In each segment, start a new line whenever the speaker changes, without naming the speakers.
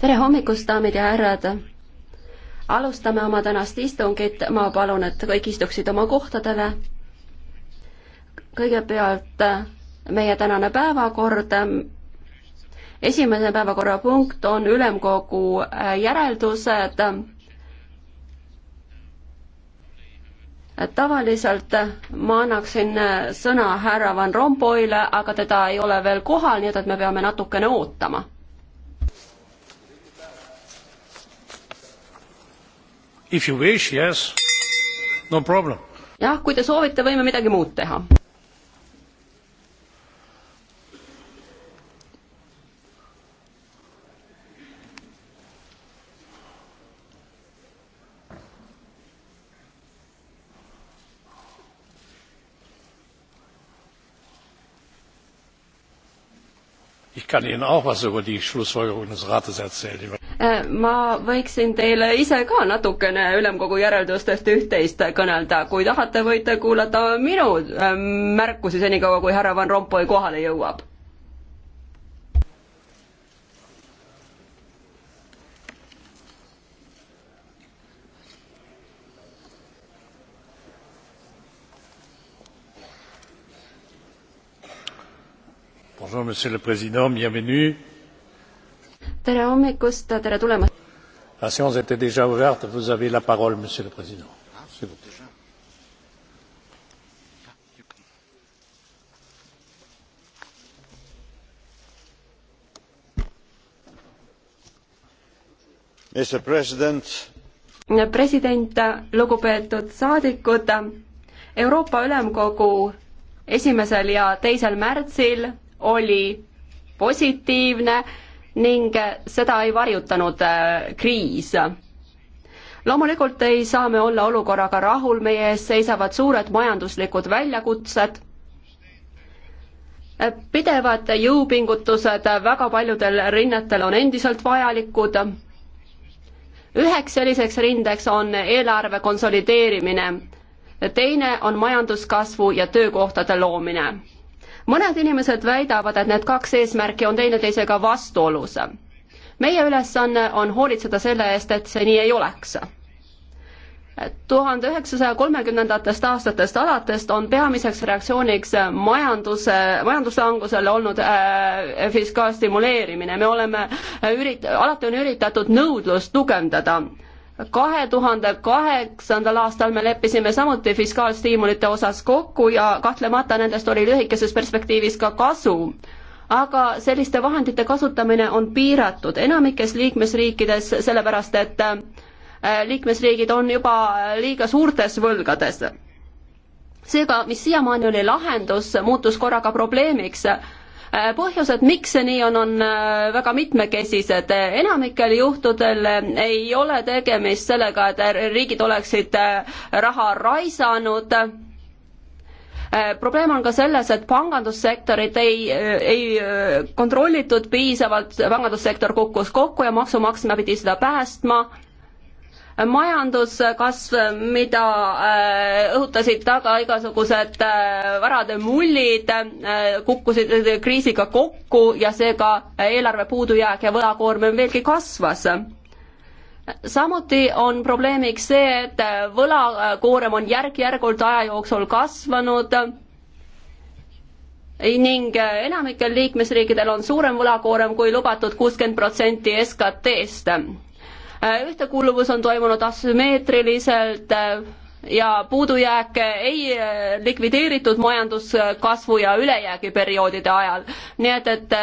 tere hommikust, daamid ja härrad! alustame oma tänast istungit, ma palun, et kõik istuksid oma kohtadele. kõigepealt äh, meie tänane päevakord. esimene päevakorrapunkt on ülemkogu äh, järeldused. tavaliselt ma annaksin äh, sõna härra Van Rompuyle, aga teda ei ole veel kohal, nii et, et me peame natukene ootama
jah,
kui te soovite, võime midagi muud teha
kann Ihnen auch was über die Schlussfolgerungen des Rates erzählen.
Äh, ma võiksin teile ise ka natukene ülemkogu järeldustest üht-teist kõnelda, kui tahate, võite kuulata minu äh, märkusi senikaua, kui härra Van Rompuy kohale jõuab
Bonjour, monsieur le president, bienvenue.
tere hommikust, tere tulemast.
La séance était déjà ouverte, vous avez la parole, monsieur le president. s'il vous plaît.
president lugupeetud saadikud euroopa ülemkogu esimesel ja teisel märtsil oli positiivne ning seda ei varjutanud äh, kriis. loomulikult ei saa me olla olukorraga rahul, meie ees seisavad suured majanduslikud väljakutsed, äh, pidevad jõupingutused väga paljudel rinnetel on endiselt vajalikud, üheks selliseks rindeks on eelarve konsolideerimine, teine on majanduskasvu ja töökohtade loomine mõned inimesed väidavad, et need kaks eesmärki on teineteisega vastuolus. meie ülesanne on hoolitseda selle eest, et see nii ei oleks tuhande üheksasaja kolmekümnendatest aastatest alates on peamiseks reaktsiooniks majanduse, majanduslangusele olnud äh, fiskaalstimuleerimine, me oleme ürit-, alati on üritatud nõudlust tugevdada kahe tuhande kaheksandal aastal me leppisime samuti fiskaalstiimulite osas kokku ja kahtlemata nendest oli lühikeses perspektiivis ka kasu. aga selliste vahendite kasutamine on piiratud enamikes liikmesriikides, sellepärast et äh, liikmesriigid on juba liiga suurtes võlgades. seega, mis siiamaani oli lahendus, muutus korraga probleemiks Äh, põhjused, miks see nii on, on äh, väga mitmekesised. enamikel juhtudel ei ole tegemist sellega, et riigid oleksid äh, raha raisanud. probleem on ka selles, et pangandussektorit ei, ei kontrollitud piisavalt, pangandussektor kukkus kokku ja maksumaksja pidi seda päästma majanduskasv, mida äh, õhutasid taga igasugused äh, varade mullid, äh, kukkusid kriisiga kokku ja seega eelarve puudujääk ja võlakoormem veelgi kasvas samuti on probleemiks see, et võlakoorem on järk-järgult aja jooksul kasvanud ning enamikel liikmesriikidel on suurem võlakoorem kui lubatud kuuskümmend protsenti SKT-st Äh, ühtekuuluvus on toimunud asümmeetriliselt äh, ja puudujääke ei äh, likvideeritud majanduskasvu ja ülejäägi perioodide ajal. nii et, et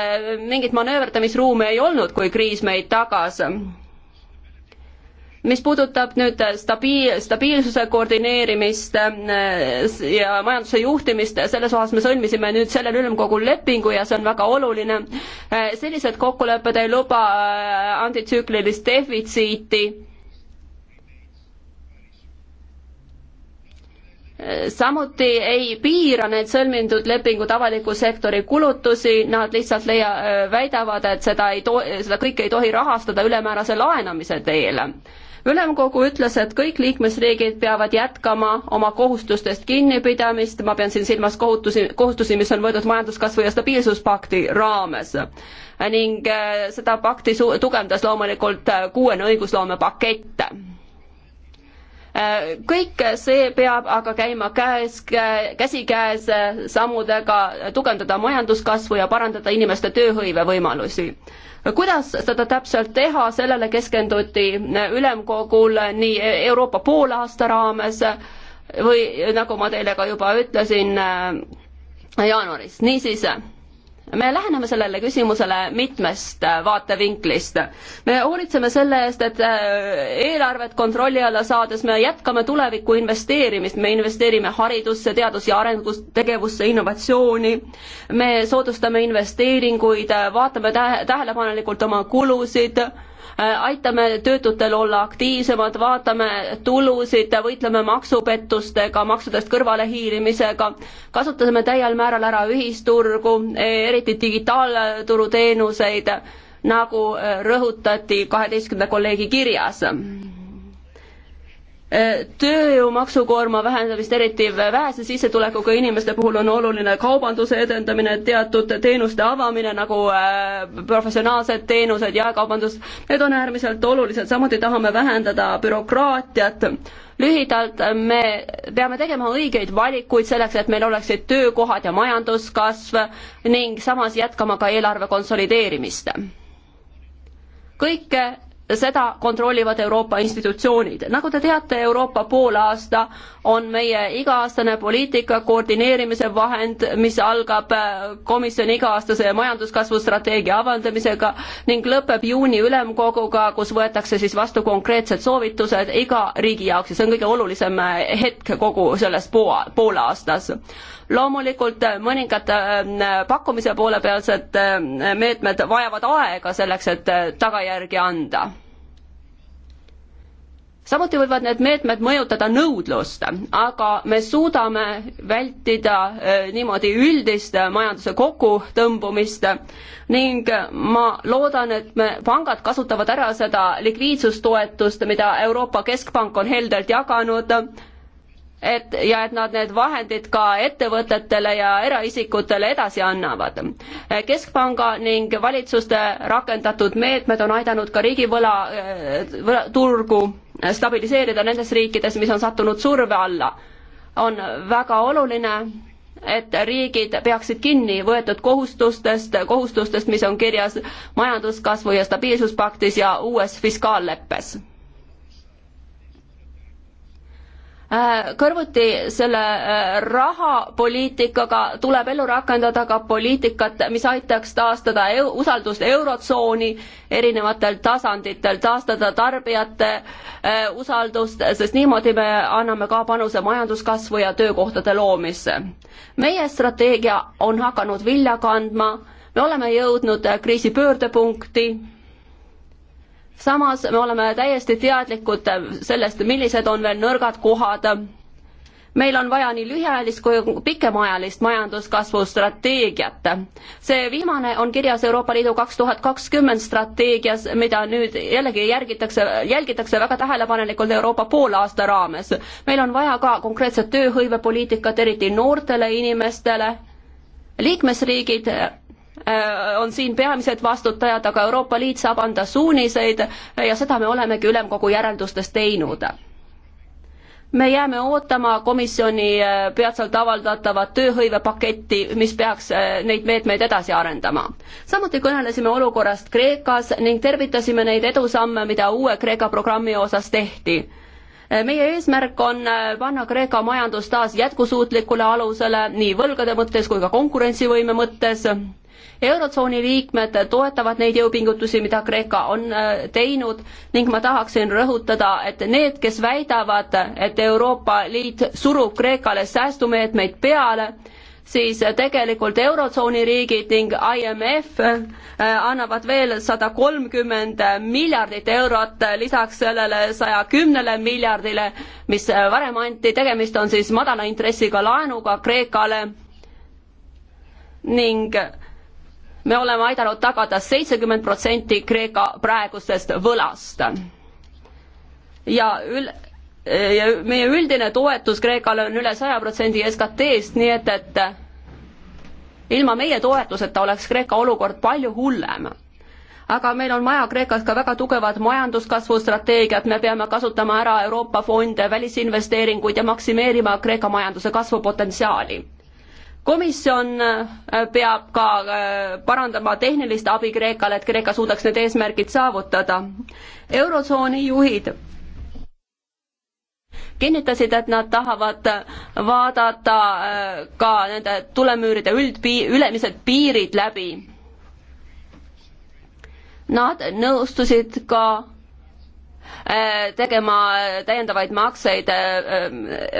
mingit manööverdamisruumi ei olnud, kui kriis meid tagas mis puudutab nüüd äh, stabiil-, stabiilsuse koordineerimist äh, ja majanduse juhtimist, selles osas me sõlmisime nüüd sellel ülemkogul lepingu ja see on väga oluline. Äh, sellised kokkulepped ei luba antitsüklilist defitsiiti. samuti ei piira need sõlmitud lepingud avaliku sektori kulutusi, nad lihtsalt leia-, väidavad, et seda ei to-, seda kõike ei tohi rahastada ülemäärase laenamise teel ülemkogu ütles, et kõik liikmesriigid peavad jätkama oma kohustustest kinnipidamist, ma pean siin silmas kohutusi, kohustusi, mis on võetud majanduskasvu ja stabiilsuspakti raames. ning äh, seda pakti su-, tugevdas loomulikult äh, kuuene õigusloomepakett äh, kõik see peab aga käima käes, käsikäes sammudega tugevdada majanduskasvu ja parandada inimeste tööhõive võimalusi kuidas seda täpselt teha, sellele keskenduti ülemkogul nii Euroopa poolaasta raames või nagu ma teile ka juba ütlesin, äh, jaanuaris, niisiis me läheneme sellele küsimusele mitmest äh, vaatevinklist. me hoolitseme selle eest, et äh, eelarvet kontrolli alla saades me jätkame tulevikku investeerimist, me investeerime haridusse, teadus- ja arendustegevusse, innovatsiooni, me soodustame investeeringuid, äh, vaatame tähe-, tähelepanelikult oma kulusid Äh, aitame töötutel olla aktiivsemad, vaatame tulusid, võitleme maksupettustega, maksudest kõrvalehiilimisega, kasutame täiel määral ära ühisturgu, e, eriti digitaalturu teenuseid, nagu e, rõhutati kaheteistkümnenda kolleegi kirjas tööjõu maksukoorma vähendamist, eriti vähese sissetulekuga inimeste puhul on oluline kaubanduse edendamine, teatud teenuste avamine nagu äh, professionaalsed teenused, jaekaubandus, need on äärmiselt olulised, samuti tahame vähendada bürokraatiat. lühidalt, me peame tegema õigeid valikuid selleks, et meil oleksid töökohad ja majanduskasv ning samas jätkama ka eelarve konsolideerimist kõike seda kontrollivad Euroopa institutsioonid. nagu te teate, Euroopa poolaasta on meie iga-aastane poliitika koordineerimise vahend, mis algab äh, komisjoni iga-aastase majanduskasvu strateegia avaldamisega ning lõpeb juuni ülemkoguga, kus võetakse siis vastu konkreetsed soovitused iga riigi jaoks ja see on kõige olulisem äh, hetk kogu selles pool, poolaastas loomulikult äh, mõningad äh, pakkumise poolepealsed äh, meetmed vajavad aega selleks, et tagajärgi anda samuti võivad need meetmed mõjutada nõudlust, aga me suudame vältida niimoodi üldist majanduse kokkutõmbumist ning ma loodan, et me, pangad kasutavad ära seda likviidsustoetust, mida Euroopa Keskpank on heldelt jaganud et ja et nad need vahendid ka ettevõtetele ja eraisikutele edasi annavad. keskpanga ning valitsuste rakendatud meetmed on aidanud ka riigivõla eh, võla, turgu stabiliseerida nendes riikides, mis on sattunud surve alla. on väga oluline, et riigid peaksid kinni võetud kohustustest, kohustustest, mis on kirjas majanduskasvu ja stabiilsuspaktis ja uues fiskaalleppes Äh, kõrvuti selle äh, rahapoliitikaga tuleb ellu rakendada ka poliitikat, mis aitaks taastada eu, usaldust Eurotsooni erinevatel tasanditel, taastada tarbijate äh, usaldust, sest niimoodi me anname ka panuse majanduskasvu ja töökohtade loomisse. meie strateegia on hakanud vilja kandma, me oleme jõudnud kriisi pöördepunkti samas me oleme täiesti teadlikud sellest, millised on veel nõrgad kohad. meil on vaja nii lühiajalist kui pikemaajalist majanduskasvu strateegiat. see viimane on kirjas Euroopa Liidu kaks tuhat kakskümmend strateegias, mida nüüd jällegi järgitakse, jälgitakse väga tähelepanelikult Euroopa poolaasta raames. meil on vaja ka konkreetset tööhõivepoliitikat, eriti noortele inimestele, liikmesriigid Äh, on siin peamised vastutajad, aga Euroopa Liit saab anda suuniseid ja seda me olemegi ülemkogu järeldustes teinud me jääme ootama komisjoni äh, peatselt avaldatavat tööhõivepaketti, mis peaks äh, neid meetmeid edasi arendama. samuti kõnelesime olukorrast Kreekas ning tervitasime neid edusamme, mida uue Kreeka programmi osas tehti meie eesmärk on panna Kreeka majandus taas jätkusuutlikule alusele nii võlgade mõttes kui ka konkurentsivõime mõttes eurotsooni liikmed toetavad neid jõupingutusi, mida Kreeka on äh, teinud ning ma tahaksin rõhutada, et need, kes väidavad, et Euroopa Liit surub Kreekale säästumeetmeid peale, siis tegelikult Eurotsooni riigid ning IMF äh, annavad veel sada kolmkümmend miljardit eurot lisaks sellele saja kümnele miljardile, mis äh, varem anti, tegemist on siis madala intressiga laenuga Kreekale ning me oleme aidanud tagada seitsekümmend protsenti Kreeka praegusest võlast. ja ül-, ja meie üldine toetus Kreekale on üle saja protsendi SKT-st, nii et, et ilma meie toetuseta oleks Kreeka olukord palju hullem. aga meil on vaja Kreekas ka väga tugevat majanduskasvu strateegiat, me peame kasutama ära Euroopa fonde, välisinvesteeringuid ja maksimeerima Kreeka majanduse kasvupotentsiaali komisjon äh, peab ka äh, parandama tehnilist abi Kreekale, et Kreeka suudaks need eesmärgid saavutada. eurotsooni juhid kinnitasid, et nad tahavad vaadata äh, ka nende tulemüüride üldpii-, ülemised piirid läbi. Nad nõustusid ka Äh, tegema täiendavaid makseid äh, äh,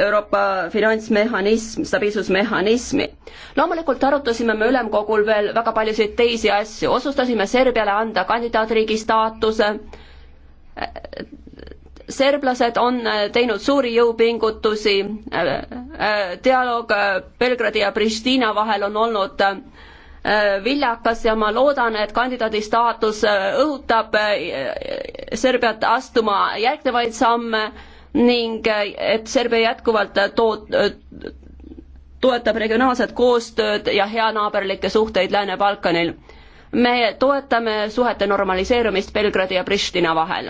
Euroopa finantsmehhanism, stabiilsusmehhanismi. loomulikult arutasime me ülemkogul veel väga paljusid teisi asju, otsustasime Serbiale anda kandidaatriigi staatuse, serblased on teinud suuri jõupingutusi, dialoog Belgradi ja Pristina vahel on olnud äh, Äh, viljakas ja ma loodan, et kandidaadi staatus äh, õhutab äh, Serbiat astuma järgnevaid samme ning et Serbia jätkuvalt toot-, toetab regionaalset koostööd ja heanaaberlikke suhteid Lääne-Balkanil me toetame suhete normaliseerumist Belgradi ja Pristina vahel.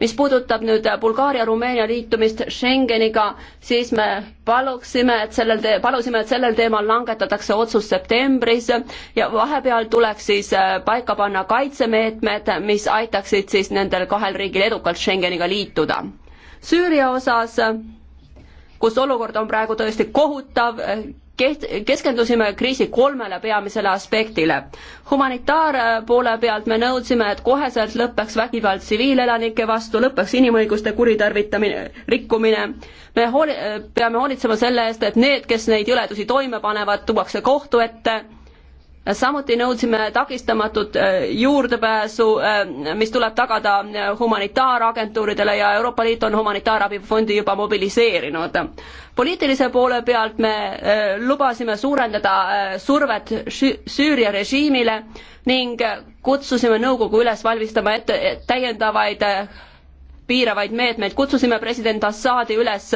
mis puudutab nüüd Bulgaaria-Rumeenia liitumist Schengeniga, siis me paluksime, et sellel, palusime, et sellel teemal langetatakse otsus septembris ja vahepeal tuleks siis äh, paika panna kaitsemeetmed, mis aitaksid siis nendel kahel riigil edukalt Schengeniga liituda. Süüria osas kus olukord on praegu tõesti kohutav, keht-, keskendusime kriisi kolmele peamisele aspektile. humanitaarpoole äh, pealt me nõudsime, et koheselt lõpeks vägivald tsiviilelanike vastu, lõpeks inimõiguste kuritarvitamine, rikkumine. me hooli-, peame hoolitsema selle eest, et need, kes neid jõledusi toime panevad, tuuakse kohtu ette samuti nõudsime takistamatut äh, juurdepääsu, äh, mis tuleb tagada äh, humanitaaragentuuridele ja Euroopa Liit on humanitaarabifondi juba mobiliseerinud. poliitilise poole pealt me lubasime suurendada survet Süüria režiimile ning kutsusime nõukogu üles valmistama ette täiendavaid piiravaid meetmeid, kutsusime president Assadi üles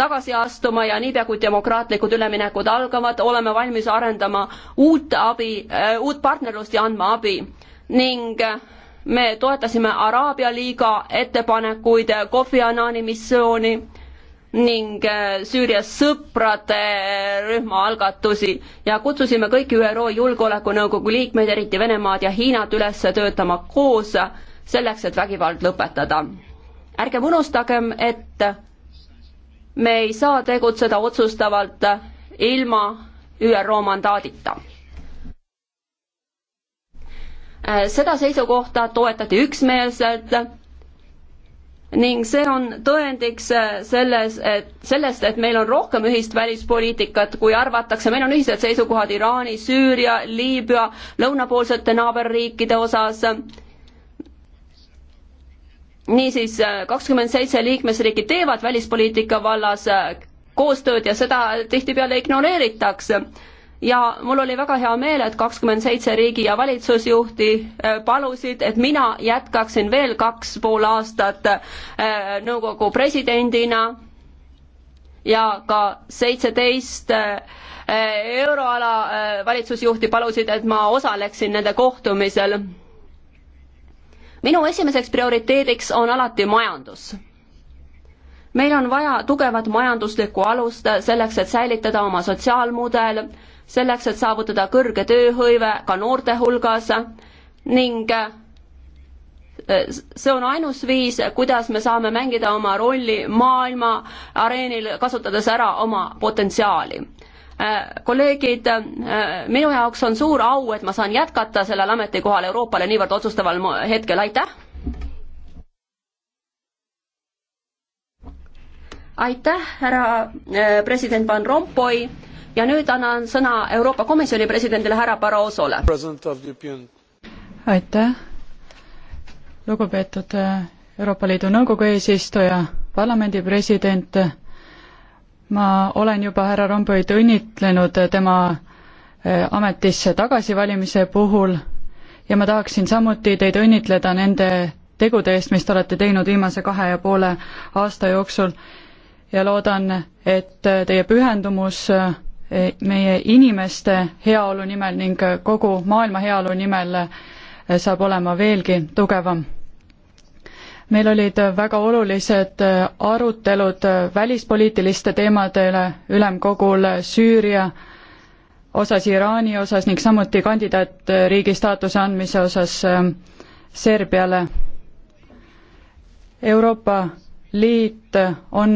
tagasi astuma ja niipea, kui demokraatlikud üleminekud algavad, oleme valmis arendama uut abi, äh, uut partnerlust ja andma abi. ning äh, me toetasime Araabia liiga ettepanekuid äh, Kofi Annani missiooni ning Süüria sõprade rühma algatusi ja kutsusime kõiki ÜRO Julgeolekunõukogu liikmeid, eriti Venemaad ja Hiinat, üles töötama koos selleks, et vägivald lõpetada ärgem unustagem, et me ei saa tegutseda otsustavalt ilma ÜRO mandaadita. seda seisukohta toetati üksmeelselt ning see on tõendiks selles, et sellest, et meil on rohkem ühist välispoliitikat, kui arvatakse, meil on ühised seisukohad Iraani, Süüria, Liibüa, lõunapoolsete naaberriikide osas niisiis äh, kakskümmend seitse liikmesriiki teevad välispoliitika vallas äh, koostööd ja seda tihtipeale ignoreeritakse. ja mul oli väga hea meel, et kakskümmend seitse riigi- ja valitsusjuhti äh, palusid, et mina jätkaksin veel kaks pool aastat nõukogu presidendina ja ka seitseteist euroala valitsusjuhti palusid, et ma osaleksin nende kohtumisel minu esimeseks prioriteediks on alati majandus. meil on vaja tugevat majanduslikku alust selleks, et säilitada oma sotsiaalmudel, selleks, et saavutada kõrge tööhõive ka noorte hulgas ning äh, see on ainus viis, kuidas me saame mängida oma rolli maailma areenil, kasutades ära oma potentsiaali. Äh, kolleegid, äh, minu jaoks on suur au, et ma saan jätkata sellel ametikohal Euroopale niivõrd otsustaval hetkel, aitäh! aitäh, härra äh, president Van Rompuy ja nüüd annan sõna Euroopa Komisjoni presidendile härra Barrosole.
aitäh, lugupeetud Euroopa Liidu Nõukogu eesistuja, parlamendi president ma olen juba härra Rompuyd õnnitlenud tema äh, ametisse tagasivalimise puhul ja ma tahaksin samuti teid õnnitleda nende tegude eest, mis te olete teinud viimase kahe ja poole aasta jooksul ja loodan, et teie pühendumus äh, meie inimeste heaolu nimel ning kogu maailma heaolu nimel äh, saab olema veelgi tugevam meil olid väga olulised äh, arutelud äh, välispoliitiliste teemade üle ülemkogul äh, Süüria osas, Iraani osas ning samuti kandidaatriigi staatuse andmise osas ähm, Serbiale. Euroopa Liit on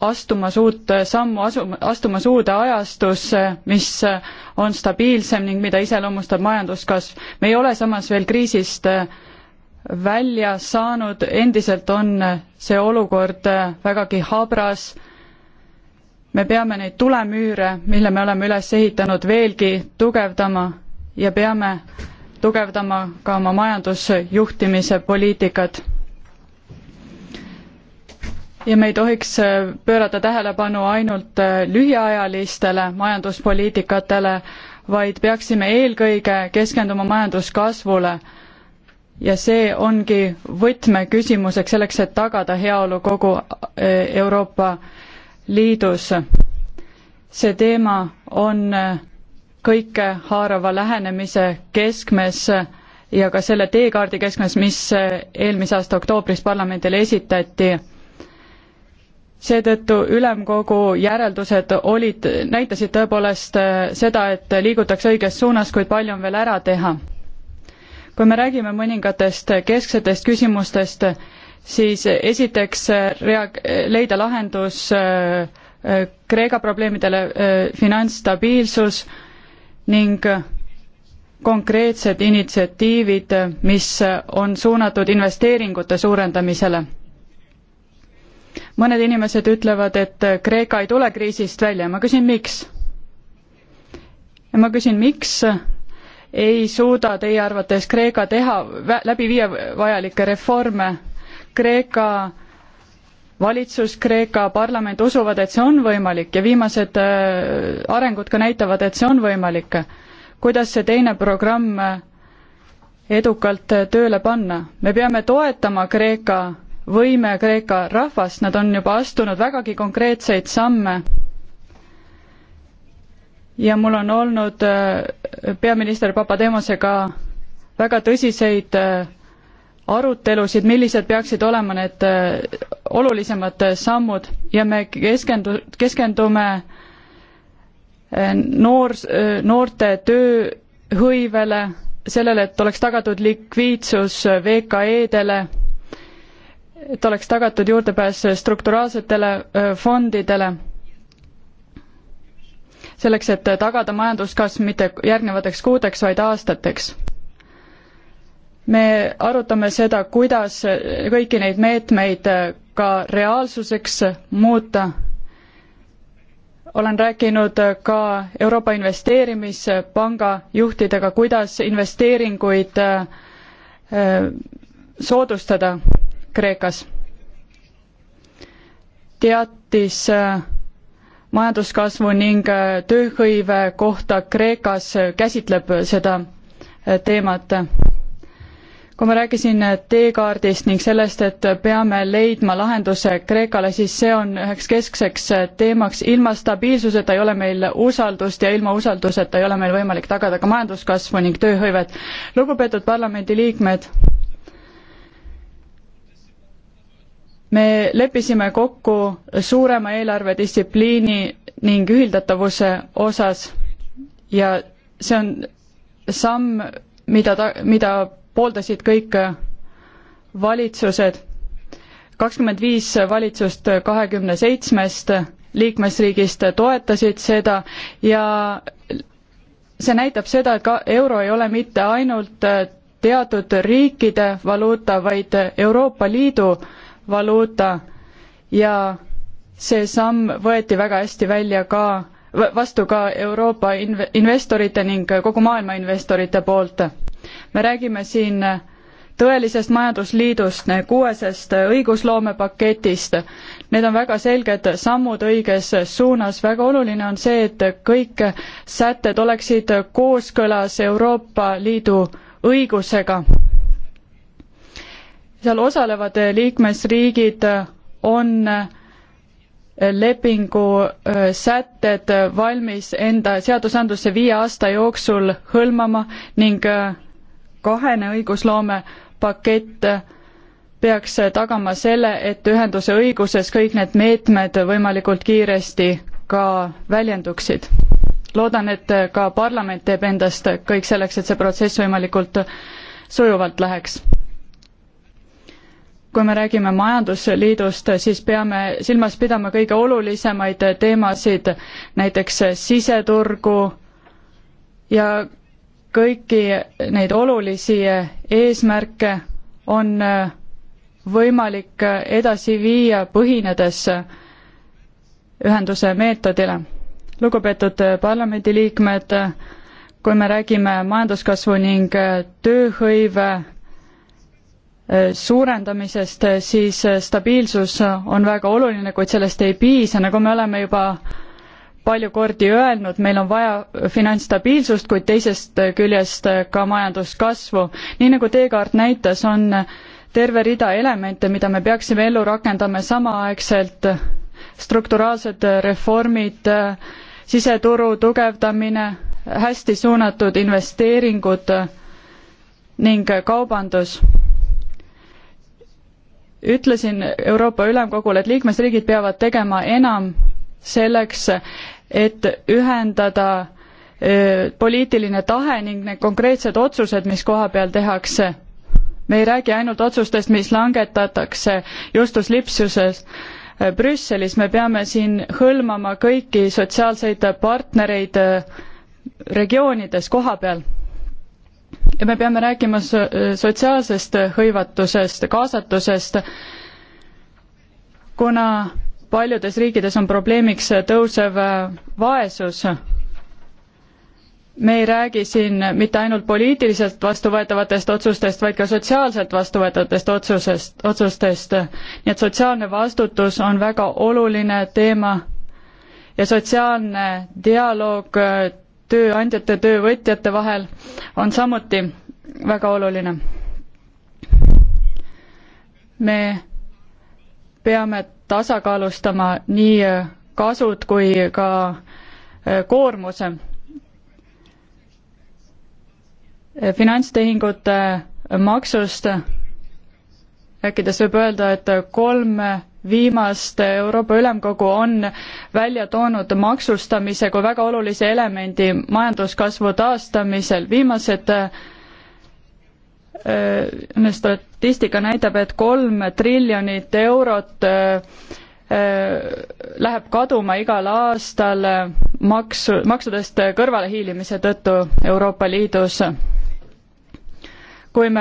astumas uut sammu, asu-, astumas uude ajastusse, mis on stabiilsem ning mida iseloomustab majanduskasv. me ei ole samas veel kriisist välja saanud, endiselt on see olukord vägagi habras. me peame neid tulemüüre, mille me oleme üles ehitanud, veelgi tugevdama ja peame tugevdama ka oma majandusjuhtimise poliitikat. ja me ei tohiks pöörata tähelepanu ainult lühiajalistele majanduspoliitikatele, vaid peaksime eelkõige keskenduma majanduskasvule ja see ongi võtmeküsimuseks selleks, et tagada heaolu kogu e, Euroopa Liidus. see teema on kõikehaarava lähenemise keskmes ja ka selle teekaardi keskmes, mis eelmise aasta oktoobris parlamendile esitati. seetõttu ülemkogu järeldused olid, näitasid tõepoolest seda, et liigutakse õiges suunas, kuid palju on veel ära teha kui me räägime mõningatest kesksetest küsimustest, siis esiteks äh, rea-, leida lahendus äh, äh, Kreeka probleemidele finantsstabiilsus ning konkreetsed initsiatiivid, mis on suunatud investeeringute suurendamisele. mõned inimesed ütlevad, et Kreeka ei tule kriisist välja, ma küsin, miks? ja ma küsin, miks ei suuda teie arvates Kreeka teha, läbi viia vajalikke reforme. Kreeka valitsus, Kreeka parlament usuvad, et see on võimalik ja viimased äh, arengud ka näitavad, et see on võimalik. kuidas see teine programm äh, edukalt äh, tööle panna? me peame toetama Kreeka võime, Kreeka rahvast, nad on juba astunud vägagi konkreetseid samme ja mul on olnud äh, peaminister Papademosega väga tõsiseid äh, arutelusid, millised peaksid olema need äh, olulisemad sammud ja me keskendu-, keskendume noor, noorte tööhõivele, sellele, et oleks tagatud likviidsus VKE-dele, et oleks tagatud juurdepääs strukturaalsetele fondidele selleks, et tagada majanduskasv mitte järgnevateks kuudeks, vaid aastateks. me arutame seda, kuidas kõiki neid meetmeid ka reaalsuseks muuta. olen rääkinud ka Euroopa Investeerimispanga juhtidega, kuidas investeeringuid äh, soodustada Kreekas. teatis äh, majanduskasvu ning äh, tööhõive kohta Kreekas äh, käsitleb äh, seda teemat. kui ma rääkisin teekaardist ning sellest, et peame leidma lahenduse Kreekale, siis see on üheks keskseks teemaks. ilma stabiilsuseta ei ole meil usaldust ja ilma usalduseta ei ole meil võimalik tagada ka majanduskasvu ning tööhõivet. lugupeetud parlamendiliikmed, me leppisime kokku suurema eelarvedistsipliini ning ühildatavuse osas ja see on samm, mida ta, mida pooldasid kõik valitsused, kakskümmend viis valitsust kahekümne seitsmest liikmesriigist toetasid seda ja see näitab seda, et ka euro ei ole mitte ainult teatud riikide valuuta, vaid Euroopa Liidu äh, valuuta ja see samm võeti väga hästi välja ka, vastu ka Euroopa inv-, investorite ning kogu maailma investorite poolt. me räägime siin tõelisest majandusliidust, kuuesest õigusloomepaketist. Need on väga selged sammud õiges suunas, väga oluline on see, et kõik sätted oleksid kooskõlas Euroopa Liidu õigusega seal osalevad liikmesriigid on lepingu äh, sätted valmis enda seadusandlusse viie aasta jooksul hõlmama ning äh, kahene õigusloome pakett peaks tagama selle, et ühenduse õiguses kõik need meetmed võimalikult kiiresti ka väljenduksid. loodan, et ka parlament teeb endast kõik selleks, et see protsess võimalikult sujuvalt läheks kui me räägime majandusliidust, siis peame silmas pidama kõige olulisemaid teemasid, näiteks siseturgu ja kõiki neid olulisi eesmärke on võimalik edasi viia, põhinedes ühenduse meetodile. lugupeetud parlamendiliikmed, kui me räägime majanduskasvu ning tööhõive Äh, suurendamisest, äh, siis äh, stabiilsus on väga oluline, kuid sellest ei piisa, nagu me oleme juba palju kordi öelnud, meil on vaja finantsstabiilsust, kuid teisest küljest ka majanduskasvu. nii nagu teekaart näitas, on terve rida elemente, mida me peaksime ellu rakendama samaaegselt, strukturaalsed reformid, siseturu tugevdamine, hästi suunatud investeeringud ning kaubandus ütlesin Euroopa Ülemkogule, et liikmesriigid peavad tegema enam selleks, et ühendada e, poliitiline tahe ning need konkreetsed otsused, mis koha peal tehakse. me ei räägi ainult otsustest, mis langetatakse Justus Lipsuses e, Brüsselis, me peame siin hõlmama kõiki sotsiaalseid partnereid e, regioonides koha peal ja me peame rääkima sotsiaalsest hõivatusest, kaasatusest, kuna paljudes riikides on probleemiks tõusev äh, vaesus. me ei räägi siin mitte ainult poliitiliselt vastuvõetavatest otsustest, vaid ka sotsiaalselt vastuvõetavatest otsusest, otsustest. nii et sotsiaalne vastutus on väga oluline teema ja sotsiaalne dialoog äh, tööandjate, töövõtjate vahel on samuti väga oluline. me peame tasakaalustama nii kasud kui ka äh, koormuse. finantstehingute maksust rääkides võib öelda, et kolm viimaste Euroopa Ülemkogu on välja toonud maksustamise kui väga olulise elemendi majanduskasvu taastamisel. viimased äh, statistika näitab, et kolm triljonit eurot äh, äh, läheb kaduma igal aastal maksu, maksudest kõrvalehiilimise tõttu Euroopa Liidus kui me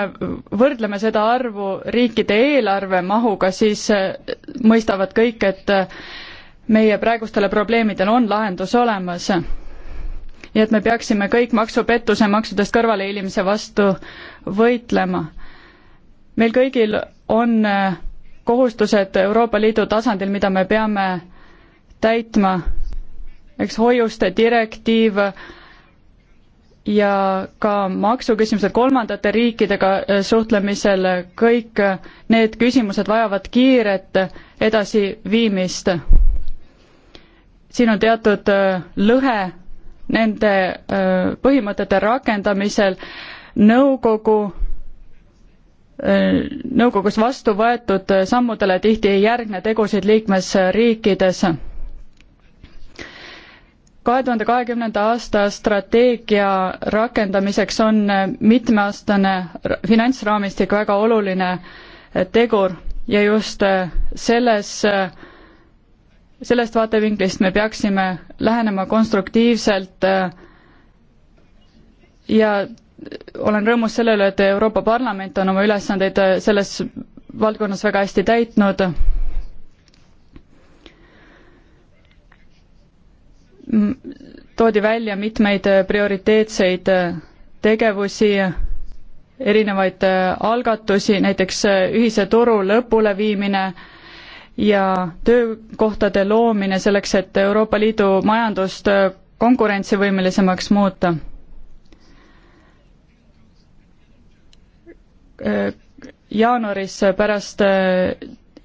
võrdleme seda arvu riikide eelarve mahuga, siis äh, mõistavad kõik, et äh, meie praegustele probleemidele on lahendus olemas. nii et me peaksime kõik maksupettuse, maksudest kõrvalehiilimise vastu võitlema. meil kõigil on äh, kohustused Euroopa Liidu tasandil, mida me peame täitma, eks hoiuste direktiiv, ja ka maksuküsimused kolmandate riikidega äh, suhtlemisel, kõik äh, need küsimused vajavad kiiret edasiviimist. siin on teatud äh, lõhe nende põhimõtete rakendamisel, nõukogu, nõukogus vastu võetud sammudele tihti ei järgne tegusid liikmesriikides kahe tuhande kahekümnenda aasta strateegia rakendamiseks on mitmeaastane finantsraamistik väga oluline eh, tegur ja just eh, selles, eh, sellest vaatevinklist me peaksime lähenema konstruktiivselt ja olen rõõmus selle üle, et Euroopa Parlament on oma ülesandeid selles valdkonnas väga hästi täitnud toodi välja mitmeid äh, prioriteetseid äh, tegevusi, erinevaid äh, algatusi, näiteks ühise turu lõpuleviimine ja töökohtade loomine selleks, et Euroopa Liidu majandust konkurentsivõimelisemaks muuta. jaanuaris pärast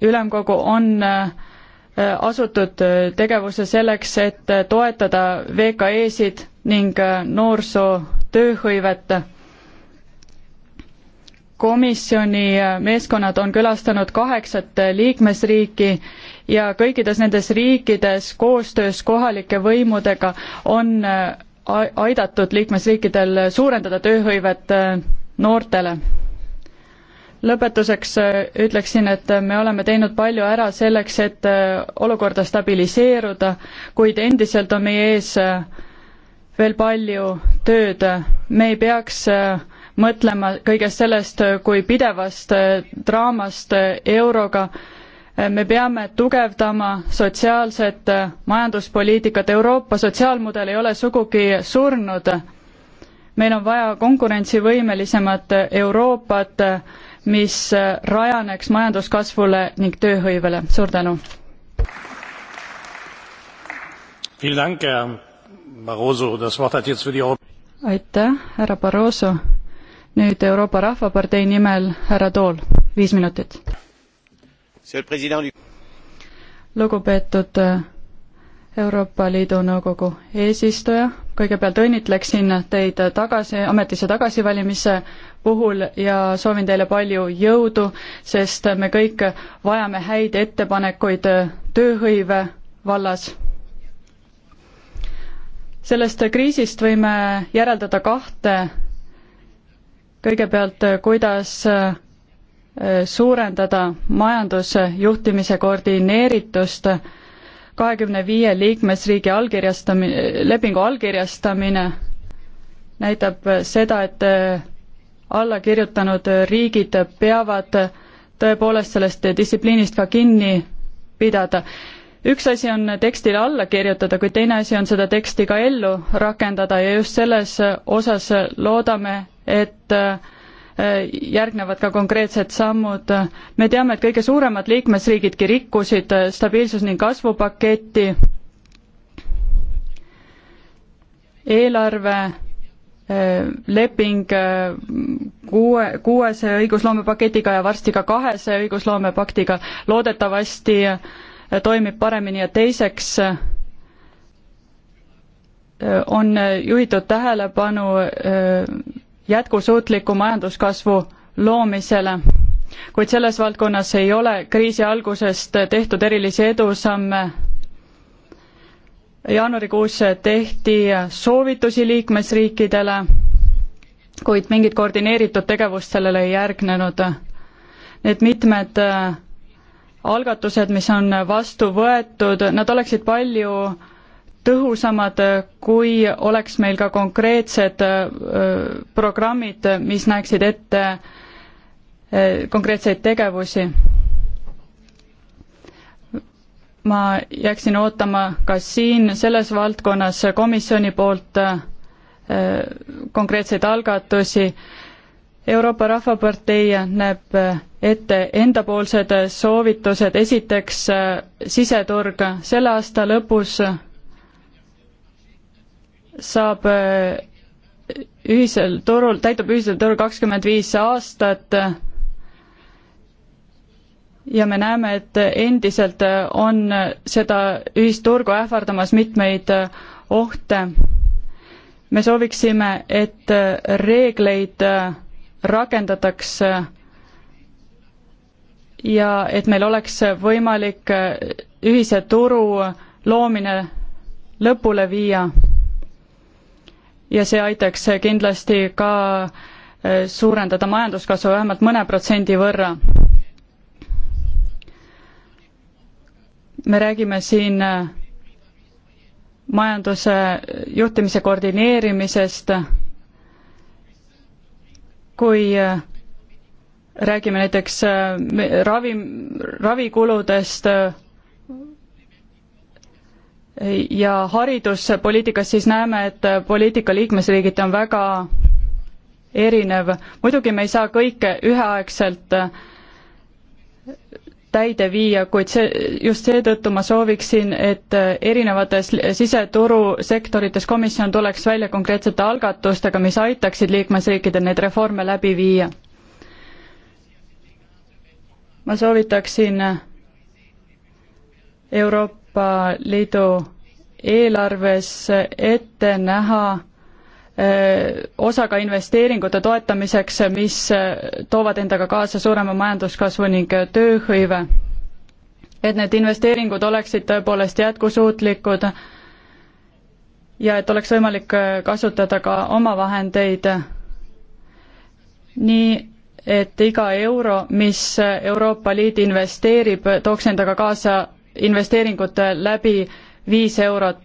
ülemkogu on äh, asutud äh, tegevuse selleks, et äh, toetada VKE-sid ning äh, noorsootööhõivet. komisjoni meeskonnad on külastanud kaheksat liikmesriiki ja kõikides nendes riikides koostöös kohalike võimudega on aidatud liikmesriikidel suurendada tööhõivet noortele lõpetuseks äh, ütleksin, et äh, me oleme teinud palju ära selleks, et äh, olukorda stabiliseeruda, kuid endiselt on meie ees veel palju tööd. me ei peaks mõtlema kõigest sellest kui pidevast draamast euroga. me peame tugevdama sotsiaalset majanduspoliitikat. Euroopa sotsiaalmudel ei ole sugugi surnud. meil on vaja konkurentsivõimelisemat Euroopat mis äh, rajaneks majanduskasvule ning tööhõivele. suur tänu! aitäh, härra Barroso! nüüd Euroopa Rahvapartei nimel härra Tool, viis minutit. lugupeetud äh, Euroopa Liidu Nõukogu eesistuja, kõigepealt õnnitleksin teid tagasi, ametisse tagasivalimise puhul ja soovin teile palju jõudu, sest me kõik vajame häid ettepanekuid tööhõive vallas. sellest kriisist võime järeldada kahte. kõigepealt, kuidas eh, suurendada majandusjuhtimise koordineeritust kahekümne viie liikmesriigi allkirjastamine, lepingu allkirjastamine näitab seda, et alla kirjutanud riigid peavad tõepoolest sellest distsipliinist ka kinni pidada. üks asi on tekstile alla kirjutada, kuid teine asi on seda teksti ka ellu rakendada ja just selles osas loodame, et äh, järgnevad ka konkreetsed sammud. me teame, et kõige suuremad liikmesriigidki rikkusid stabiilsus- ning kasvupaketti, eelarve eh, leping eh, kuue, kuuese õigusloomepaketiga ja varsti ka kahese õigusloomepaktiga loodetavasti eh, toimib paremini ja teiseks on juhitud tähelepanu jätkusuutliku majanduskasvu loomisele. kuid selles valdkonnas ei ole kriisi algusest tehtud erilisi edusamme. jaanuarikuus tehti soovitusi liikmesriikidele, kuid mingit koordineeritud tegevust sellele ei järgnenud. Need mitmed äh, algatused, mis on vastu võetud, nad oleksid palju tõhusamad, kui oleks meil ka konkreetsed äh, programmid, mis näeksid ette äh, konkreetseid tegevusi. ma jääksin ootama ka siin selles valdkonnas komisjoni poolt äh, konkreetseid algatusi. Euroopa Rahvapartei näeb ette endapoolsed soovitused, esiteks siseturg selle aasta lõpus saab äh, ühisel turul, täitub ühisel turul kakskümmend viis aastat ja me näeme, et endiselt on seda ühisturgu ähvardamas mitmeid ohte. me sooviksime, et reegleid rakendataks ja et meil oleks võimalik ühise turu loomine lõpule viia ja see aitaks kindlasti ka äh, suurendada majanduskasvu vähemalt mõne protsendi võrra. me räägime siin äh, majanduse juhtimise koordineerimisest, kui äh, räägime näiteks ravim, ravikuludest, ja hariduspoliitikas siis näeme, et poliitika liikmesriigiti on väga erinev. muidugi me ei saa kõike üheaegselt täide viia, kuid see, just seetõttu ma sooviksin, et erinevates siseturu sektorites komisjon tuleks välja konkreetsete algatustega, mis aitaksid liikmesriikidel neid reforme läbi viia. ma soovitaksin Euroopa Euroopa Liidu eelarves ette näha eh, osaga investeeringute toetamiseks, mis eh, toovad endaga kaasa suurema majanduskasvu ning eh, tööhõive. et need investeeringud oleksid tõepoolest jätkusuutlikud ja et oleks võimalik kasutada ka omavahendeid nii, et iga euro, mis Euroopa Liit investeerib, tooks endaga kaasa investeeringute läbi viis eurot.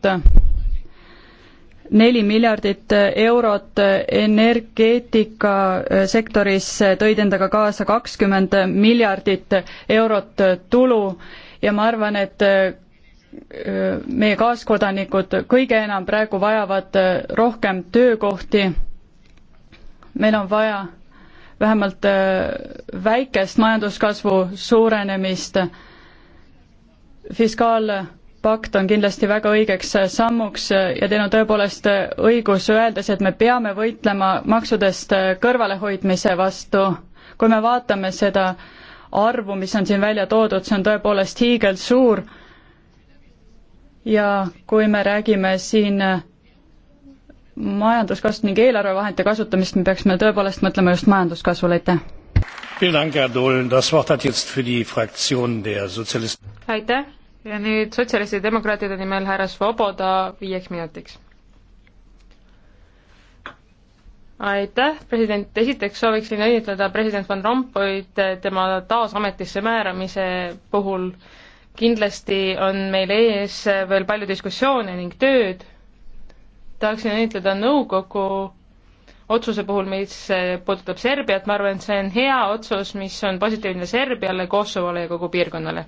neli miljardit eurot energeetikasektorisse tõid endaga kaasa kakskümmend miljardit eurot tulu ja ma arvan, et äh, meie kaaskodanikud kõige enam praegu vajavad äh, rohkem töökohti. meil on vaja vähemalt äh, väikest majanduskasvu suurenemist fiskaalpakt on kindlasti väga õigeks sammuks ja teil on tõepoolest õigus öeldes, et me peame võitlema maksudest kõrvalehoidmise vastu. kui me vaatame seda arvu, mis on siin välja toodud, see on tõepoolest hiigelsuur ja kui me räägime siin majanduskasv ning eelarvevahendite kasutamist, me peaksime tõepoolest mõtlema just majanduskasvule, aitäh! aitäh ja nüüd sotsialistide ja
demokraatide nimel härra Svoboda viieks minutiks. aitäh, president, esiteks sooviksin õnnitleda president Van Rompuyd tema taas ametisse määramise puhul. kindlasti on meil ees veel palju diskussioone ning tööd. tahaksin õnnitleda nõukogu otsuse puhul, mis eh, puudutab Serbiat, ma arvan, et see on hea otsus, mis on positiivne Serbiale, Kosovole ja kogu piirkonnale.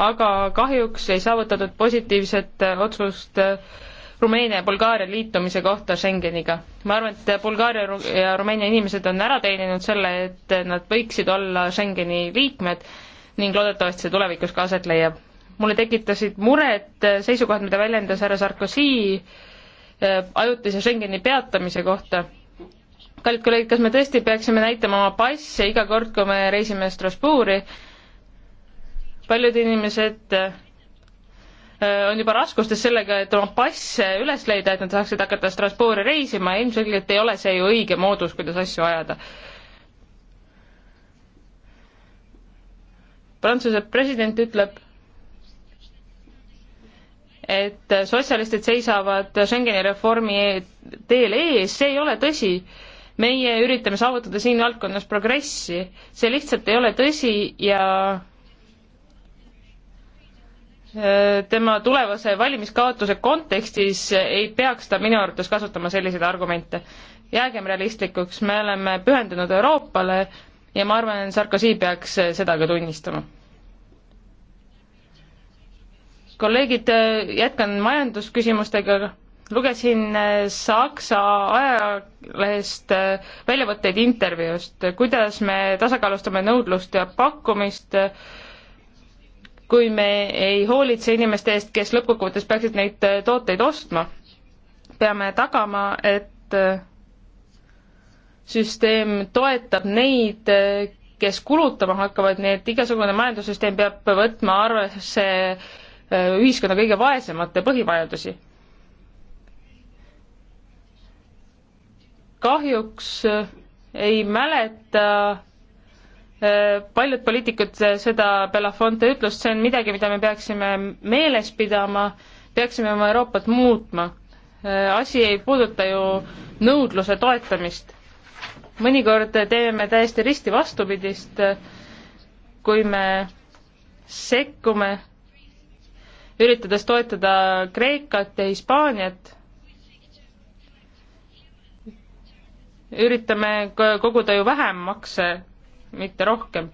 aga kahjuks ei saavutatud positiivset eh, otsust eh, Rumeenia ja Bulgaaria liitumise kohta Schengeniga. ma arvan, et Bulgaaria ja Rumeenia inimesed on ära teeninud selle, et nad võiksid olla Schengeni liikmed ning loodetavasti see tulevikus ka aset leiab. mulle tekitasid muret seisukohad, mida väljendas härra Sarkozy ajutise Schengeni peatamise kohta kallid kolleegid, kas me tõesti peaksime näitama oma passe iga kord, kui me reisime Strasbourgi? paljud inimesed äh, on juba raskustes sellega, et oma passe üles leida, et nad saaksid hakata Strasbourgi reisima, ilmselgelt ei ole see ju õige moodus, kuidas asju ajada. Prantsuse president ütleb, et sotsialistid seisavad Schengeni reformi teel ees, see ei ole tõsi meie üritame saavutada siin valdkonnas progressi, see lihtsalt ei ole tõsi ja äh, tema tulevase valimiskaotuse kontekstis ei peaks ta minu arvates kasutama selliseid argumente. jäägem realistlikuks, me oleme pühendunud Euroopale ja ma arvan, Sarkozy peaks seda ka tunnistama. kolleegid, jätkan majandusküsimustega lugesin äh, Saksa ajalehest äh, väljavõtteid intervjuust, kuidas me tasakaalustame nõudlust ja pakkumist, äh, kui me ei hoolitse inimeste eest, kes lõppkokkuvõttes peaksid neid tooteid ostma. peame tagama, et süsteem toetab neid, kes kulutama hakkavad, nii et igasugune majandussüsteem peab võtma arvesse ühiskonna kõige vaesemate põhivajadusi kahjuks äh, ei mäleta äh, paljud poliitikud äh, seda Belafonte ütlust, see on midagi, mida me peaksime meeles pidama, peaksime oma Euroopat muutma. asi ei puuduta ju nõudluse toetamist. mõnikord teeme täiesti risti vastupidist, kui me sekkume, üritades toetada Kreekat ja Hispaaniat üritame koguda ju vähem makse, mitte rohkem.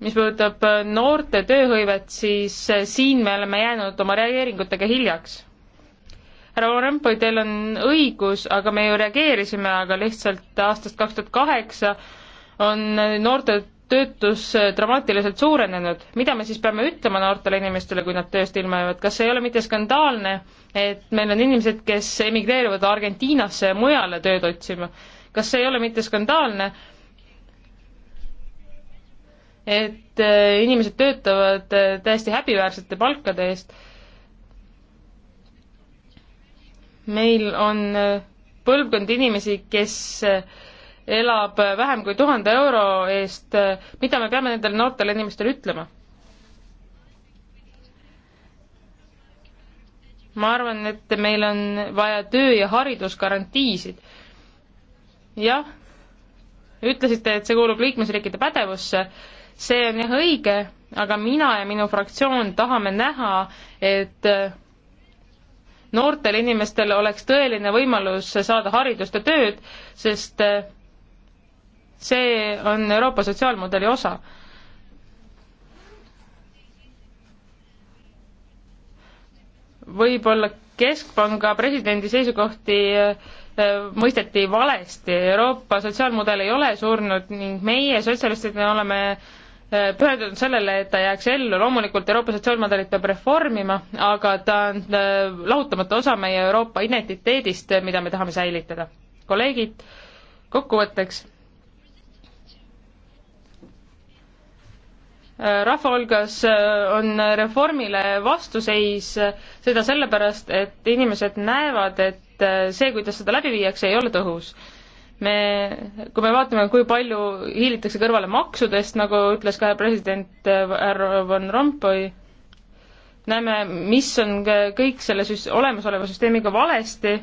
mis puudutab noorte tööhõivet, siis eh, siin me oleme jäänud oma reageeringutega hiljaks. härra Orempoi, teil on õigus, aga me ju reageerisime, aga lihtsalt aastast kaks tuhat kaheksa on noorte töötus äh, dramaatiliselt suurenenud. mida me siis peame ütlema noortele inimestele, kui nad tööst ilma jäävad, kas ei ole mitte skandaalne, et meil on inimesed, kes emigreeruvad Argentiinasse ja mujale tööd otsima? kas ei ole mitte skandaalne, et äh, inimesed töötavad äh, täiesti häbiväärsete palkade eest? meil on põlvkond inimesi, kes äh, elab äh, vähem kui tuhande euro eest, äh, mida me peame nendele noortele inimestele ütlema? ma arvan, et meil on vaja töö- ja haridusgarantiisid. jah, ütlesite, et see kuulub liikmesriikide pädevusse, see on jah õige, aga mina ja minu fraktsioon tahame näha, et äh, noortel inimestel oleks tõeline võimalus saada haridust ja tööd, sest see on Euroopa sotsiaalmudeli osa. võib-olla Keskpanga presidendi seisukohti eh, mõisteti valesti, Euroopa sotsiaalmudel ei ole surnud ning meie, sotsialistidena, oleme eh, pühendunud sellele, et ta jääks ellu, loomulikult Euroopa sotsiaalmudelit peab reformima, aga ta on eh, lahutamatu osa meie Euroopa identiteedist, mida me tahame säilitada. kolleegid, kokkuvõtteks rahva hulgas äh, on reformile vastuseis, seda sellepärast, et inimesed näevad, et äh, see, kuidas seda läbi viiakse, ei ole tõhus. me, kui me vaatame, kui palju hiilitakse kõrvale maksudest, nagu ütles ka president äh, härra Van Rompuy, näeme, mis on kõik selle süs-, olemasoleva süsteemiga valesti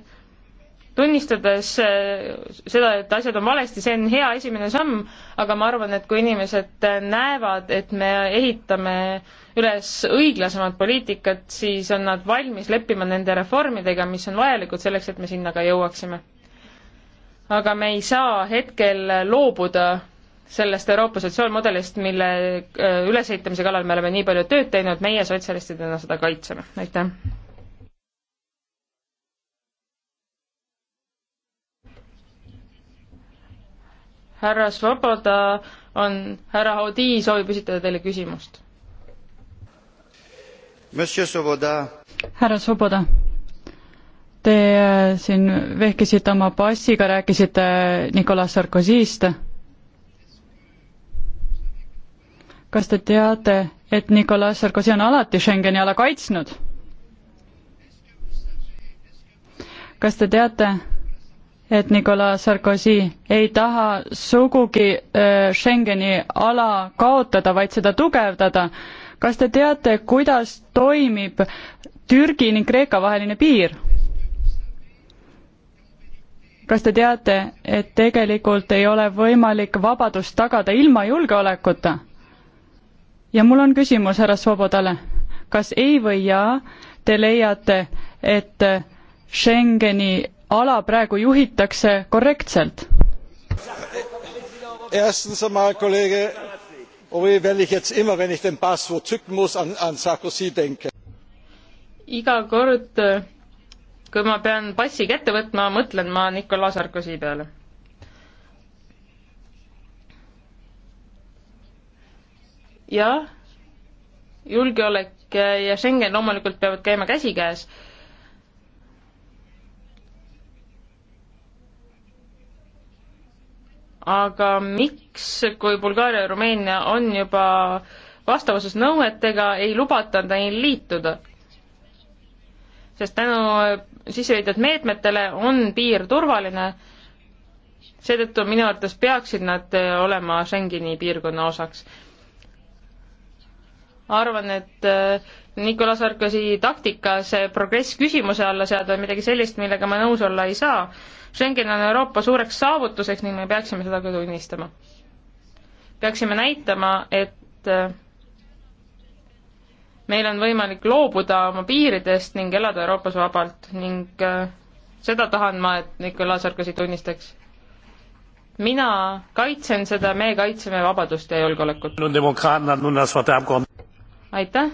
tunnistades äh, seda, et asjad on valesti, see on hea esimene samm, aga ma arvan, et kui inimesed näevad, et me ehitame üles õiglasemat poliitikat, siis on nad valmis leppima nende reformidega, mis on vajalikud selleks, et me sinna ka jõuaksime. aga me ei saa hetkel loobuda sellest Euroopa sotsiaalmudelist, mille äh, ülesehitamise kallal me oleme nii palju tööd teinud, meie sotsialistidena seda kaitseme, aitäh! härra Svoboda on, härra Audi soovib esitada teile küsimust.
härra Svoboda, te äh, siin vehkisite oma passiga, rääkisite Nicolas Sarkozy'st. kas te teate, et Nicolas Sarkozy on alati Schengeni ala kaitsnud? kas te teate, et Nicolas Sarkozy ei taha sugugi äh, Schengeni ala kaotada, vaid seda tugevdada. kas te teate, kuidas toimib Türgi ning Kreeka vaheline piir? kas te teate, et tegelikult ei ole võimalik vabadust tagada ilma julgeolekuta? ja mul on küsimus härra Svobodale, kas ei või jaa, te leiate, et Schengeni ala praegu juhitakse korrektselt?
erstens einmal kollege Ovi, weil ich jetzt immer, wenn ich den Pass wo zücken muss, an, an Sarkozy denke.
iga kord, äh, kui ma pean passi kätte võtma, mõtlen ma Nicolas Sarkozy peale. jah, julgeolek ja Schengen loomulikult peavad käima käsikäes aga miks, kui Bulgaaria ja Rumeenia on juba vastavuses nõuetega, ei lubata neil liituda? sest tänu sisseviidud meetmetele on piir turvaline, seetõttu minu arvates peaksid nad olema Schengeni piirkonna osaks. arvan, et äh, Nicolas Sarkozy taktika see progress küsimuse alla seada on midagi sellist, millega ma nõus olla ei saa Schengen on Euroopa suureks saavutuseks ning me peaksime seda ka tunnistama. peaksime näitama, et äh, meil on võimalik loobuda oma piiridest ning elada Euroopas vabalt ning äh, seda tahan ma, et Nicolas Sarkozy tunnistaks. mina kaitsen seda, me kaitseme vabadust ja julgeolekut. aitäh!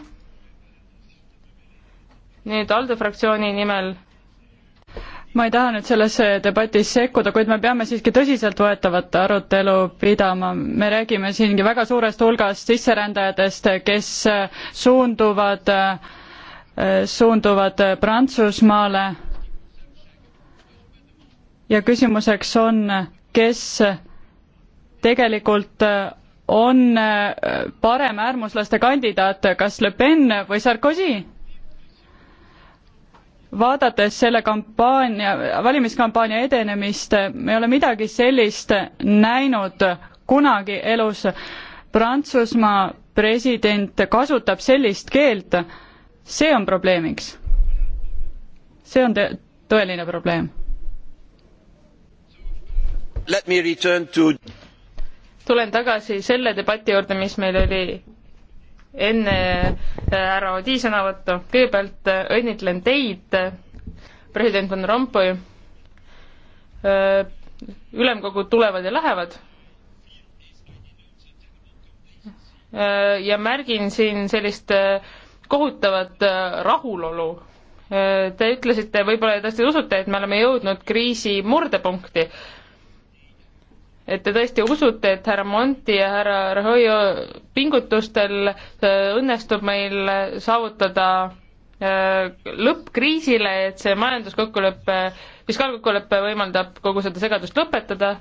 nüüd ALDE fraktsiooni nimel
ma ei taha nüüd sellesse debatis sekkuda, kuid me peame siiski tõsiseltvõetavat arutelu pidama. me räägime siingi väga suurest hulgast sisserändajatest, kes suunduvad, suunduvad Prantsusmaale. ja küsimuseks on, kes tegelikult on parem äärmuslaste kandidaat, kas Le Pen või Sarkozy? vaadates selle kampaania, valimiskampaania edenemist, me ei ole midagi sellist näinud kunagi elus. Prantsusmaa president kasutab sellist keelt, see on probleemiks. see on tõeline probleem.
To...
tulen tagasi selle debati juurde, mis meil oli enne äh, härra Odi sõnavõttu. kõigepealt äh, õnnitlen teid, president Van Rompuy. Äh, ülemkogud tulevad ja lähevad. ja märgin siin sellist kohutavat rahulolu. Te ütlesite, võib-olla te tõesti usute, et me oleme jõudnud kriisi murdepunkti et te tõesti usute, et härra Monti ja härra Rahoio pingutustel äh, õnnestub meil äh, saavutada äh, lõpp kriisile, et see majanduskokkulepe, fiskaalkokkulepe võimaldab kogu seda segadust lõpetada,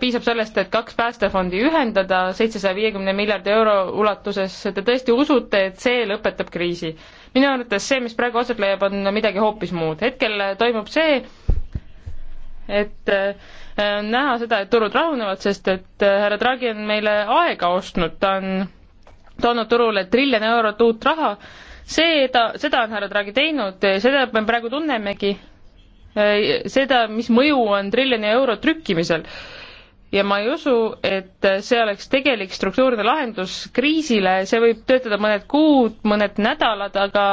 piisab sellest, et kaks päästefondi ühendada seitsesaja viiekümne miljardi euro ulatuses, te tõesti usute, et see lõpetab kriisi? minu arvates see, mis praegu aset leiab, on midagi hoopis muud. hetkel toimub see, et on äh, näha seda, et turud rahunevad, sest et äh, härra Draghi on meile aega ostnud, ta on toonud turule triljon eurot uut raha, see, ta, seda on härra Draghi teinud, seda me praegu tunnemegi, äh, seda, mis mõju on triljoni euro trükkimisel. ja ma ei usu, et see oleks tegelik struktuurne lahendus kriisile, see võib töötada mõned kuud, mõned nädalad, aga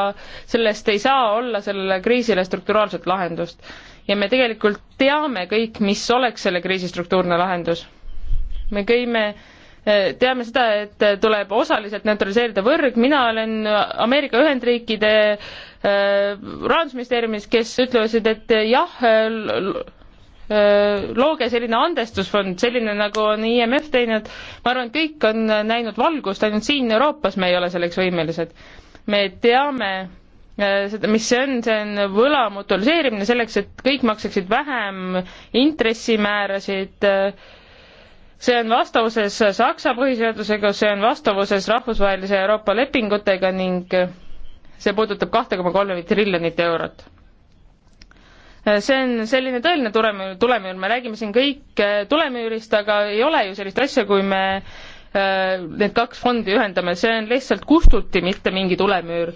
sellest ei saa olla sellele kriisile strukturaalset lahendust ja me tegelikult teame kõik, mis oleks selle kriisi struktuurne lahendus. me kõime eh, teame seda, et tuleb osaliselt neutraliseerida võrg, mina olen Ameerika Ühendriikide äh, rahandusministeeriumis, kes ütlesid, et jah, eh, looge selline andestusfond, selline nagu on IMF teinud, ma arvan, et kõik on näinud valgust, ainult siin Euroopas me ei ole selleks võimelised. me teame Äh, seda, mis see on, see on võla mutualiseerimine selleks, et kõik maksaksid vähem intressimäärasid, äh, see on vastavuses Saksa põhiseadusega, see on vastavuses rahvusvahelise Euroopa lepingutega ning äh, see puudutab kahte koma kolme triljonit eurot. see on selline tõeline tulemüür, tulemüür, me räägime siin kõik tulemüürist, aga ei ole ju sellist asja, kui me need kaks fondi ühendame, see on lihtsalt kustuti, mitte mingi tulemüür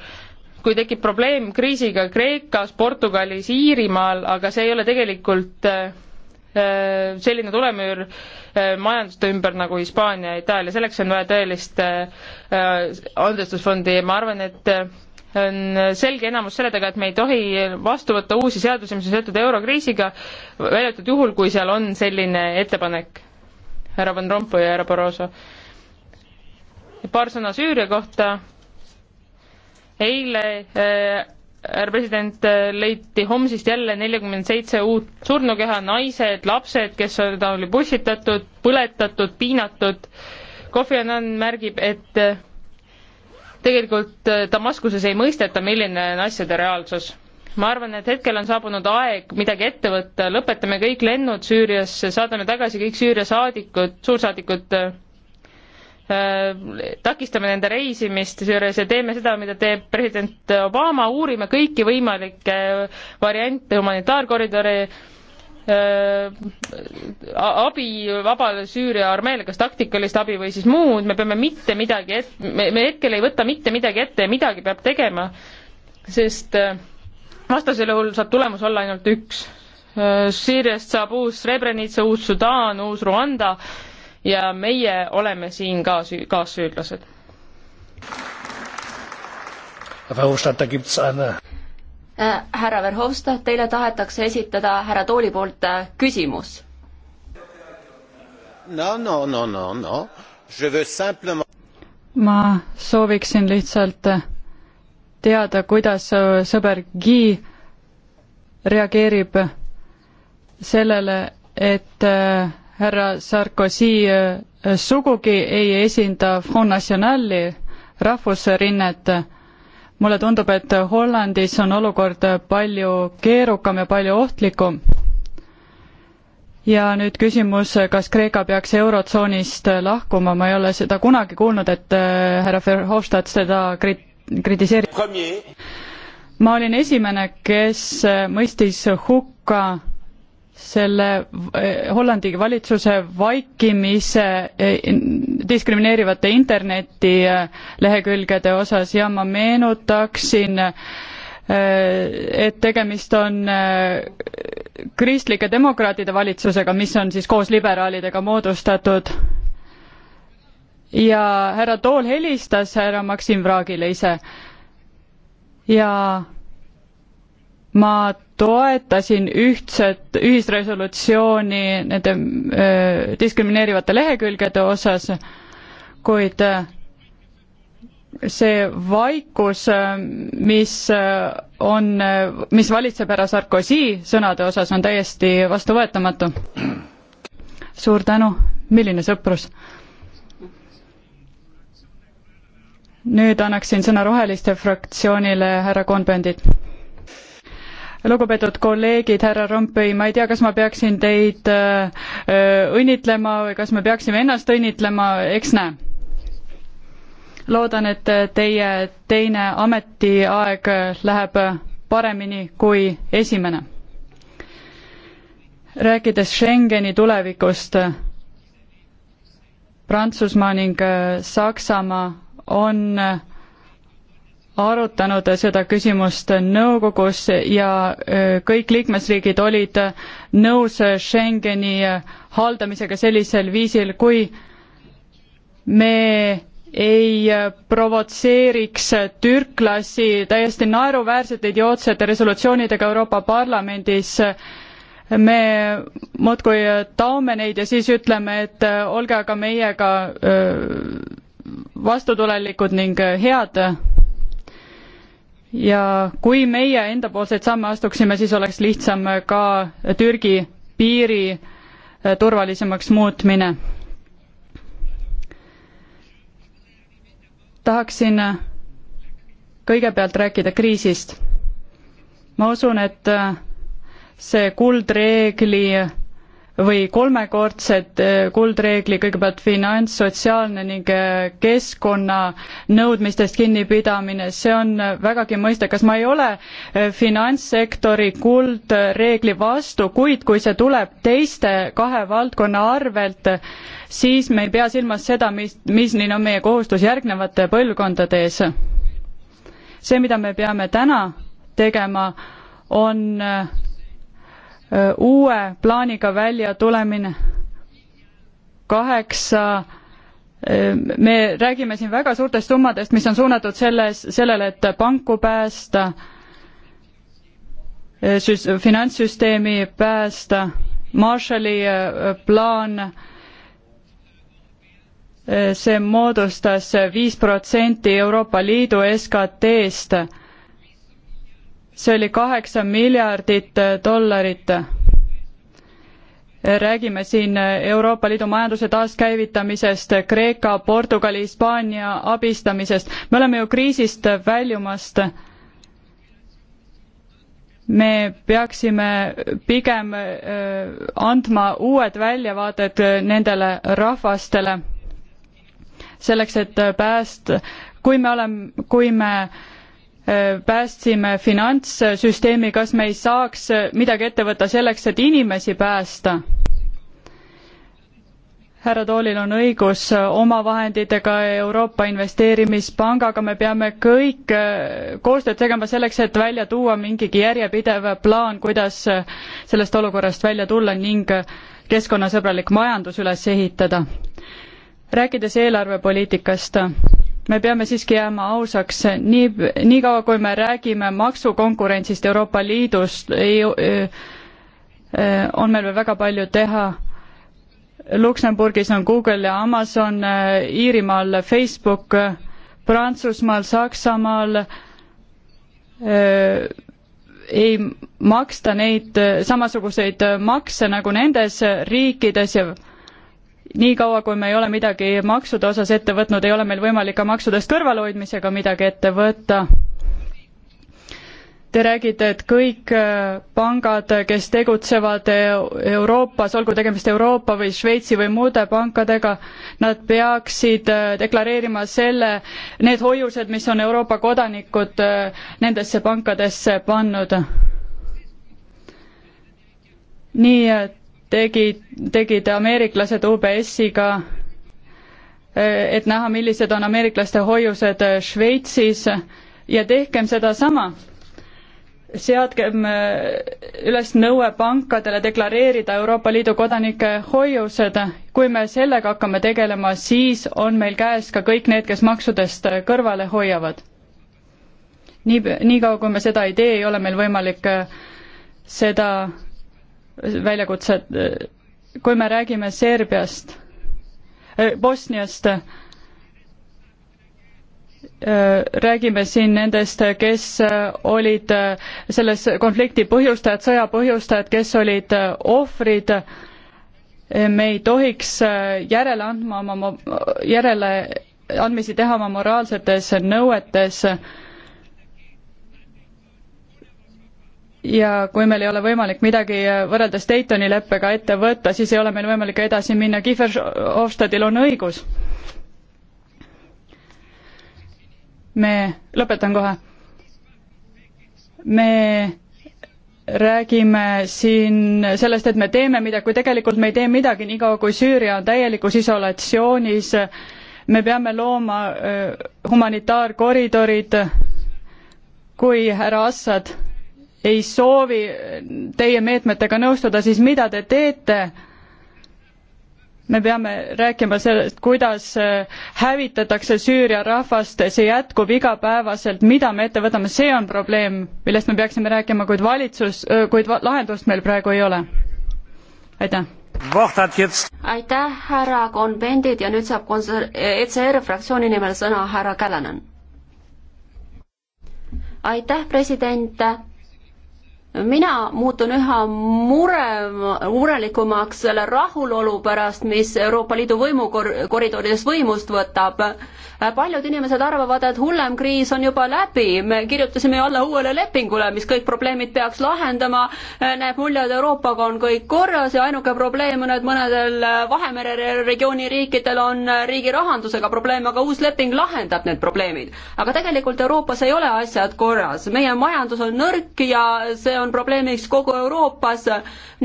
kui tekib probleem kriisiga Kreekas, Portugalis, Iirimaal, aga see ei ole tegelikult äh, äh, selline tulemüür äh, majanduste ümber nagu Hispaania ja Itaalia, selleks on vaja tõelist andestusfondi ja ma arvan, et on selge enamus selle taga, et me ei tohi vastu võtta uusi seadusi, mis on seotud eurokriisiga, välja arvatud juhul, kui seal on selline ettepanek. härra Van Rompuy ja härra Barroso. paar sõna Süüria kohta eile äh, härra president äh, leiti homsist jälle neljakümmend seitse uut surnukeha, naised, lapsed, kes ta oli pussitatud, põletatud, piinatud. Kofi Annan märgib, et äh, tegelikult Damaskuses ei mõisteta, milline on asjade reaalsus. ma arvan, et hetkel on saabunud aeg midagi ette võtta, lõpetame kõik lennud Süüriasse, saadame tagasi kõik Süüria saadikud, suursaadikud Äh, takistame nende reisimist Süürias ja teeme seda, mida teeb president Obama, uurime kõiki võimalikke äh, variante humanitaarkoridori äh, abi vabale Süüria armeele, kas taktikalist abi või siis muud, me peame mitte midagi et-, me, me hetkel ei võta mitte midagi ette ja midagi peab tegema, sest vastasel juhul saab tulemus olla ainult üks. Süüriast saab uus Srebrenica, uus Sudaan, uus Rwanda ja meie oleme siin ka süü-, kaassüüdlased.
Äh, härra Verhofstadt, teile tahetakse esitada härra Tooli poolt äh, küsimus.
no, no, no, no, no, je veux simplement
ma sooviksin lihtsalt äh, teada, kuidas sõber Guy reageerib sellele, et härra Sarkozy äh, sugugi ei esinda Front Nationali rahvusrinnet. mulle tundub, et Hollandis on olukord palju keerukam ja palju ohtlikum. ja nüüd küsimus, kas Kreeka peaks Eurotsoonist lahkuma, ma ei ole seda kunagi kuulnud, et äh, härra Verhofstadt seda krit-, kritiseerib. ma olin esimene, kes äh, mõistis hukka selle eh, Hollandi valitsuse vaikimise eh, diskrimineerivate internetilehekülgede eh, osas ja ma meenutaksin, et tegemist on kristlike demokraatide valitsusega, mis on siis koos liberaalidega moodustatud. ja härra Tool helistas härra Maksim Vraagile ise ja ma toetasin ühtset ühisresolutsiooni nende öö, diskrimineerivate lehekülgede osas, kuid see vaikus, mis on, mis valitseb härra Sarkozy sõnade osas, on täiesti vastuvõetamatu. suur tänu, milline sõprus! nüüd annaksin sõna Roheliste fraktsioonile, härra Kohn-Pendit lugupeetud kolleegid, härra Rompuy, ma ei tea, kas ma peaksin teid äh, äh, õnnitlema või kas me peaksime ennast õnnitlema, eks näe. loodan, et teie teine ametiaeg läheb paremini kui esimene. rääkides Schengeni tulevikust, Prantsusmaa ning Saksamaa on arutanud seda küsimust nõukogus ja kõik liikmesriigid olid nõus Schengeni haldamisega sellisel viisil, kui me ei provotseeriks türklasi täiesti naeruväärsete idiootsete resolutsioonidega Euroopa Parlamendis. me muudkui taome neid ja siis ütleme, et olge aga meiega vastutulelikud ning head ja kui meie endapoolseid samme astuksime, siis oleks lihtsam ka Türgi piiri äh, turvalisemaks muutmine. tahaksin äh, kõigepealt rääkida kriisist. ma usun, et äh, see kuldreegli või kolmekordset eh, kuldreegli, kõigepealt finants, sotsiaalne ning eh, keskkonnanõudmistest kinnipidamine, see on vägagi mõistetav, ma ei ole eh, finantssektori kuldreegli vastu, kuid kui see tuleb teiste kahe valdkonna arvelt, siis me ei pea silmas seda, mis, mis neil on meie kohustus järgnevate põlvkondade ees. see, mida me peame täna tegema, on Äh, uue plaaniga välja tulemine. kaheksa äh, me räägime siin väga suurtest summadest, mis on suunatud selles, sellele, et panku päästa, äh, finantssüsteemi päästa, Marshalli plaan, see moodustas viis protsenti Euroopa Liidu SKT-st see oli kaheksa miljardit äh, dollarit. räägime siin äh, Euroopa Liidu majanduse taaskäivitamisest, Kreeka, Portugali, Hispaania abistamisest, me oleme ju kriisist väljumast. me peaksime pigem äh, andma uued väljavaated nendele rahvastele, selleks et pääst-, kui me oleme, kui me päästsime finantssüsteemi, kas me ei saaks midagi ette võtta selleks, et inimesi päästa? härra Toolil on õigus, omavahenditega Euroopa Investeerimispangaga me peame kõik koostööd tegema selleks, et välja tuua mingigi järjepidev plaan, kuidas sellest olukorrast välja tulla ning keskkonnasõbralik majandus üles ehitada. rääkides eelarvepoliitikast, me peame siiski jääma ausaks, nii, niikaua kui me räägime maksukonkurentsist Euroopa Liidust, ei, on meil veel väga palju teha. Luksemburgis on Google ja Amazon, Iirimaal Facebook, Prantsusmaal, Saksamaal ei maksta neid samasuguseid makse nagu nendes riikides ja niikaua, kui me ei ole midagi maksude osas ette võtnud, ei ole meil võimalik ka maksudest kõrvalehoidmisega midagi ette võtta. Te räägite, et kõik äh, pangad, kes tegutsevad äh, Euroopas, olgu tegemist Euroopa või Šveitsi või muude pankadega, nad peaksid äh, deklareerima selle, need hoiused, mis on Euroopa kodanikud nendesse pankadesse pannud. nii et tegid, tegid ameeriklased UBS-iga, eh, et näha, millised on ameeriklaste hoiused eh, Šveitsis ja tehkem sedasama. seadkem eh, üles nõue pankadele deklareerida Euroopa Liidu kodanike hoiused. kui me sellega hakkame tegelema, siis on meil käes ka kõik need, kes maksudest kõrvale hoiavad. nii, niikaua kui me seda ei tee, ei ole meil võimalik seda väljakutsed, kui me räägime Serbiast, äh, Bosniast, äh, räägime siin nendest, kes olid äh, selles konflikti põhjustajad, sõja põhjustajad, kes olid ohvrid, me ei tohiks järele andma oma, järele andmisi teha oma moraalsetes nõuetes äh, ja kui meil ei ole võimalik midagi võrreldes Daytoni leppega ette võtta, siis ei ole meil võimalik edasi minna, Kiefer Hofstadil on õigus. me, lõpetan kohe. me räägime siin sellest, et me teeme midagi, kui tegelikult me ei tee midagi, niikaua kui Süüria on täielikus isolatsioonis, me peame looma äh, humanitaarkoridorid, kui härra Assad ei soovi teie meetmetega nõustuda, siis mida te teete? me peame rääkima sellest, kuidas äh, hävitatakse Süüria rahvast, see jätkub igapäevaselt, mida me ette võtame, see on probleem, millest me peaksime rääkima, kuid valitsus, äh, kuid lahendust meil praegu ei ole. aitäh aitäh,
härra Konvendid ja nüüd saab konser-, ECR fraktsiooni nimel sõna härra Kälanen. aitäh, president mina muutun üha mure, murelikumaks selle rahulolu pärast, mis Euroopa Liidu võimukoridorides võimust võtab. paljud inimesed arvavad, et hullem kriis on juba läbi, me kirjutasime ju alla uuele lepingule, mis kõik probleemid peaks lahendama, näeb mulje, et Euroopaga on kõik korras ja ainuke probleem on, et mõnedel Vahemere regiooni riikidel on riigi rahandusega probleem, aga uus leping lahendab need probleemid. aga tegelikult Euroopas ei ole asjad korras, meie majandus on nõrk ja see on on probleemiks kogu Euroopas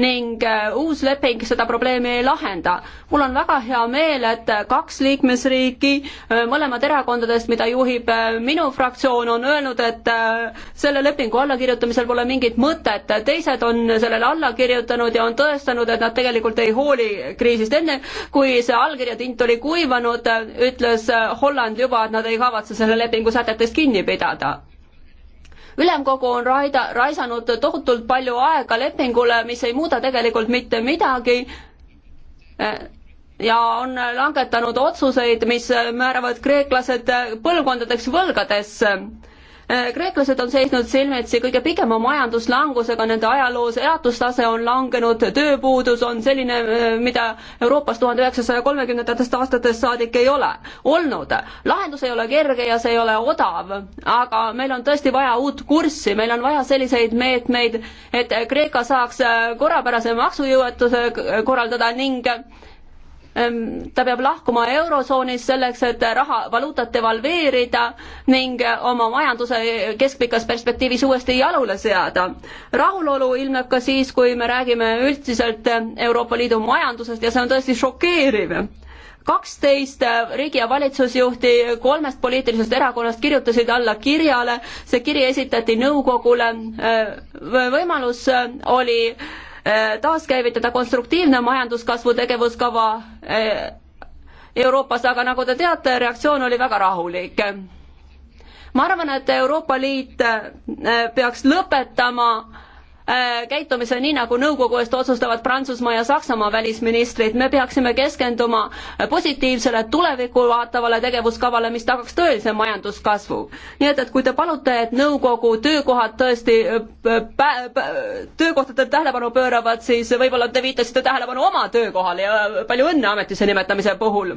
ning äh, uus leping seda probleemi ei lahenda. mul on väga hea meel, et kaks liikmesriiki äh, mõlemad erakondadest, mida juhib äh, minu fraktsioon, on öelnud, et selle lepingu allakirjutamisel pole mingit mõtet, teised on sellele alla kirjutanud ja on tõestanud, et nad tegelikult ei hooli kriisist. enne kui see allkirja tint oli kuivanud, ütles Holland juba, et nad ei kavatse selle lepingu sätetest kinni pidada ülemkogu on raida, raisanud tohutult palju aega lepingule, mis ei muuda tegelikult mitte midagi ja on langetanud otsuseid, mis määravad kreeklased põlvkondadeks võlgadesse Äh, kreeklased on seisnud silmitsi kõige pikema majanduslangusega nende ajaloos, elatustase on langenud, tööpuudus on selline, äh, mida Euroopas tuhande üheksasaja kolmekümnendatest aastatest saadik ei ole olnud. lahendus ei ole kerge ja see ei ole odav, aga meil on tõesti vaja uut kurssi, meil on vaja selliseid meetmeid, et Kreeka saaks äh, korrapärase maksujõuetuse korraldada ning Ehm, ta peab lahkuma eurotsoonis selleks, et raha, valuutat devalveerida ning eh, oma majanduse keskpikas perspektiivis uuesti jalule seada. rahulolu ilmneb ka siis, kui me räägime üldiselt eh, Euroopa Liidu majandusest ja see on tõesti šokeeriv kaksteist eh, riigi- ja valitsusjuhti kolmest poliitilisest erakonnast kirjutasid alla kirjale, see kiri esitati nõukogule, võimalus oli Äh, taaskäivitada konstruktiivne majanduskasvu tegevuskava äh, Euroopas, aga nagu te teate, reaktsioon oli väga rahulik. ma arvan, et Euroopa Liit äh, peaks lõpetama Äh, käitumise, nii nagu nõukogu eest otsustavad Prantsusmaa ja Saksamaa välisministrid, me peaksime keskenduma positiivsele tulevikku vaatavale tegevuskavale, mis tagaks tõelise majanduskasvu. nii et, et kui te palute, et nõukogu töökohad tõesti äh, töökohtadele tähelepanu pööravad, siis võib-olla te viitasite tähelepanu oma töökohale ja palju õnne ametisse nimetamise puhul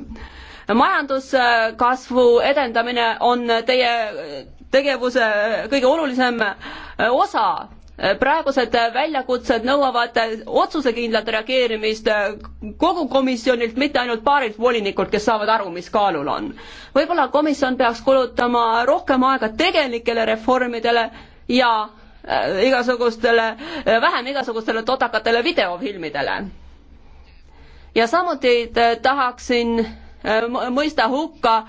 majanduskasvu edendamine on teie tegevuse kõige olulisem osa praegused väljakutsed nõuavad otsusekindlat reageerimist kogu komisjonilt, mitte ainult paarilt volinikult, kes saavad aru, mis kaalul on. võib-olla komisjon peaks kulutama rohkem aega tegelikele reformidele ja äh, igasugustele, äh, vähem igasugustele todakatele videofilmidele. ja samuti äh, tahaksin mõista hukka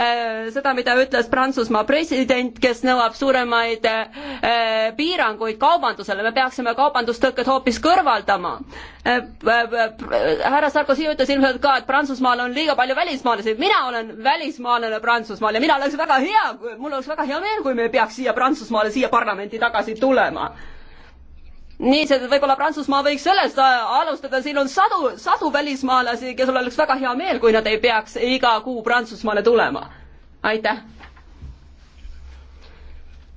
Äh, seda, mida ütles Prantsusmaa president, kes nõuab suuremaid äh, piiranguid kaubandusele, me peaksime kaubandustõkked hoopis kõrvaldama. Äh, härra Sarkozy ütles ilmselt ka, et Prantsusmaal on liiga palju välismaalasi, mina olen välismaalane Prantsusmaal ja mina oleks väga hea, mul oleks väga hea meel, kui me ei peaks siia Prantsusmaale, siia parlamenti tagasi tulema niisiis, et võib-olla Prantsusmaa võiks sellest äh, alustada, siin on sadu, sadu välismaalasi, kes oleks väga hea meel, kui nad ei peaks iga kuu Prantsusmaale tulema. aitäh.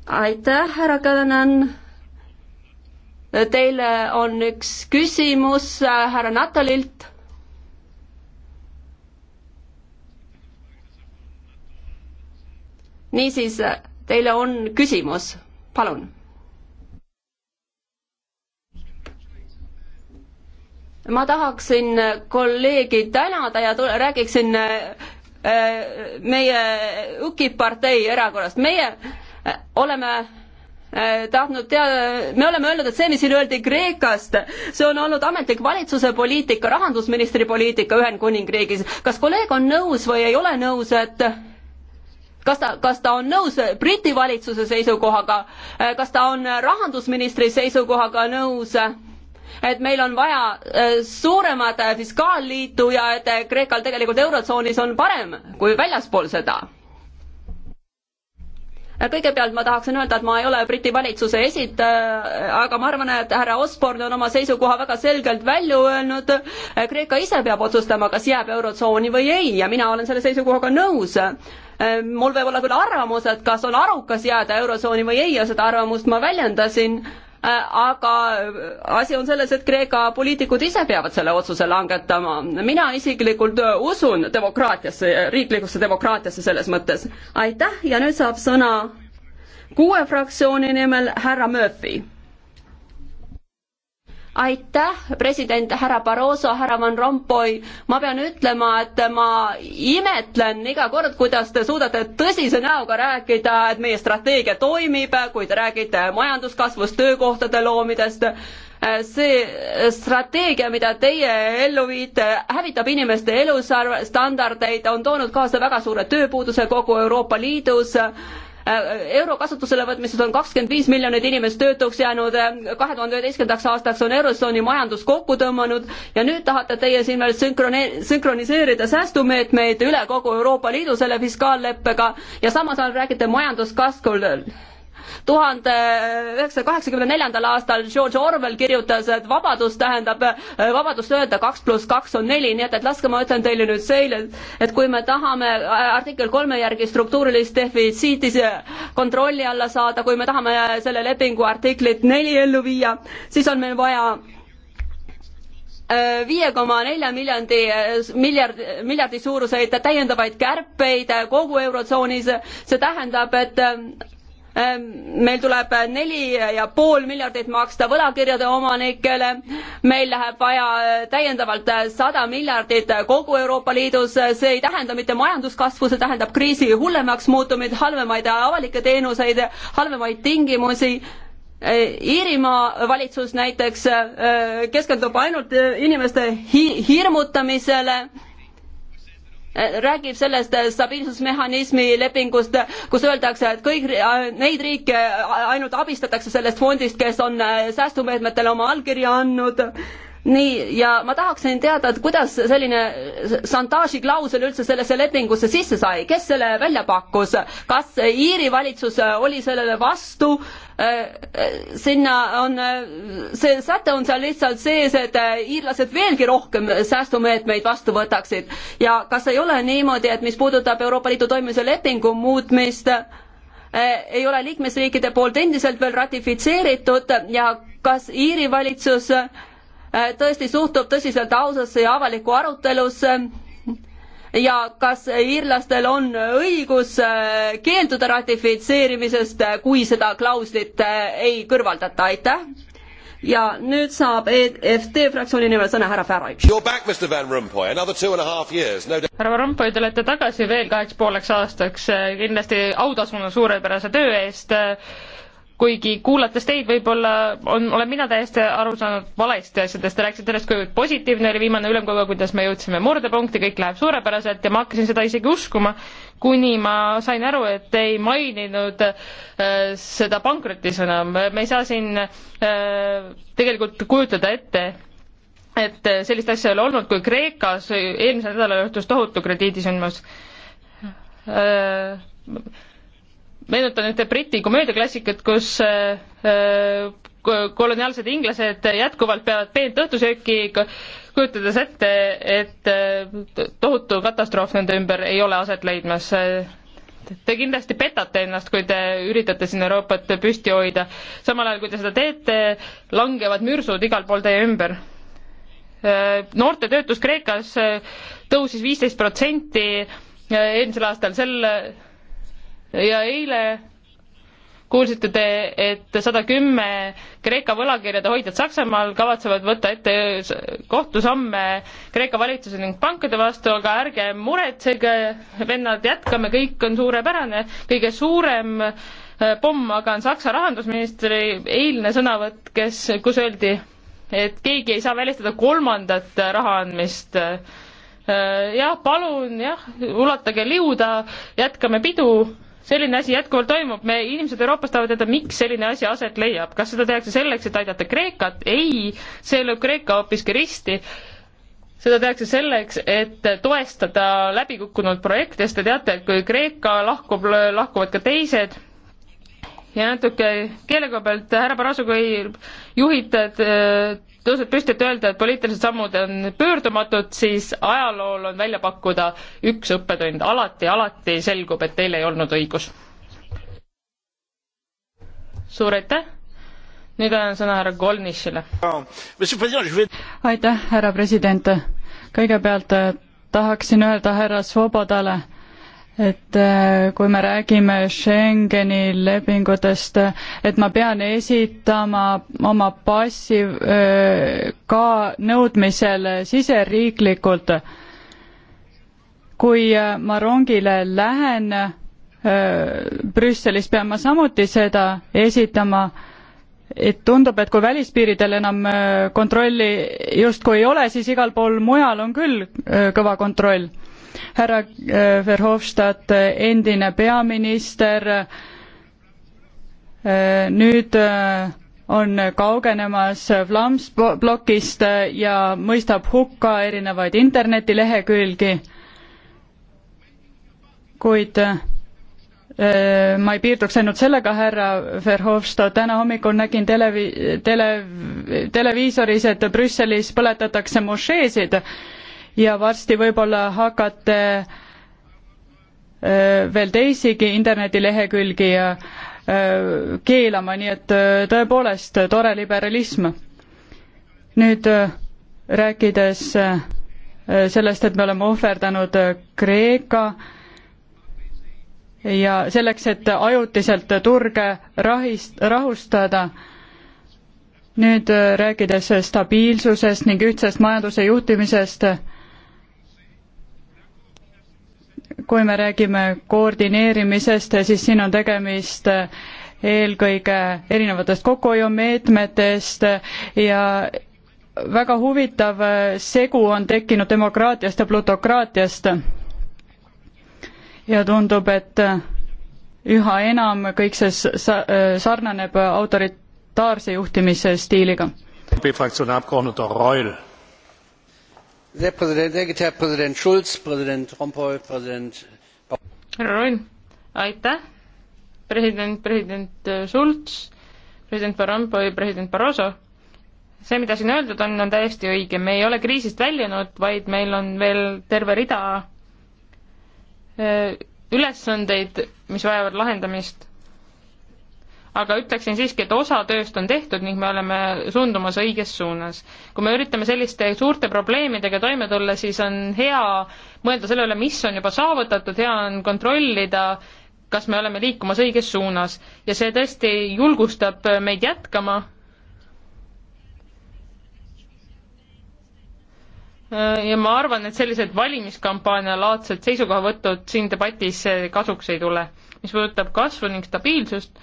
aitäh, härra Kõlõnen. Teile on üks küsimus äh, härra Natalilt. niisiis, äh, teile on küsimus, palun ma tahaksin kolleegi tänada ja tule, räägiksin äh, meie UKIP partei erakonnast, meie äh, oleme äh, tahtnud teada, me oleme öelnud, et see, mis siin öeldi Kreekast, see on olnud ametlik valitsuse poliitika, rahandusministri poliitika Ühendkuningriigis. kas kolleeg on nõus või ei ole nõus, et kas ta, kas ta on nõus Briti valitsuse seisukohaga, kas ta on rahandusministri seisukohaga nõus? et meil on vaja äh, suuremat äh, fiskaalliitu ja et äh, Kreekal tegelikult Eurotsoonis on parem kui väljaspool seda. kõigepealt ma tahaksin öelda, et ma ei ole Briti valitsuse esitaja, aga ma arvan, et härra Osborne on oma seisukoha väga selgelt välja öelnud. Kreeka ise peab otsustama, kas jääb Eurotsooni või ei ja mina olen selle seisukohaga nõus mul võib olla küll arvamus, et kas on arukas jääda Eurotsooni või ei ja seda arvamust ma väljendasin Äh, aga äh, asi on selles, et Kreeka poliitikud ise peavad selle otsuse langetama. mina isiklikult äh, usun demokraatiasse, riiklikusse demokraatiasse selles mõttes. aitäh ja nüüd saab sõna kuue fraktsiooni nimel härra Murphy aitäh, president härra Barroso, härra Van Rompuy, ma pean ütlema, et ma imetlen iga kord, kuidas te suudate tõsise näoga rääkida, et meie strateegia toimib, kui te räägite majanduskasvust, töökohtade loomidest, see strateegia, mida teie ellu viite, hävitab inimeste elustandardeid, on toonud kaasa väga suure tööpuuduse kogu Euroopa Liidus Äh, euro kasutusele võtmisest on kakskümmend viis miljonit inimest töötuks jäänud, äh, kahe tuhande üheteistkümnendaks aastaks on Eurotsooni majandus kokku tõmmanud ja nüüd tahate teie siin veel sünkrone-, sünkroniseerida säästumeetmeid üle kogu Euroopa Liidu selle fiskaalleppega ja samas räägite majanduskasvul tuhande üheksasaja kaheksakümne neljandal aastal George Orwell kirjutas, et vabadus tähendab vabadust öelda kaks pluss kaks on neli, nii et, et laske, ma ütlen teile nüüd seile, et kui me tahame artikkel kolme järgi struktuurilist defitsiiti kontrolli alla saada, kui me tahame selle lepingu artiklit neli ellu viia, siis on meil vaja äh, viie koma nelja miljardi, miljard, miljardi suuruseid täiendavaid kärpeid kogu Eurotsoonis, see tähendab, et Ehm, meil tuleb neli ja pool miljardit maksta võlakirjade omanikele, meil läheb vaja eh, täiendavalt eh, sada miljardit kogu Euroopa Liidus, see ei tähenda mitte majanduskasvu, see tähendab kriisi hullemaks muutumist, halvemaid avalikke teenuseid, halvemaid tingimusi. Eh, Iirimaa valitsus näiteks keskendub ainult inimeste hi hirmutamisele Eh, räägib sellest eh, stabiilsusmehhanismi lepingust, eh, kus öeldakse, et kõik neid riike ainult abistatakse sellest fondist, kes on säästumeetmetele oma allkirja andnud nii, ja ma tahaksin teada, et kuidas selline šantaažiklausel üldse sellesse lepingusse sisse sai, kes selle välja pakkus, kas Iiri valitsus oli sellele vastu? Äh, äh, sinna on, äh, see säte on seal lihtsalt sees, et iirlased veelgi rohkem säästumeetmeid vastu võtaksid ja kas ei ole niimoodi, et mis puudutab Euroopa Liidu toimimise lepingu muutmist, ei ole liikmesriikide poolt endiselt veel ratifitseeritud ja kas Iiri valitsus äh, Äh, tõesti suhtub tõsiselt ausasse ja avalikku arutelusse ja kas iirlastel on õigus äh, keelduda ratifitseerimisest, äh, kui seda klauslit ei kõrvaldata, aitäh. ja nüüd saab EFT fraktsiooni nimel sõna härra Farage. härra Rompuy, te olete tagasi veel kaheks pooleks aastaks, kindlasti autasun
on suurepärase töö eest kuigi kuulates teid võib-olla on, olen mina täiesti aru saanud valesti asjadest, te rääkisite sellest, kui positiivne oli viimane ülemkogu, kuidas me jõudsime murdepunkti, kõik läheb suurepäraselt ja ma hakkasin seda isegi uskuma, kuni ma sain aru, et te ei maininud äh, seda pankrotisõna, me ei saa siin äh, tegelikult kujutleda ette, et sellist asja ei ole olnud, kui Kreekas eelmisel nädalal juhtus tohutu krediidisündmus äh, meenutan ühte Briti komöödiaklassikat, kus äh, äh, koloniaalsed inglased jätkuvalt peavad peent õhtusööki, kujutades ette, et äh, tohutu katastroof nende ümber ei ole aset leidmas. Te kindlasti petate ennast, kui te üritate siin Euroopat püsti hoida. samal ajal, kui te seda teete, langevad mürsud igal pool teie ümber. noorte töötus Kreekas tõusis viisteist protsenti eelmisel aastal, sel ja eile kuulsite te, et sada kümme Kreeka võlakirjade hoidjat Saksamaal kavatsevad võtta ette kohtusamme Kreeka valitsuse ning pankade vastu, aga ärge muretsege, vennad, jätkame, kõik on suurepärane, kõige suurem äh, pomm aga on Saksa rahandusministri eilne sõnavõtt, kes, kus öeldi, et keegi ei saa välistada kolmandat raha andmist äh, jah, palun, jah, ulatage liuda, jätkame pidu, selline asi jätkuvalt toimub, me, inimesed Euroopas tahavad teada, miks selline asi aset leiab, kas seda tehakse selleks, et aidata Kreekat, ei, see lööb Kreeka hoopiski risti, seda tehakse selleks, et toestada läbikukkunud projekte, sest te teate, et kui Kreeka lahkub, lahkuvad ka teised ja natuke keele koha pealt härra Parasu, kui juhid tõuseb püsti, et öelda, et poliitilised sammud on pöördumatud, siis ajalool on välja pakkuda üks õppetund. alati, alati selgub, et teil ei olnud õigus. suur aitäh! nüüd annan sõna härra Golnišile.
aitäh, härra president! kõigepealt eh, tahaksin öelda härra Svobodale, et äh, kui me räägime Schengeni lepingutest, et ma pean esitama oma passi äh, ka nõudmisel siseriiklikult. kui äh, ma rongile lähen Brüsselis, pean ma samuti seda esitama et tundub, et kui välispiiridel enam kontrolli justkui ei ole, siis igal pool mujal on küll kõva kontroll härra äh, Verhofstadt, äh, endine peaminister, äh, nüüd on kaugenemas Vlamsblokist ja mõistab hukka erinevaid internetilehekülgi, kuid ma ei piirduks ainult sellega, härra Verhofstadt, täna hommikul nägin televi-, tele, televiisoris, et Brüsselis põletatakse mošeesid ja varsti võib-olla hakkate äh, veel teisigi internetilehekülgi äh, keelama, nii et äh, tõepoolest tore liberalism. nüüd rääkides sellest, et me oleme ohverdanud Kreeka ja selleks, et ajutiselt turge rahist, rahustada, nüüd rääkides stabiilsusest ning ühtsest majanduse juhtimisest kui me räägime koordineerimisest, siis siin on tegemist eelkõige erinevatest kokkuhoiumeetmetest ja väga huvitav segu on tekkinud demokraatiast ja plutokraatiast. ja tundub, et üha enam kõik see sarnaneb autoritaarse juhtimise stiiliga.
fraktsiooni abgeordneter Reul sehr geehrter herr präsident schulz präsident rompuy präsident härra Roin,
aitäh, president, president äh, Schulz, president Van Rompuy, president Barroso. see, mida siin öeldud on, on täiesti õige, me ei ole kriisist väljunud, vaid meil on veel terve rida äh, ülesandeid, mis vajavad lahendamist aga ütleksin siiski, et osa tööst on tehtud ning me oleme suundumas õiges suunas. kui me üritame selliste suurte probleemidega toime tulla, siis on hea mõelda selle üle, mis on juba saavutatud, hea on kontrollida, kas me oleme liikumas õiges suunas ja see tõesti julgustab meid jätkama. ja ma arvan, et sellised valimiskampaania laadsed seisukohavõtud siin debatis kasuks ei tule. mis puudutab kasvu ning stabiilsust,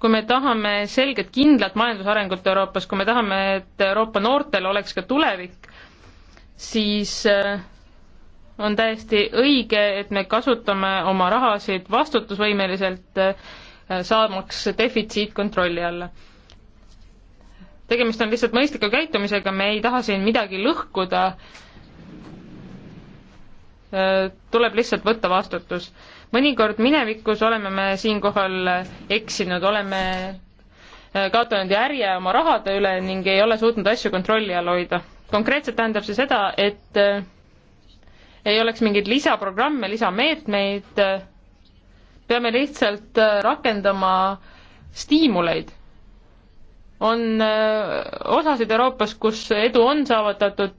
kui me tahame selget, kindlat majandusarengut Euroopas, kui me tahame, et Euroopa noortel oleks ka tulevik, siis äh, on täiesti õige, et me kasutame oma rahasid vastutusvõimeliselt, äh, saamaks defitsiit kontrolli alla. tegemist on lihtsalt mõistliku käitumisega, me ei taha siin midagi lõhkuda, äh, tuleb lihtsalt võtta vastutus mõnikord minevikus oleme me siinkohal eksinud, oleme äh, kaotanud järje oma rahade üle ning ei ole suutnud asju kontrolli all hoida. konkreetselt tähendab see seda, et äh, ei oleks mingeid lisaprogramme, lisameetmeid, äh, peame lihtsalt rakendama stiimuleid. on osasid Euroopas, kus edu on saavutatud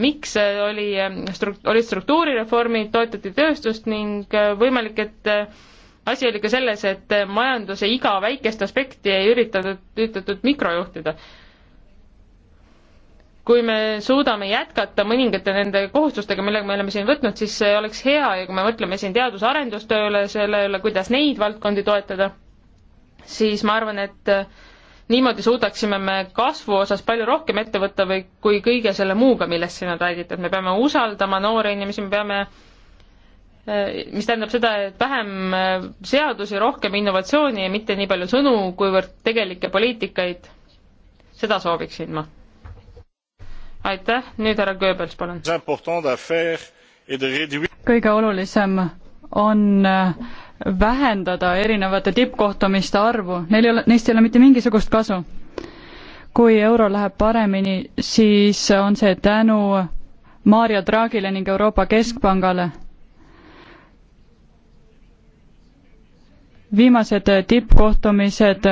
miks äh, oli ähm, struk-, olid struktuurireformid, toetati tööstust ning äh, võimalik, et äh, asi oli ka selles, et majanduse iga väikest aspekti ei üritatud, üritatud mikrojuhtida. kui me suudame jätkata mõningate nende kohustustega, millega me oleme siin võtnud, siis see oleks hea ja kui me mõtleme siin teadus-arendustööle, selle üle, kuidas neid valdkondi toetada, siis ma arvan, et äh, niimoodi suudaksime me kasvu osas palju rohkem ette võtta või kui kõige selle muuga, millest siin on räägitud, me peame usaldama noori inimesi, me peame eh, mis tähendab seda, et vähem eh, seadusi, rohkem innovatsiooni ja mitte nii palju sõnu, kuivõrd tegelikke poliitikaid, seda sooviksin ma. aitäh, nüüd härra Goebbels, palun.
kõige olulisem on eh, vähendada erinevate tippkohtumiste arvu, neil ei ole, neist ei ole mitte mingisugust kasu. kui euro läheb paremini, siis on see tänu Mario Draghile ning Euroopa Keskpangale. viimased tippkohtumised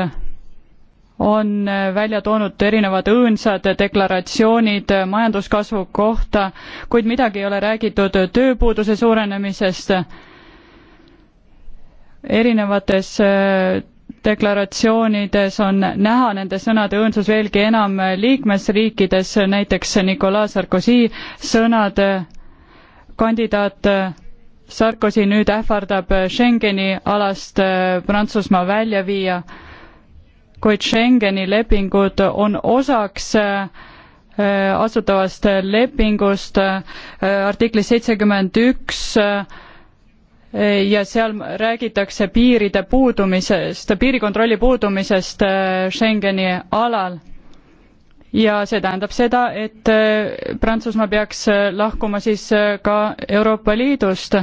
on välja toonud erinevad õõnsad deklaratsioonid majanduskasvu kohta, kuid midagi ei ole räägitud tööpuuduse suurenemisest erinevates äh, deklaratsioonides on näha nende sõnade õõnsus veelgi enam liikmesriikides, näiteks Nicolas Sarkozy sõnad, kandidaat Sarkozy nüüd ähvardab Schengeni alast äh, Prantsusmaa välja viia, kuid Schengeni lepingud on osaks äh, asutavast lepingust artiklis seitsekümmend üks ja seal räägitakse piiride puudumisest, piirikontrolli puudumisest äh, Schengeni alal. ja see tähendab seda, et äh, Prantsusmaa peaks äh, lahkuma siis ka Euroopa Liidust.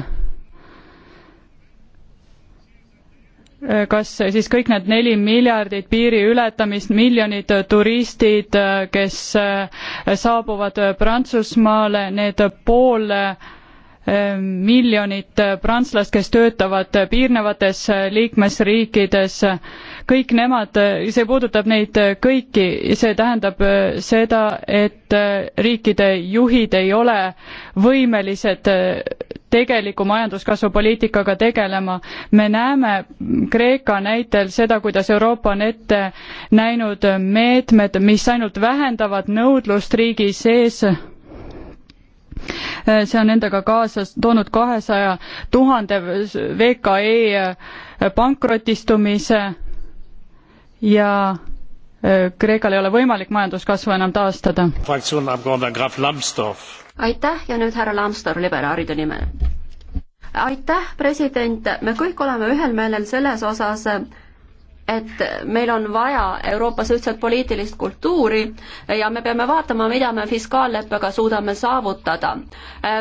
kas siis kõik need neli miljardit piiri ületamist, miljonid turistid, kes saabuvad Prantsusmaale, need pool Ehm, miljonit äh, prantslast, kes töötavad piirnevates äh, liikmesriikides, kõik nemad, äh, see puudutab neid kõiki, see tähendab seda, et riikide juhid ei ole võimelised tegeliku majanduskasvupoliitikaga tegelema. me näeme Kreeka näitel seda, kuidas Euroopa on ette näinud meetmed, mis ainult vähendavad nõudlust riigi sees Äh, see on endaga kaasa toonud kahesaja tuhande VKE äh, pankrotistumise ja äh, Kreekal ei ole võimalik majanduskasvu enam taastada.
aitäh ja nüüd härra Lambsdorff liberaalide nimel. aitäh, president, me kõik oleme ühel meelel selles osas, et meil on vaja Euroopas ühtset poliitilist kultuuri ja me peame vaatama, mida me fiskaalleppega suudame saavutada.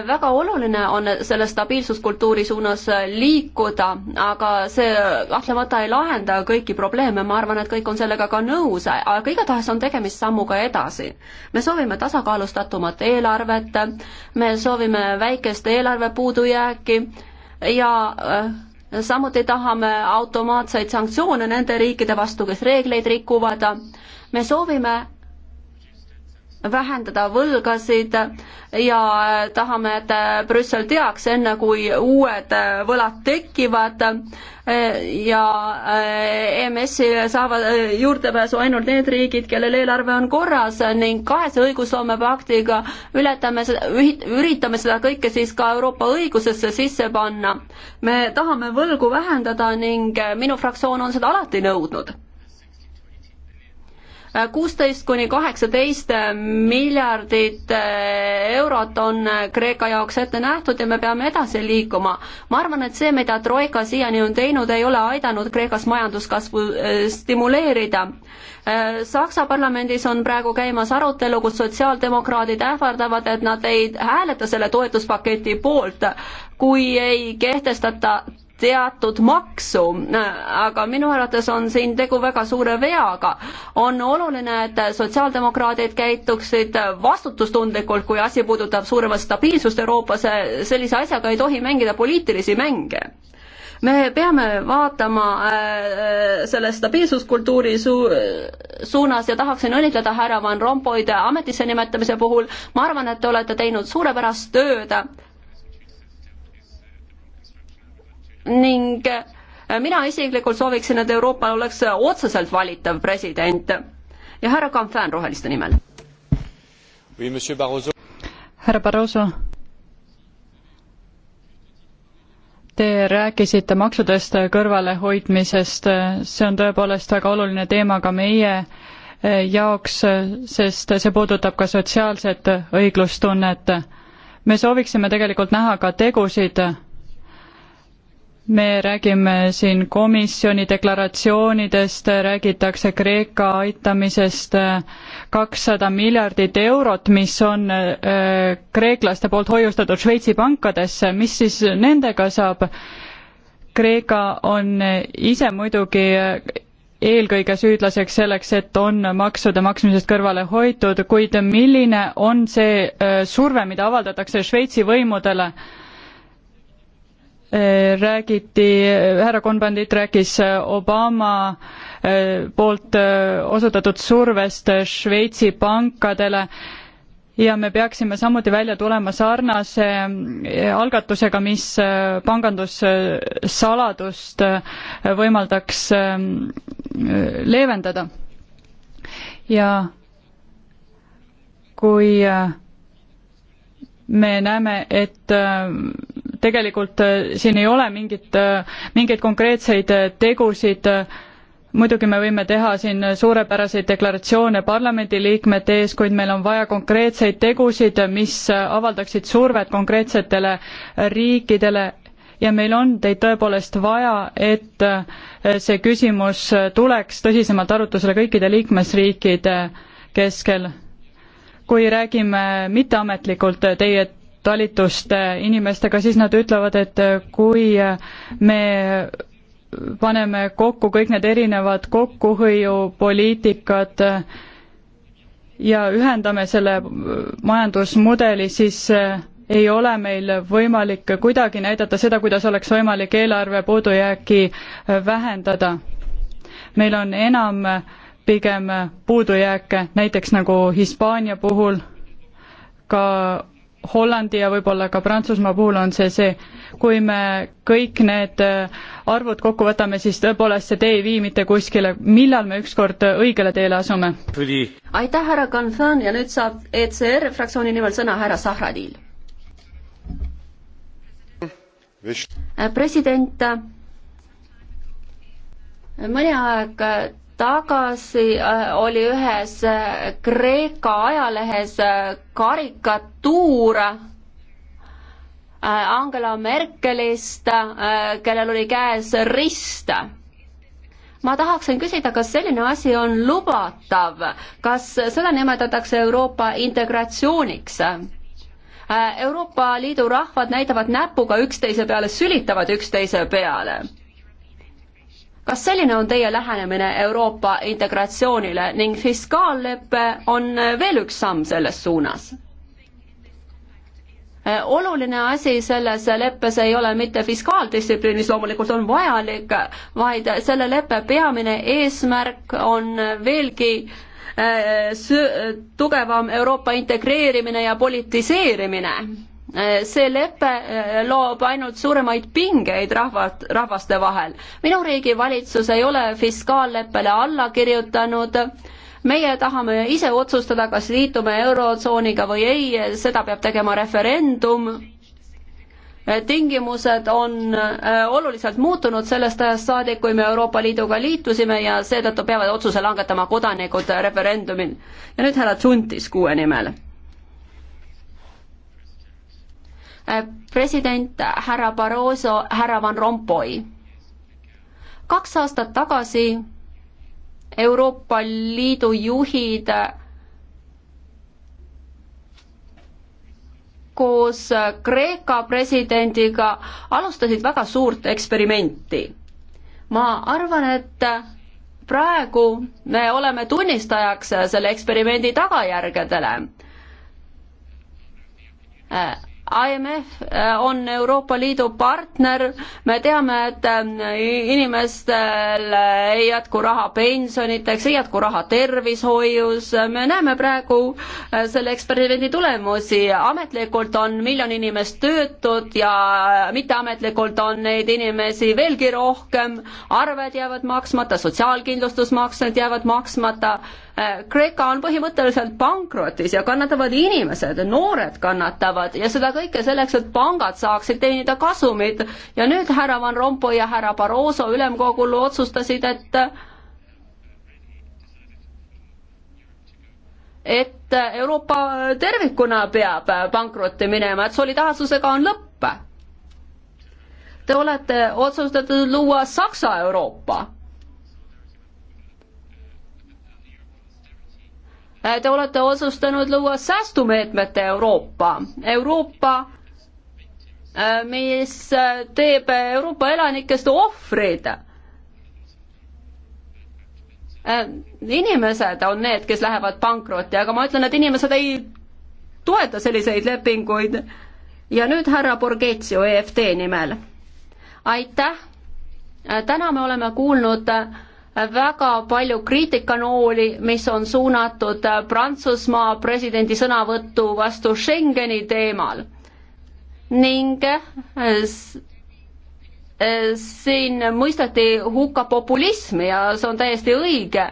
väga oluline on selle stabiilsuskultuuri suunas liikuda, aga see kahtlemata ei lahenda kõiki probleeme, ma arvan, et kõik on sellega ka nõus, aga igatahes on tegemist sammuga edasi. me soovime tasakaalustatumat eelarvet, me soovime väikest eelarve puudujääki ja äh, samuti tahame automaatseid sanktsioone nende riikide vastu, kes reegleid rikuvad. me soovime vähendada võlgasid ja tahame, et Brüssel teaks, enne kui uued võlad tekivad ja äh, EMS-ile saavad äh, juurdepääsu ainult need riigid, kellel eelarve on korras ning kahese õigusloomepakti aktiga ületame seda, üritame seda kõike siis ka Euroopa õigusesse sisse panna. me tahame võlgu vähendada ning minu fraktsioon on seda alati nõudnud kuusteist kuni kaheksateist miljardit äh, eurot on äh, Kreeka jaoks ette nähtud ja me peame edasi liikuma. ma arvan, et see, mida Troika siiani on teinud, ei ole aidanud Kreekas majanduskasvu äh, stimuleerida. Saksa parlamendis on praegu käimas arutelu, kus sotsiaaldemokraadid ähvardavad, et nad ei hääleta selle toetuspaketi poolt, kui ei kehtestata teatud maksu, aga minu arvates on siin tegu väga suure veaga. on oluline, et sotsiaaldemokraadid käituksid vastutustundlikult, kui asi puudutab suuremat stabiilsust Euroopas, sellise asjaga ei tohi mängida poliitilisi mänge me peame vaatama äh, selle stabiilsuskultuuri su-, suunas ja tahaksin õnnitleda härra Van Rompuyd ametisse nimetamise puhul, ma arvan, et te olete teinud suurepärast tööd ning äh, mina isiklikult sooviksin, et Euroopal oleks otseselt valitav president ja härra Kampfään Roheliste nimel
oui,. härra Barroso. Te rääkisite maksudest kõrvalehoidmisest, see on tõepoolest väga oluline teema ka meie äh, jaoks, äh, sest see puudutab ka sotsiaalset õiglustunnet. me sooviksime tegelikult näha ka tegusid me räägime siin komisjoni deklaratsioonidest, räägitakse Kreeka aitamisest, äh, kakssada miljardit eurot, mis on äh, kreeklaste poolt hoiustatud Šveitsi pankadesse, mis siis nendega saab? Kreeka on ise muidugi äh, eelkõige süüdlaseks selleks, et on maksude maksmisest kõrvale hoitud, kuid milline on see surve, mida avaldatakse Šveitsi võimudele? Äh, räägiti, äh, härra Konbandit rääkis äh, Obama poolt osutatud survest Šveitsi pankadele ja me peaksime samuti välja tulema sarnase algatusega, mis pangandussaladust võimaldaks ähm, leevendada. ja kui me näeme, et äh, tegelikult äh, siin ei ole mingit, äh, mingeid konkreetseid tegusid, muidugi me võime teha siin suurepäraseid deklaratsioone parlamendiliikmete ees, kuid meil on vaja konkreetseid tegusid, mis avaldaksid survet konkreetsetele riikidele ja meil on teid tõepoolest vaja, et see küsimus tuleks tõsisemalt arutusele kõikide liikmesriikide keskel kui räägime mitteametlikult teie talituste inimestega, siis nad ütlevad, et kui me paneme kokku kõik need erinevad kokkuhoiupoliitikad ja ühendame selle majandusmudeli, siis ei ole meil võimalik kuidagi näidata seda, kuidas oleks võimalik eelarve puudujääki vähendada. meil on enam äh, pigem puudujääke, näiteks nagu Hispaania puhul, ka Hollandi ja võib-olla ka Prantsusmaa puhul on see see, kui me kõik need arvud kokku võtame, siis tõepoolest see tee ei vii mitte kuskile, millal me ükskord õigele teele asume?
aitäh, härra Kanfan ja nüüd saab ECR fraktsiooni nimel sõna härra Sahradil. president, mõni aeg tagasi äh, oli ühes äh, Kreeka ajalehes äh, karikatuur Angela Merkelist, kellel oli käes rist. ma tahaksin küsida, kas selline asi on lubatav, kas seda nimetatakse Euroopa integratsiooniks? Euroopa Liidu rahvad näitavad näpuga üksteise peale, sülitavad üksteise peale kas selline on teie lähenemine Euroopa integratsioonile ning fiskaallepe on veel üks samm selles suunas? oluline asi selles leppes ei ole mitte fiskaaldistsipliin, mis loomulikult on vajalik, vaid selle leppe peamine eesmärk on veelgi äh, tugevam Euroopa integreerimine ja politiseerimine Eh, see lepe eh, loob ainult suuremaid pingeid rahvad, rahvaste vahel. minu riigi valitsus ei ole fiskaalleppele alla kirjutanud, meie tahame ise otsustada, kas liitume Eurotsooniga või ei, seda peab tegema referendum, eh, tingimused on oluliselt muutunud sellest ajast saadik, kui me Euroopa Liiduga liitusime ja seetõttu peavad otsuse langetama kodanikud referendumil. ja nüüd härra Tsuntis kuue nimel Äh, president härra Barroso, härra Van Rompuy. kaks aastat tagasi Euroopa Liidu juhid äh, koos äh, Kreeka presidendiga alustasid väga suurt eksperimenti. ma arvan, et praegu me oleme tunnistajaks selle eksperimendi tagajärgedele IMF äh, on Euroopa Liidu partner, me teame, et ähm, inimestel ei jätku raha pensioniteks, ei jätku raha tervishoius, me näeme praegu äh, selle eksperimendi tulemusi, ametlikult on miljon inimest töötud ja äh, mitteametlikult on neid inimesi veelgi rohkem, arved jäävad maksmata, sotsiaalkindlustusmaksed jäävad maksmata Äh, Kreeka on põhimõtteliselt pankrotis ja kannatavad inimesed, noored kannatavad ja seda kõike selleks, et pangad saaksid teenida kasumit ja nüüd härra Van Rompuy ja härra Barroso ülemkogul otsustasid, et et Euroopa tervikuna peab pankrotti minema, et solidaarsusega on lõpp. Te olete otsustatud luua Saksa Euroopa Äh, te olete otsustanud luua säästumeetmete Euroopa, Euroopa, äh, mis äh, teeb Euroopa elanikest ohvrid inimesed on need, kes lähevad pankrotti, aga ma ütlen, et inimesed ei toeta selliseid lepinguid. ja nüüd härra Borghezio EFT nimel. aitäh. täna me oleme kuulnud äh, väga palju kriitikanooli, mis on suunatud Prantsusmaa presidendi sõnavõttu vastu Schengeni teemal ning eh, eh, siin mõisteti hukka populism ja see on täiesti õige,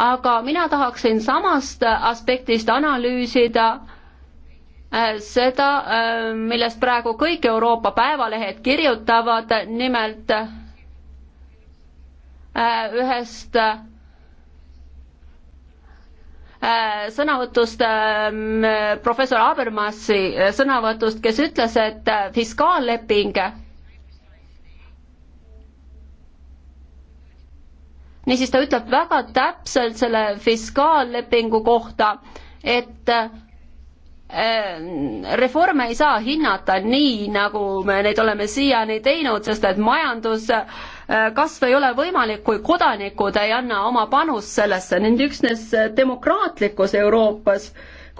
aga mina tahaksin samast aspektist analüüsida eh, seda, millest praegu kõik Euroopa päevalehed kirjutavad, nimelt Äh, ühest äh, sõnavõtust, ähm, professor Habermasi äh, sõnavõtust, kes ütles, et fiskaalleping niisiis ta ütleb väga täpselt selle fiskaallepingu kohta, et reforme ei saa hinnata nii, nagu me neid oleme siiani teinud, sest et majandus äh, Äh, kas ei ole võimalik, kui kodanikud ei anna oma panust sellesse, ning üksnes demokraatlikus Euroopas,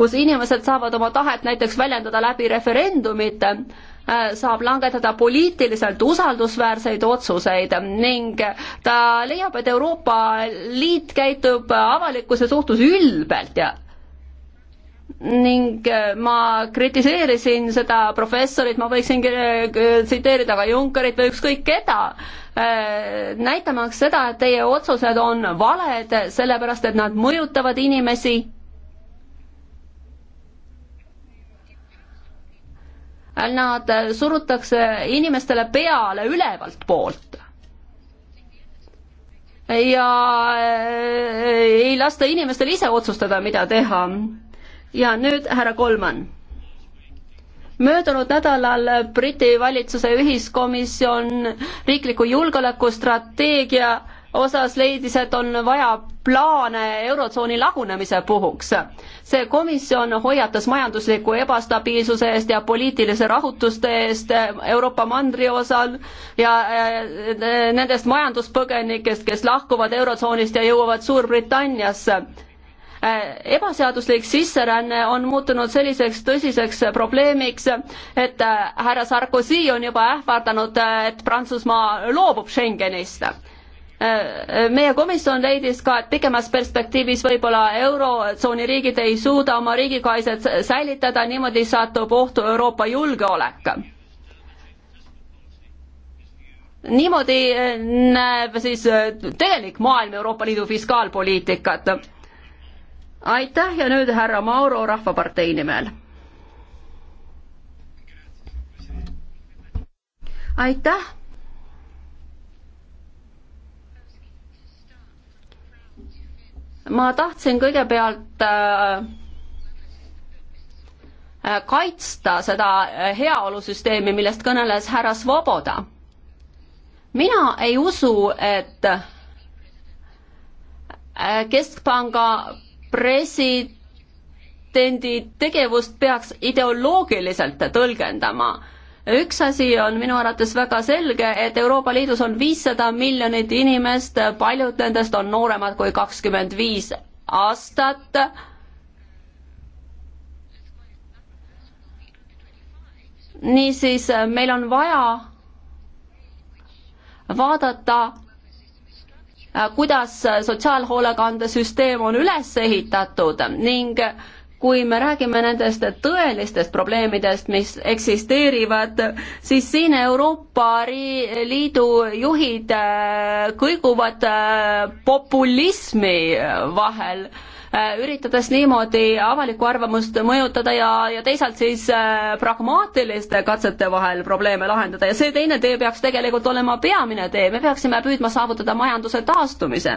kus inimesed saavad oma tahet näiteks väljendada läbi referendumite, äh, saab langetada poliitiliselt usaldusväärseid otsuseid ning ta leiab, et Euroopa Liit käitub avalikkuse suhtes ülbelt ja ning äh, ma kritiseerisin seda professorit, ma võiksin äh, tsiteerida ka Junckerit või ükskõik keda, äh, näitamaks seda, et teie otsused on valed, sellepärast et nad mõjutavad inimesi. Nad surutakse inimestele peale ülevalt poolt ja ei lasta inimestel ise otsustada, mida teha ja nüüd härra Kolman möödunud nädalal Briti valitsuse ühiskomisjon riikliku julgeolekustrateegia osas leidis, et on vaja plaane Eurotsooni lagunemise puhuks. see komisjon hoiatas majandusliku ebastabiilsuse eest ja poliitilise rahutuste eest Euroopa mandriosal ja äh, nendest majanduspõgenikest, kes lahkuvad Eurotsoonist ja jõuavad Suurbritanniasse Äh, ebaseaduslik sisseränne on muutunud selliseks tõsiseks probleemiks, et äh, härra Sarkozy on juba ähvardanud, äh, et Prantsusmaa loobub Schengenist meie komisjon leidis ka, et pikemas perspektiivis võib-olla eurotsooni riigid ei suuda oma riigikaitset säilitada, niimoodi satub ohtu Euroopa julgeolek. niimoodi näeb siis tegelik maailm Euroopa Liidu fiskaalpoliitikat aitäh ja nüüd härra Mauro Rahvapartei nimel. aitäh. ma tahtsin kõigepealt äh, kaitsta seda heaolusüsteemi, millest kõneles härra Svoboda. mina ei usu, et äh, keskpanga presidendi tegevust peaks ideoloogiliselt tõlgendama üks asi on minu arvates väga selge, et Euroopa Liidus on viissada miljonit inimest, paljud nendest on nooremad kui kakskümmend viis aastat. niisiis, meil on vaja vaadata Äh, kuidas sotsiaalhoolekandesüsteem on üles ehitatud ning kui me räägime nendest tõelistest probleemidest, mis eksisteerivad, siis siin Euroopa Liidu juhid äh, kõiguvad äh, populismi vahel Äh, üritades niimoodi avalikku arvamust mõjutada ja, ja teisalt siis äh, pragmaatiliste katsete vahel probleeme lahendada ja see teine tee peaks tegelikult olema peamine tee, me peaksime püüdma saavutada majanduse taastumise.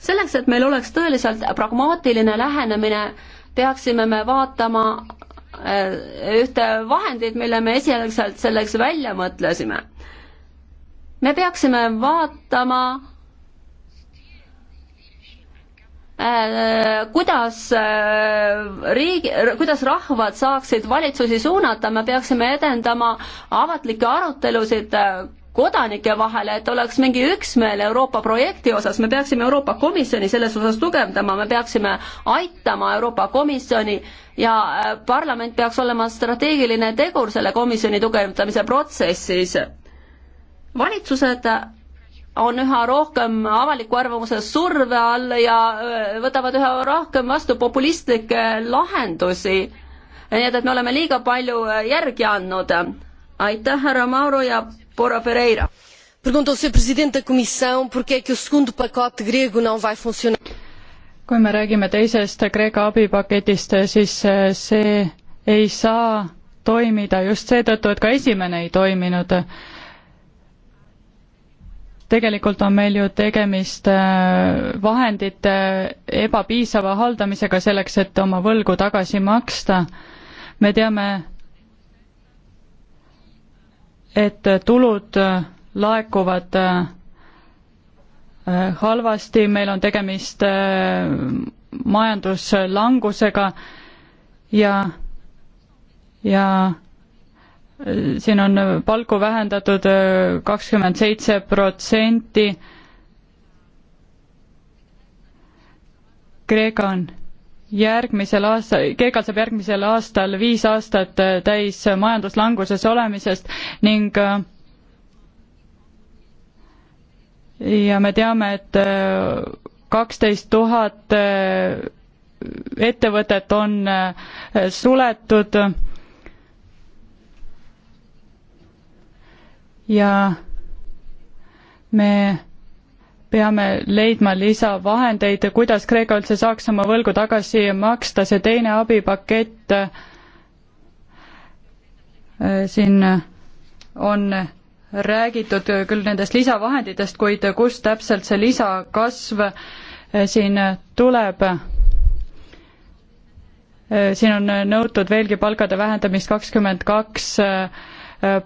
selleks, et meil oleks tõeliselt pragmaatiline lähenemine, peaksime me vaatama äh, ühte vahendit, mille me esialgselt selleks välja mõtlesime. me peaksime vaatama Äh, kuidas äh, riigi, kuidas rahvad saaksid valitsusi suunata, me peaksime edendama avatlikke arutelusid äh, kodanike vahele, et oleks mingi üksmeel Euroopa projekti osas, me peaksime Euroopa Komisjoni selles osas tugevdama, me peaksime aitama Euroopa Komisjoni ja parlament peaks olema strateegiline tegur selle komisjoni tugevdamise protsessis. valitsused on üha rohkem avaliku arvamuse surve all ja äh, võtavad üha rohkem vastu populistlikke lahendusi. nii et, et me oleme liiga palju äh, järgi andnud. aitäh, härra Mauro ja Bora Ferreira. Perguntou se president da comissão por que é que o segundo pacote grego não vai funcionar?
kui me räägime teisest Kreeka abipaketist, siis äh, see ei saa toimida just seetõttu, et ka esimene ei toiminud tegelikult on meil ju tegemist äh, vahendite ebapiisava haldamisega selleks, et oma võlgu tagasi maksta. me teame, et tulud äh, laekuvad äh, halvasti, meil on tegemist majanduslangusega ja, ja siin on palku vähendatud äh, kakskümmend seitse protsenti. Kreeka on järgmisel aastal, Kreekal saab järgmisel aastal viis aastat äh, täis majanduslanguses olemisest ning äh, ja me teame, et kaksteist tuhat ettevõtet on suletud ja me peame leidma lisavahendeid, kuidas Kreeka üldse saaks oma võlgu tagasi maksta, see teine abipakett äh, siin on räägitud küll nendest lisavahenditest, kuid kust täpselt see lisakasv äh, siin tuleb? Äh, siin on nõutud veelgi palkade vähendamist kakskümmend kaks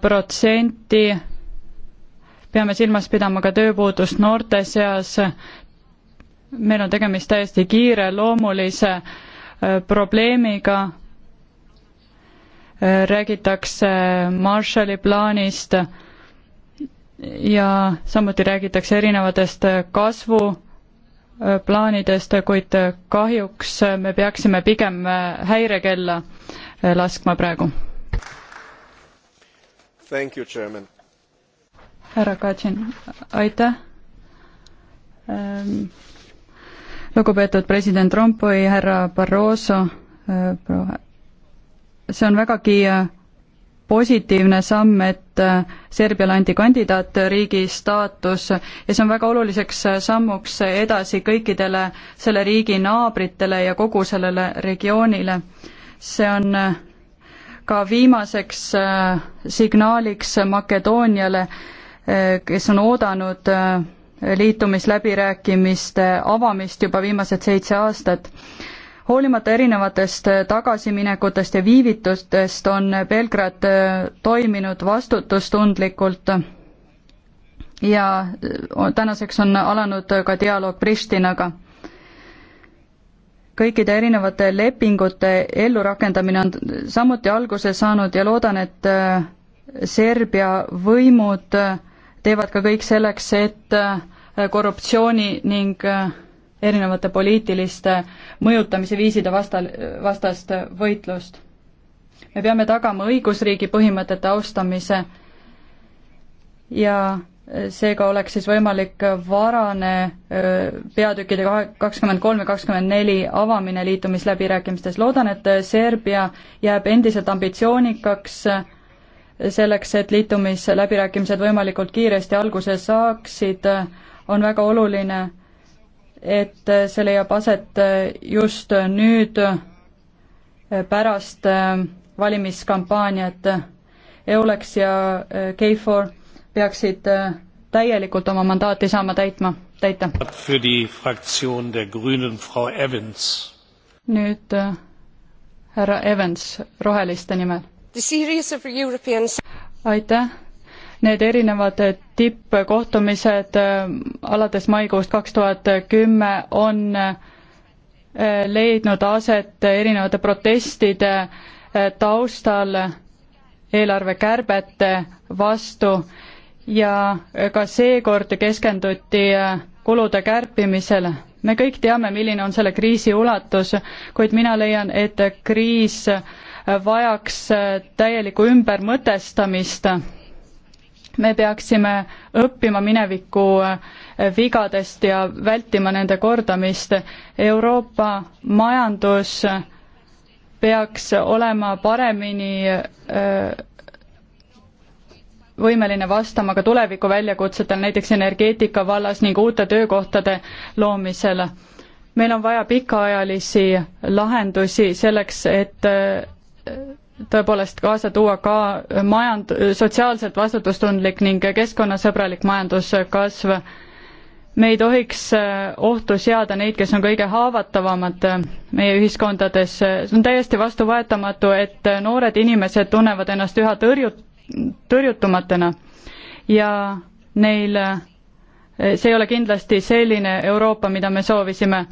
protsenti peame silmas pidama ka tööpuudust noorte seas. meil on tegemist täiesti kiireloomulise äh, probleemiga. Äh, räägitakse Marshalli plaanist ja samuti räägitakse erinevatest kasvu plaanidest, kuid kahjuks me peaksime pigem äh, häirekella laskma praegu. Thank you, Chairman härra Katsin, aitäh ähm,. lugupeetud president Rompuy, härra Barroso äh,, see on vägagi äh, positiivne samm, et äh, Serbiale anti kandidaatriigi staatus ja see on väga oluliseks äh, sammuks edasi kõikidele selle riigi naabritele ja kogu sellele regioonile. see on äh, ka viimaseks signaaliks Makedooniale, Eh, kes on oodanud eh, liitumisläbirääkimiste avamist juba viimased seitse aastat. hoolimata erinevatest eh, tagasiminekutest ja viivitustest on Belgrad toiminud vastutustundlikult ja tänaseks on alanud ka dialoog Pristinaga kõikide erinevate lepingute ellurakendamine on samuti alguse saanud ja loodan, et Serbia võimud teevad ka kõik selleks, et äh, korruptsiooni ning äh, erinevate poliitiliste mõjutamise viiside vastal, vastast võitlust. me peame tagama õigusriigi põhimõtete austamise ja äh, seega oleks siis võimalik varane peatükkide kakskümmend kolm ja kakskümmend neli avamine liitumisläbirääkimistes. loodan, et Serbia jääb endiselt ambitsioonikaks selleks, et liitumisläbirääkimised võimalikult kiiresti alguse saaksid, on väga oluline, et see leiab aset just nüüd pärast valimiskampaaniat. Eulex ja KFOR peaksid täielikult oma mandaati saama täitma, täita. nüüd äh, härra Evans roheliste nimel European... aitäh. Need erinevad tippkohtumised äh, alates maikuust kaks tuhat kümme on äh, leidnud aset erinevate protestide äh, taustal eelarvekärbete vastu ja ka seekord keskenduti kulude kärpimisele. me kõik teame, milline on selle kriisi ulatus, kuid mina leian, et kriis vajaks täielikku ümbermõtestamist. me peaksime õppima mineviku vigadest ja vältima nende kordamist. Euroopa majandus peaks olema paremini äh, võimeline vastama ka tuleviku väljakutsetel, näiteks energeetika vallas ning uute töökohtade loomisel. meil on vaja pikaajalisi lahendusi selleks, et äh, tõepoolest kaasa tuua ka majand-, sotsiaalselt vastutustundlik ning keskkonnasõbralik majanduskasv. me ei tohiks äh, ohtu seada neid, kes on kõige haavatavamad äh, meie ühiskondades, see on täiesti vastuvõetamatu, et äh, noored inimesed tunnevad ennast üha tõrju-, tõrjutumatena ja neil see ei ole kindlasti selline Euroopa, mida me soovisime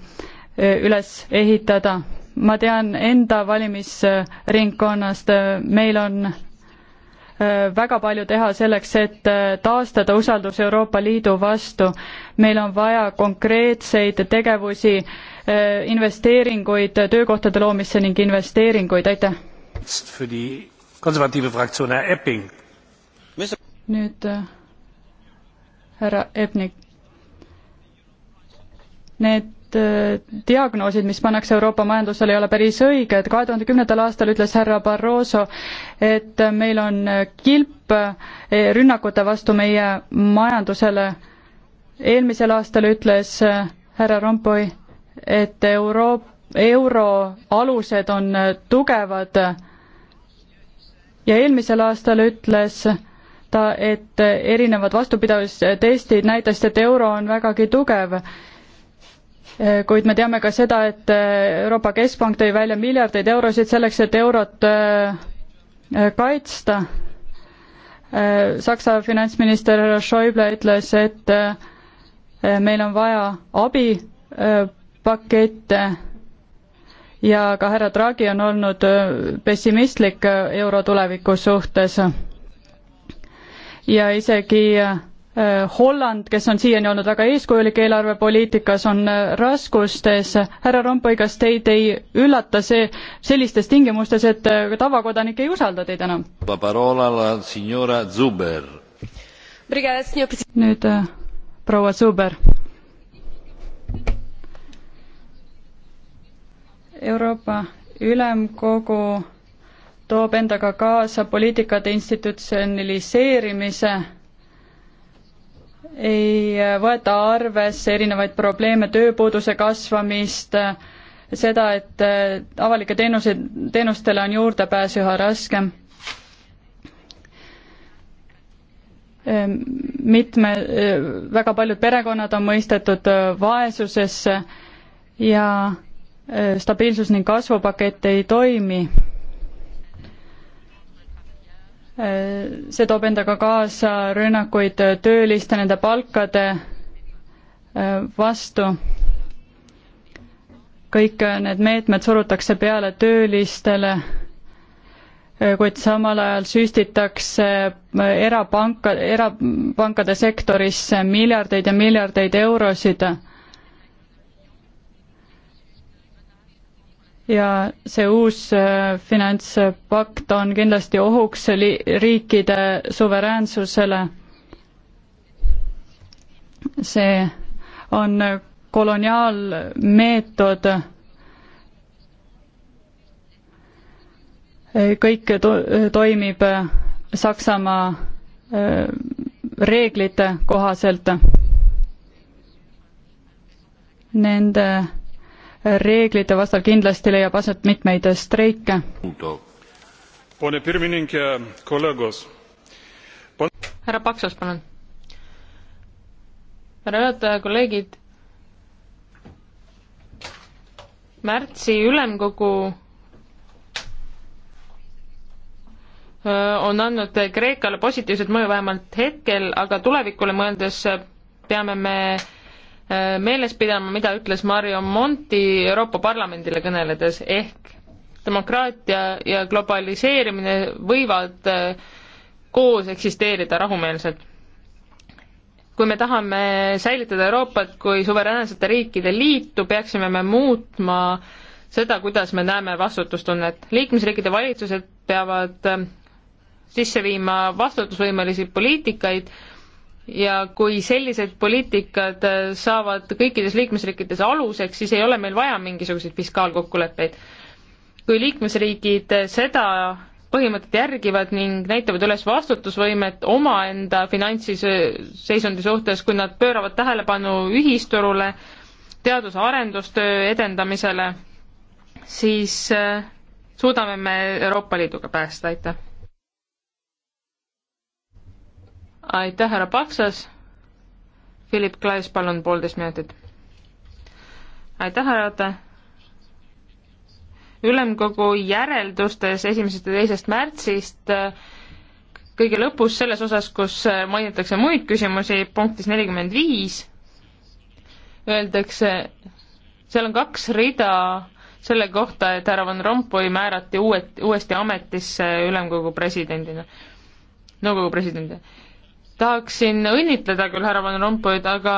üles ehitada ma tean enda valimisringkonnast, meil on äh, väga palju teha selleks, et äh, taastada usaldus Euroopa Liidu vastu. meil on vaja konkreetseid tegevusi, äh, investeeringuid töökohtade loomisse ning investeeringuid, aitäh. nüüd härra Epnik. Need need äh, diagnoosid, mis pannakse Euroopa majandusele, ei ole päris õiged. kahe tuhande kümnendal aastal ütles härra Barroso, et meil on kilp äh, rünnakute vastu meie majandusele. eelmisel aastal ütles äh, härra Rompuy, et Euroop-, euro alused on tugevad ja eelmisel aastal ütles ta, et erinevad vastupidavustestid näitasid, et euro on vägagi tugev Eh, kuid me teame ka seda, et eh, Euroopa Keskpank tõi välja miljardeid eurosid selleks, et eurot eh, kaitsta. Saksa finantsminister härra Schäuble ütles, et meil on vaja abipakette ja ka härra Draghi on olnud pessimistlik euro tuleviku suhtes. ja isegi Äh, Holland, kes on siiani olnud väga eeskujulik eelarvepoliitikas, on äh, raskustes. härra Rompuy, kas teid ei üllata see sellistes tingimustes, et äh, tavakodanik ei usalda teid enam? nüüd proua Zuber. Euroopa Ülemkogu toob endaga kaasa poliitikate institutsionaliseerimise ei võeta arvesse erinevaid probleeme, tööpuuduse kasvamist, seda, et avalike teenuseid, teenustele on juurdepääs üha raskem. mitme, väga paljud perekonnad on mõistetud vaesusesse ja stabiilsus ning kasvupakett ei toimi see toob endaga kaasa rünnakuid tööliste, nende palkade äh, vastu. kõik need meetmed surutakse peale töölistele, äh, kuid samal ajal süstitakse äh, erapanka, erapankade sektorisse miljardeid ja miljardeid eurosid ja see uus äh, finantspakt on kindlasti ohuks li-, riikide suveräänsusele. see on koloniaalmeetod, kõik to-, toimib Saksamaa äh, reeglite kohaselt. Nende reeglite vastal kindlasti leiab aset mitmeid streike. härra
Paksas, palun.
härra juhataja, kolleegid. märtsi ülemkogu on andnud Kreekale positiivset mõju vähemalt hetkel, aga tulevikule mõeldes peame me Äh, meeles pidama, mida ütles Mario Monti Euroopa Parlamendile kõneledes, ehk demokraatia ja globaliseerimine võivad äh, koos eksisteerida rahumeelselt. kui me tahame säilitada Euroopat kui suveräänsete riikide liitu, peaksime me muutma seda, kuidas me näeme vastutustunnet. liikmesriikide valitsused peavad äh, sisse viima vastutusvõimelisi poliitikaid ja kui sellised poliitikad saavad kõikides liikmesriikides aluseks, siis ei ole meil vaja mingisuguseid fiskaalkokkuleppeid. kui liikmesriigid seda põhimõtet järgivad ning näitavad üles vastutusvõimet omaenda finantsiseisundi suhtes, kui nad pööravad tähelepanu ühisturule, teadus-arendustöö edendamisele, siis äh, suudame me Euroopa Liiduga päästa, aitäh! aitäh, härra Paksas. Philip Klaas, palun poolteist minutit. aitäh, härra Ote. ülemkogu järeldustes esimesest ja teisest märtsist äh, kõige lõpus selles osas, kus äh, mainitakse muid küsimusi, punktis nelikümmend viis, öeldakse, seal on kaks rida selle kohta, et härra Van Rompuy määrati uued, uuesti ametisse ülemkogu presidendina, nõukogu presidendina tahaksin õnnitleda küll härra Van Rompuyt, aga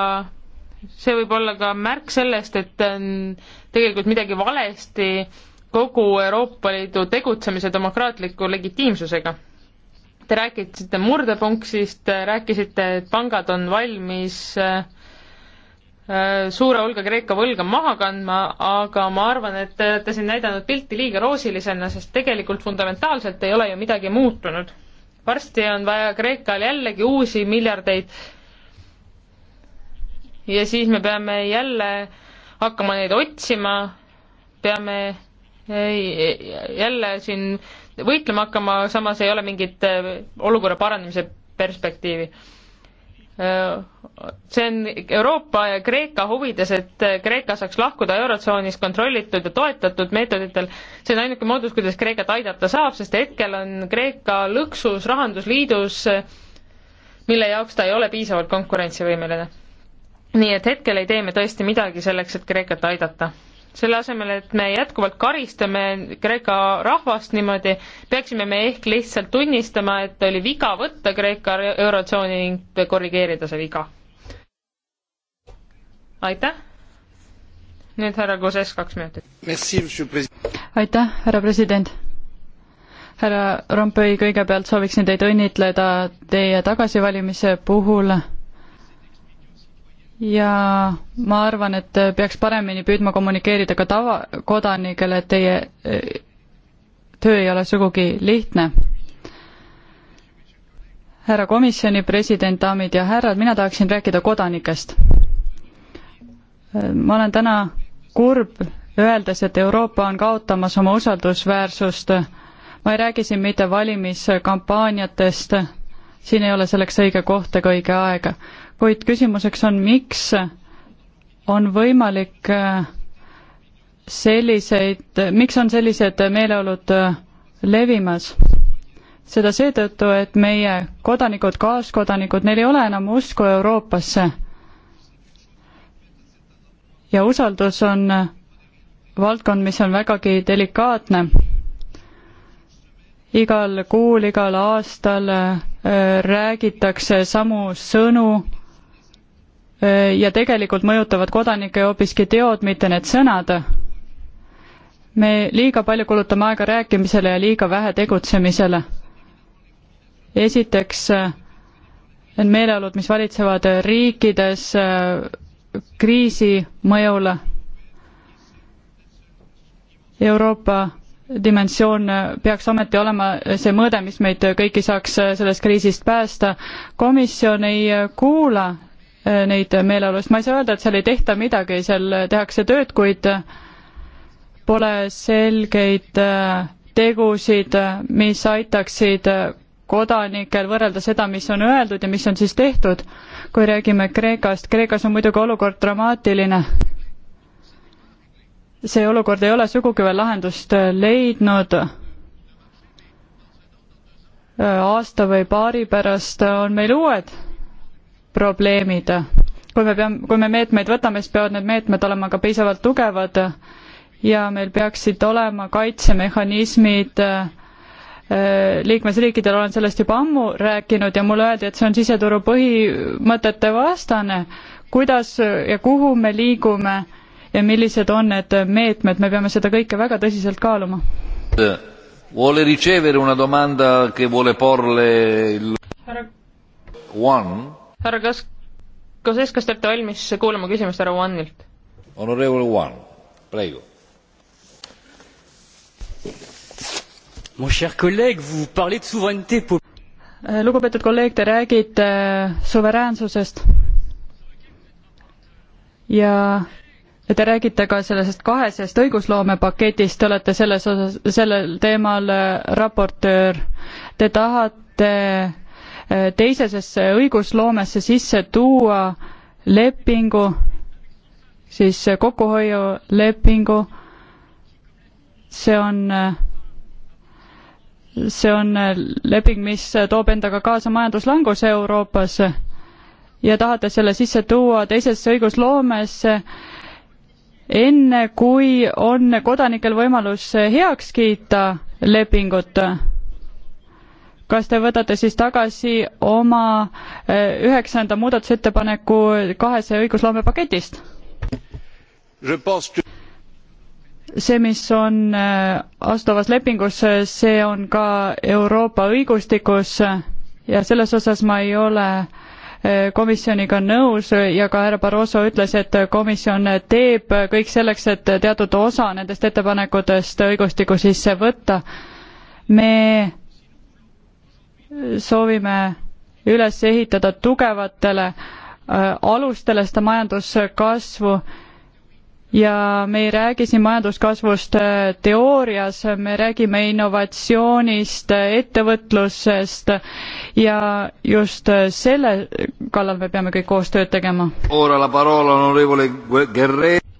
see võib olla ka märk sellest, et on tegelikult midagi valesti kogu Euroopa Liidu tegutsemise demokraatliku legitiimsusega. Te rääkisite murdepunktist, rääkisite, et pangad on valmis äh, äh, suure hulga Kreeka võlga maha kandma, aga ma arvan, et te olete siin näidanud pilti liiga roosilisena, sest tegelikult fundamentaalselt ei ole ju midagi muutunud varsti on vaja Kreekal jällegi uusi miljardeid. ja siis me peame jälle hakkama neid otsima, peame jälle siin võitlema hakkama, samas ei ole mingit äh, olukorra parandamise perspektiivi see on Euroopa ja Kreeka huvides, et Kreeka saaks lahkuda eurotsoonist kontrollitud ja toetatud meetoditel. see on ainuke moodus, kuidas Kreekat aidata saab, sest hetkel on Kreeka lõksus rahandusliidus, mille jaoks ta ei ole piisavalt konkurentsivõimeline. nii et hetkel ei tee me tõesti midagi selleks, et Kreekat aidata selle asemel, et me jätkuvalt karistame Kreeka rahvast niimoodi, peaksime me ehk lihtsalt tunnistama, et oli viga võtta Kreeka eurotsooni ning korrigeerida see viga. aitäh. nüüd härra Koses, kaks
minutit.
aitäh, härra president härra Rompuy, kõigepealt sooviksin teid õnnitleda teie tagasivalimise puhul ja ma arvan, et peaks paremini püüdma kommunikeerida ka tavakodanikele, et teie eh, töö ei ole sugugi lihtne. härra komisjoni president, daamid ja härrad, mina tahaksin rääkida kodanikest. ma olen täna kurb, öeldes, et Euroopa on kaotamas oma usaldusväärsust. ma ei räägi siin mitte valimiskampaaniatest, siin ei ole selleks õige koht ega õige aeg kuid küsimuseks on, miks on võimalik äh, selliseid, miks on sellised meeleolud äh, levimas? seda seetõttu, et meie kodanikud, kaaskodanikud, neil ei ole enam usku Euroopasse. ja usaldus on äh, valdkond, mis on vägagi delikaatne. igal kuul, igal aastal räägitakse samu sõnu Äh, ja tegelikult mõjutavad kodanikke hoopiski teod, mitte need sõnad. me liiga palju kulutame aega rääkimisele ja liiga vähe tegutsemisele. esiteks, äh, need meeleolud, mis valitsevad riikides äh, kriisi mõjul, Euroopa dimensioon peaks ometi olema see mõõde, mis meid kõiki saaks sellest kriisist päästa. komisjon ei kuula Äh, neid meeleolusid, ma ei saa öelda, et seal ei tehta midagi, seal tehakse tööd, kuid pole selgeid äh, tegusid, mis aitaksid kodanikel võrrelda seda, mis on öeldud ja mis on siis tehtud. kui räägime Kreekast, Kreekas on muidugi olukord dramaatiline. see olukord ei ole sugugi veel lahendust leidnud. aasta või paari pärast on meil uued probleemid. kui me peame, kui me meetmeid võtame, siis peavad need meetmed olema ka piisavalt tugevad ja meil peaksid olema kaitsemehhanismid äh, liikmesriikidel, olen sellest juba ammu rääkinud ja mulle öeldi, et see on siseturu põhimõtete vastane, kuidas ja kuhu me liigume ja millised on need meetmed, me peame seda kõike väga tõsiselt kaaluma.
Äh, vuole ricevere una domanda che vuole porle il... One?
härra Kas-, Koses, kas te olete valmis kuulama küsimust härra Wanilt?
Honorable Wan, praegu.
Mon cher collègue, vous parlez de souveraineté eh, lugupeetud kolleeg, te räägite eh, suveräänsusest ja te räägite ka sellest kahesest õigusloomepaketist, te olete selles osas, sellel teemal eh, raportöör. Te tahate Äh, teisesesse õigusloomesse sisse tuua lepingu, siis kokkuhoiulepingu, see on, äh, see on äh, leping, mis toob endaga kaasa majanduslanguse Euroopas ja tahate selle sisse tuua teisesse õigusloomesse, enne kui on kodanikel võimalus heaks kiita lepingut kas te võtate siis tagasi oma eh, üheksanda muudatusettepaneku kahese õigusloome paketist? see, mis on eh, astuvas lepingus, eh, see on ka Euroopa õigustikus ja selles osas ma ei ole komisjoniga nõus ja ka härra Barroso ütles, et komisjon teeb kõik selleks, et teatud osa nendest ettepanekutest õigustikku sisse võtta. me soovime üles ehitada tugevatele äh, alustele seda majanduskasvu ja me ei räägi siin majanduskasvust äh, teoorias, me räägime innovatsioonist, äh, ettevõtlusest ja just selle kallal me peame kõik koostööd tegema.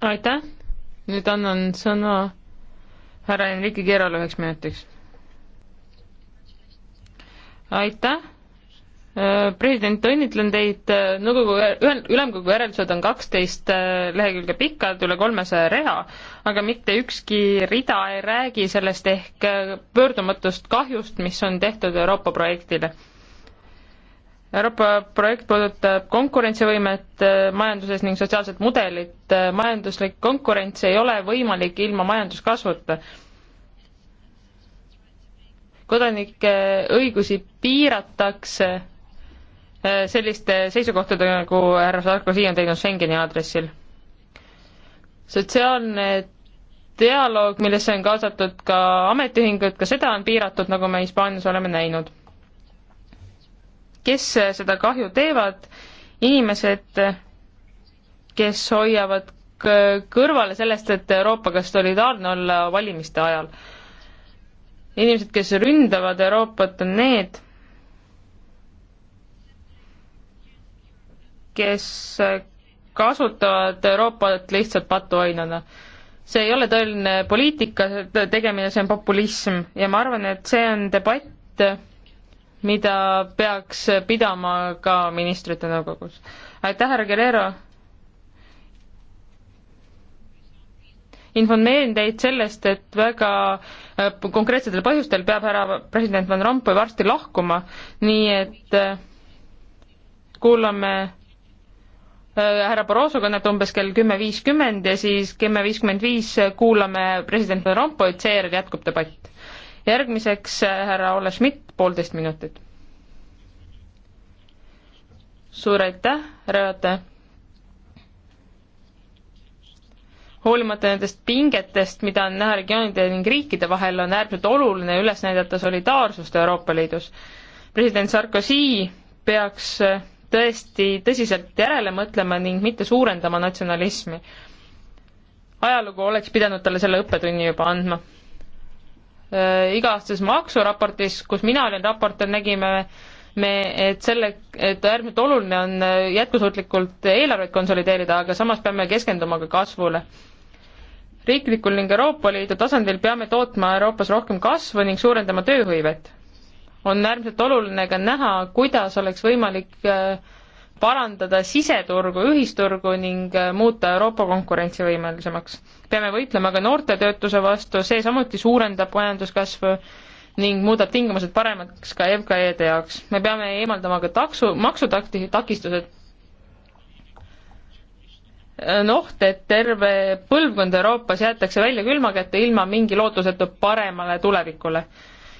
aitäh, nüüd annan
sõna härra Enrique Guerrero üheks minutiks aitäh! Äh, president, õnnitlen teid, äh, nõukogu, ülemkogu järeldused on kaksteist äh, lehekülge pikad, üle kolmesaja reha, aga mitte ükski rida ei räägi sellest ehk pöördumatust kahjust, mis on tehtud Euroopa projektile. Euroopa projekt puudutab konkurentsivõimet majanduses ning sotsiaalset mudelit, majanduslik konkurents ei ole võimalik ilma majanduskasvuta kodanike õigusi piiratakse äh, selliste seisukohtadega, nagu härra Sarkozy on teinud Schengeni aadressil. sotsiaalne dialoog, millesse on kaasatud ka ametiühingud, ka seda on piiratud, nagu me Hispaanias oleme näinud. kes seda kahju teevad? inimesed, kes hoiavad kõrvale sellest, et Euroopaga solidaarne olla valimiste ajal inimesed, kes ründavad Euroopat, on need, kes kasutavad Euroopat lihtsalt patuainana. see ei ole tõeline poliitika tegemine, see on populism ja ma arvan, et see on debatt, mida peaks pidama ka ministrite nõukogus. aitäh, härra Guerrero! informeerin teid sellest, et väga äh, konkreetsetel põhjustel peab härra president Van Rompuy varsti lahkuma, nii et äh, kuulame äh, härra Barroso kõnet umbes kell kümme viiskümmend ja siis kümme viiskümmend viis kuulame president Van Rompuyt, seejärel jätkub debatt. järgmiseks härra Olle Schmidt, poolteist minutit. suur aitäh, härra juhataja hoolimata nendest pingetest, mida on näha regioonide ning riikide vahel, on äärmiselt oluline üles näidata solidaarsust Euroopa Liidus. president Sarkozy peaks äh, tõesti tõsiselt järele mõtlema ning mitte suurendama natsionalismi. ajalugu oleks pidanud talle selle õppetunni juba andma. Äh, iga-aastases maksuraportis, kus mina olin raportöör, nägime me, et selle, et äärmiselt oluline on äh, jätkusuutlikult eelarveid konsolideerida, aga samas peame keskenduma ka kasvule riiklikul ning Euroopa Liidu tasandil peame tootma Euroopas rohkem kasvu ning suurendama tööhõivet. on äärmiselt oluline ka näha, kuidas oleks võimalik äh, parandada siseturgu, ühisturgu ning äh, muuta Euroopa konkurentsivõimelisemaks. peame võitlema ka noorte töötuse vastu, see samuti suurendab majanduskasvu ning muudab tingimused paremaks ka FKE-de jaoks. me peame eemaldama ka taksu, maksutakti, takistused on oht, et terve põlvkond Euroopas jäetakse välja külma kätte ilma mingi lootusetu paremale tulevikule.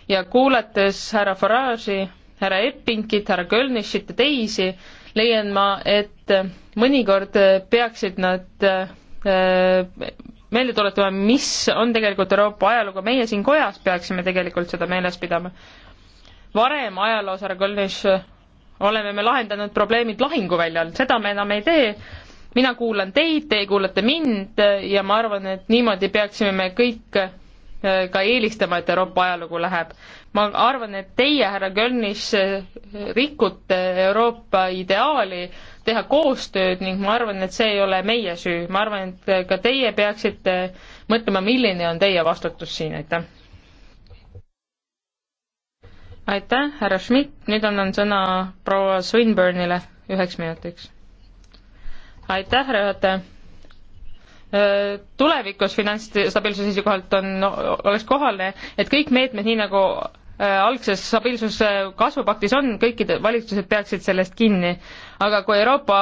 ja kuulates härra Farage'i, härra Eppinkit, härra Kölnischit ja teisi, leian ma, et mõnikord peaksid nad äh, meelde tuletama, mis on tegelikult Euroopa ajalugu, meie siin kojas peaksime tegelikult seda meeles pidama. varem ajaloos, härra Kölnisch, oleme me lahendanud probleemid lahinguväljal, seda me enam ei tee, mina kuulan teid, teie kuulate mind ja ma arvan, et niimoodi peaksime me kõik äh, ka eelistama, et Euroopa ajalugu läheb. ma arvan, et teie, härra Kölnis, äh, rikute Euroopa ideaali teha koostööd ning ma arvan, et see ei ole meie süü. ma arvan, et ka teie peaksite mõtlema, milline on teie vastutus siin, aitäh. aitäh, härra Schmidt, nüüd annan sõna proua Swinburne'ile üheks minutiks aitäh, härra juhataja tulevikus finantsstabiilsuse seisukohalt on, oleks kohane, et kõik meetmed, nii nagu algses stabiilsuse kasvupaktis on, kõikid valitsused peaksid sellest kinni. aga kui Euroopa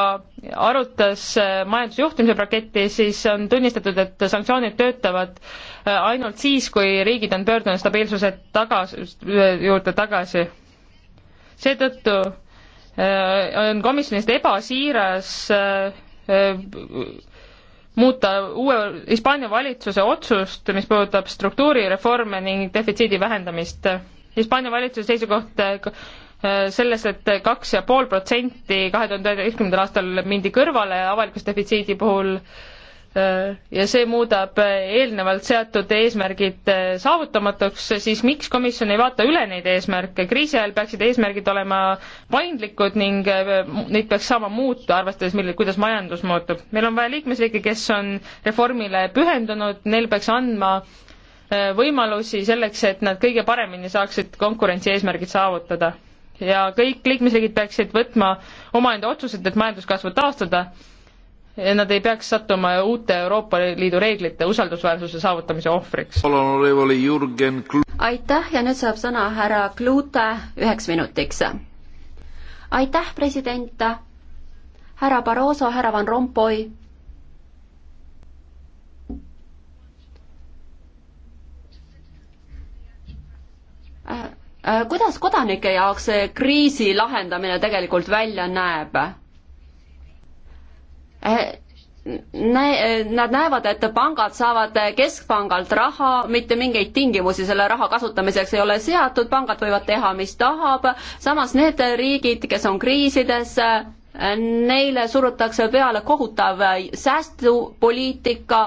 arutas majandusjuhtimise paketti, siis on tunnistatud, et sanktsioonid töötavad ainult siis, kui riigid on pöördunud stabiilsuse tagasi, juurde tagasi. seetõttu on komisjonist ebasiiras Äh, muuta uue Hispaania valitsuse otsust, mis puudutab struktuurireforme ning defitsiidi vähendamist. Hispaania valitsuse seisukoht äh, selles, et kaks ja pool protsenti kahe tuhande üheteistkümnendal aastal mindi kõrvale avalikus defitsiidi puhul äh, ja see muudab eelnevalt seatud eesmärgid äh, saavutamatuks, siis miks komisjon ei vaata üle neid eesmärke? kriisi ajal peaksid eesmärgid olema paindlikud ning äh, neid peaks saama muuta, arvestades, mille, kuidas majandus muutub. meil on vaja liikmesriike, kes on reformile pühendunud, neil peaks andma äh, võimalusi selleks, et nad kõige paremini saaksid konkurentsi eesmärgid saavutada. ja kõik liikmesriigid peaksid võtma omaenda otsused, et majanduskasvu taastada nad ei peaks sattuma uute Euroopa Liidu reeglite usaldusväärsuse saavutamise ohvriks.
aitäh ja nüüd saab sõna härra Klute üheks minutiks. aitäh, president, härra Barroso, härra Van Rompuy. Äh, äh, kuidas kodanike jaoks see kriisi lahendamine tegelikult välja näeb? Äh, Nä-, nad näevad, et pangad saavad keskpangalt raha, mitte mingeid tingimusi selle raha kasutamiseks ei ole seatud, pangad võivad teha, mis tahab, samas need riigid, kes on kriisides, neile surutakse peale kohutav säästupoliitika,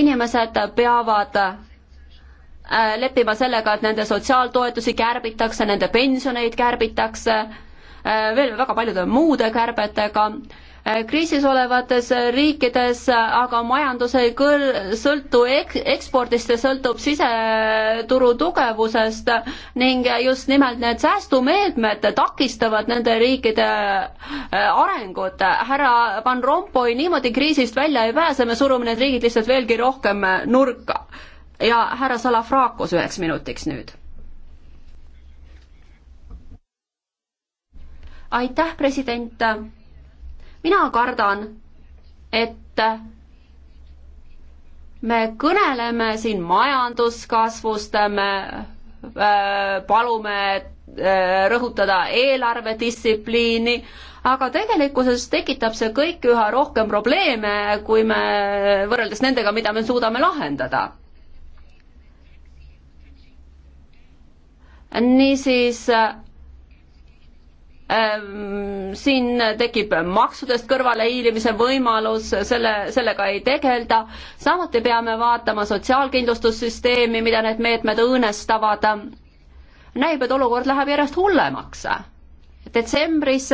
inimesed peavad äh, leppima sellega, et nende sotsiaaltoetusi kärbitakse, nende pensioneid kärbitakse, äh, veel väga paljude muude kärbetega Äh, kriisis olevates riikides äh, aga majandus ei kõr-, sõltu ek-, ekspordist, see sõltub siseturu tugevusest ning just nimelt need säästumeetmed takistavad nende riikide äh, arengut. härra Van Rompuy, niimoodi kriisist välja ei pääse, me surume need riigid lihtsalt veelgi rohkem nurka. ja härra Salafrakos üheks minutiks nüüd. aitäh, president mina kardan, et me kõneleme siin majanduskasvust, me äh, palume äh, rõhutada eelarvedistsipliini, aga tegelikkuses tekitab see kõik üha rohkem probleeme, kui me võrreldes nendega, mida me suudame lahendada. niisiis Ehm, siin tekib maksudest kõrvalehiilimise võimalus, selle, sellega ei tegelda. samuti peame vaatama sotsiaalkindlustussüsteemi, mida need meetmed õõnestavad. näib, et olukord läheb järjest hullemaks. detsembris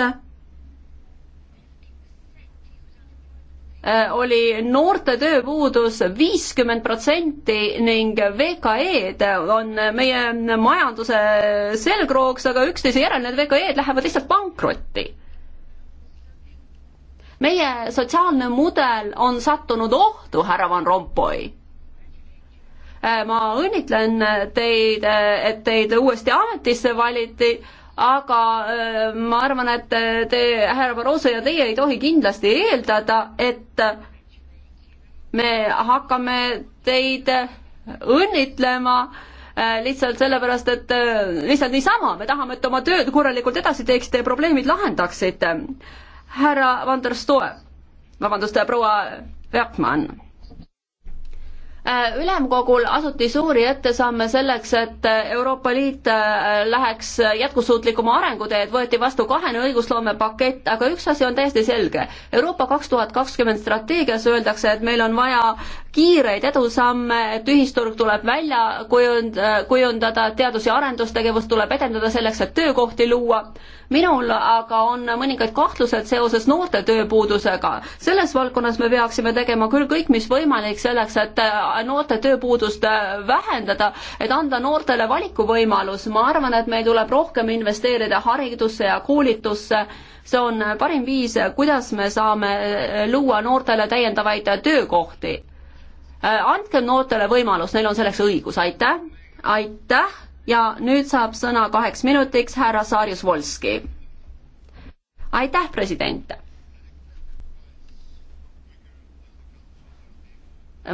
Äh, oli noorte tööpuudus viiskümmend protsenti ning VKE-d on meie majanduse selgrooks, aga üksteise järel need VKE-d lähevad lihtsalt pankrotti. meie sotsiaalne mudel on sattunud ohtu, härra Van Rompuy. Äh, ma õnnitlen teid, et teid uuesti ametisse valiti aga äh, ma arvan, et äh, te, härra Barroso ja teie ei tohi kindlasti eeldada, et me hakkame teid õnnitlema äh, lihtsalt sellepärast, et lihtsalt niisama, me tahame, et oma tööd korralikult edasi teeksite ja probleemid lahendaksite. härra Van der Stoe, vabandust, proua Bergmann Äh, ülemkogul asuti suuri ettesamme selleks, et äh, Euroopa Liit äh, läheks jätkusuutlikuma arenguteed, võeti vastu kahene õigusloomepakett, aga üks asi on täiesti selge. Euroopa kaks tuhat kakskümmend strateegias öeldakse, et meil on vaja kiireid edusamme, et ühisturg tuleb välja kujund-, kujundada, teadus- ja arendustegevust tuleb edendada selleks, et töökohti luua minul aga on mõningaid kahtlused seoses noorte tööpuudusega. selles valdkonnas me peaksime tegema küll kõik, mis võimalik selleks, et äh, noorte tööpuudust äh, vähendada, et anda noortele valikuvõimalus. ma arvan, et meil tuleb rohkem investeerida haridusse ja koolitusse see on parim viis, kuidas me saame äh, luua noortele täiendavaid töökohti. andkem noortele võimalus, neil on selleks õigus, aitäh, aitäh ja nüüd saab sõna kaheks minutiks härra Saarjus Volski. aitäh, president!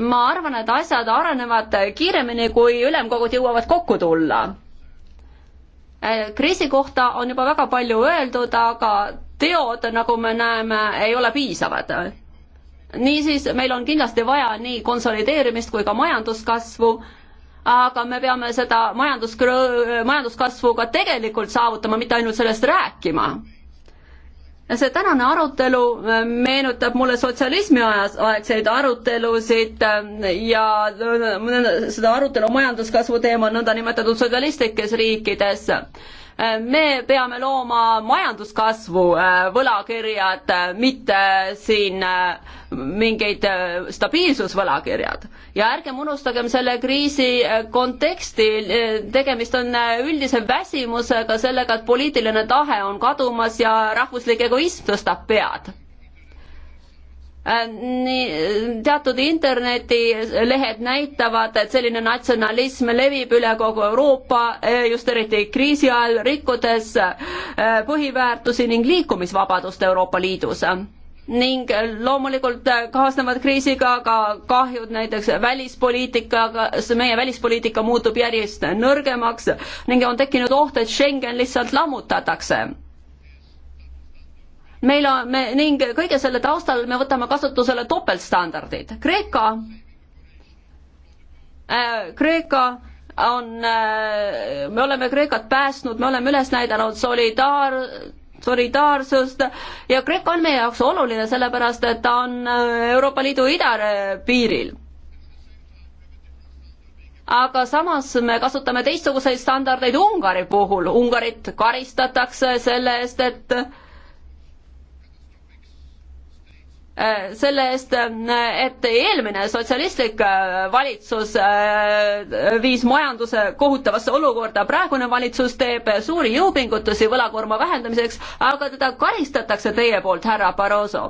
ma arvan, et asjad arenevad kiiremini, kui ülemkogud jõuavad kokku tulla. kriisi kohta on juba väga palju öeldud, aga teod, nagu me näeme, ei ole piisavad. niisiis, meil on kindlasti vaja nii konsolideerimist kui ka majanduskasvu aga me peame seda majanduskr-, majanduskasvu ka tegelikult saavutama, mitte ainult sellest rääkima. see tänane arutelu äh, meenutab mulle sotsialismi ajas, aegseid arutelusid äh, ja äh, seda arutelu majanduskasvu teemal nõndanimetatud sotsialistlikes riikides Äh, me peame looma majanduskasvu äh, võlakirjad, äh, mitte siin mingeid stabiilsusvõlakirjad. ja ärgem unustagem selle kriisi konteksti, tegemist on üldise väsimusega, sellega, et poliitiline tahe on kadumas ja rahvuslik egoism tõstab pead Äh, nii äh, teatud internetilehed näitavad, et selline natsionalism levib üle kogu Euroopa, äh, just eriti kriisi ajal, rikkudes põhiväärtusi ning liikumisvabadust Euroopa Liidus ning loomulikult kaasnevad kriisiga ka kahjud näiteks välispoliitikaga, meie välispoliitika muutub järjest nõrgemaks ning on tekkinud oht, et Schengen lihtsalt lammutatakse meil on, me ning kõige selle taustal me võtame kasutusele topeltstandardid. Kreeka äh,, Kreeka on äh,, me oleme Kreekat päästnud, me oleme üles näidanud solidaar-, solidaarsust ja Kreeka on meie jaoks oluline, sellepärast et ta on äh, Euroopa Liidu idapiiril. aga samas me kasutame teistsuguseid standardeid Ungari puhul, Ungarit karistatakse selle eest, et Äh, selle eest, äh, et eelmine sotsialistlik äh, valitsus viis majanduse kohutavasse olukorda, praegune valitsus teeb suuri jõupingutusi võlakoorma vähendamiseks, aga teda karistatakse teie poolt, härra Barroso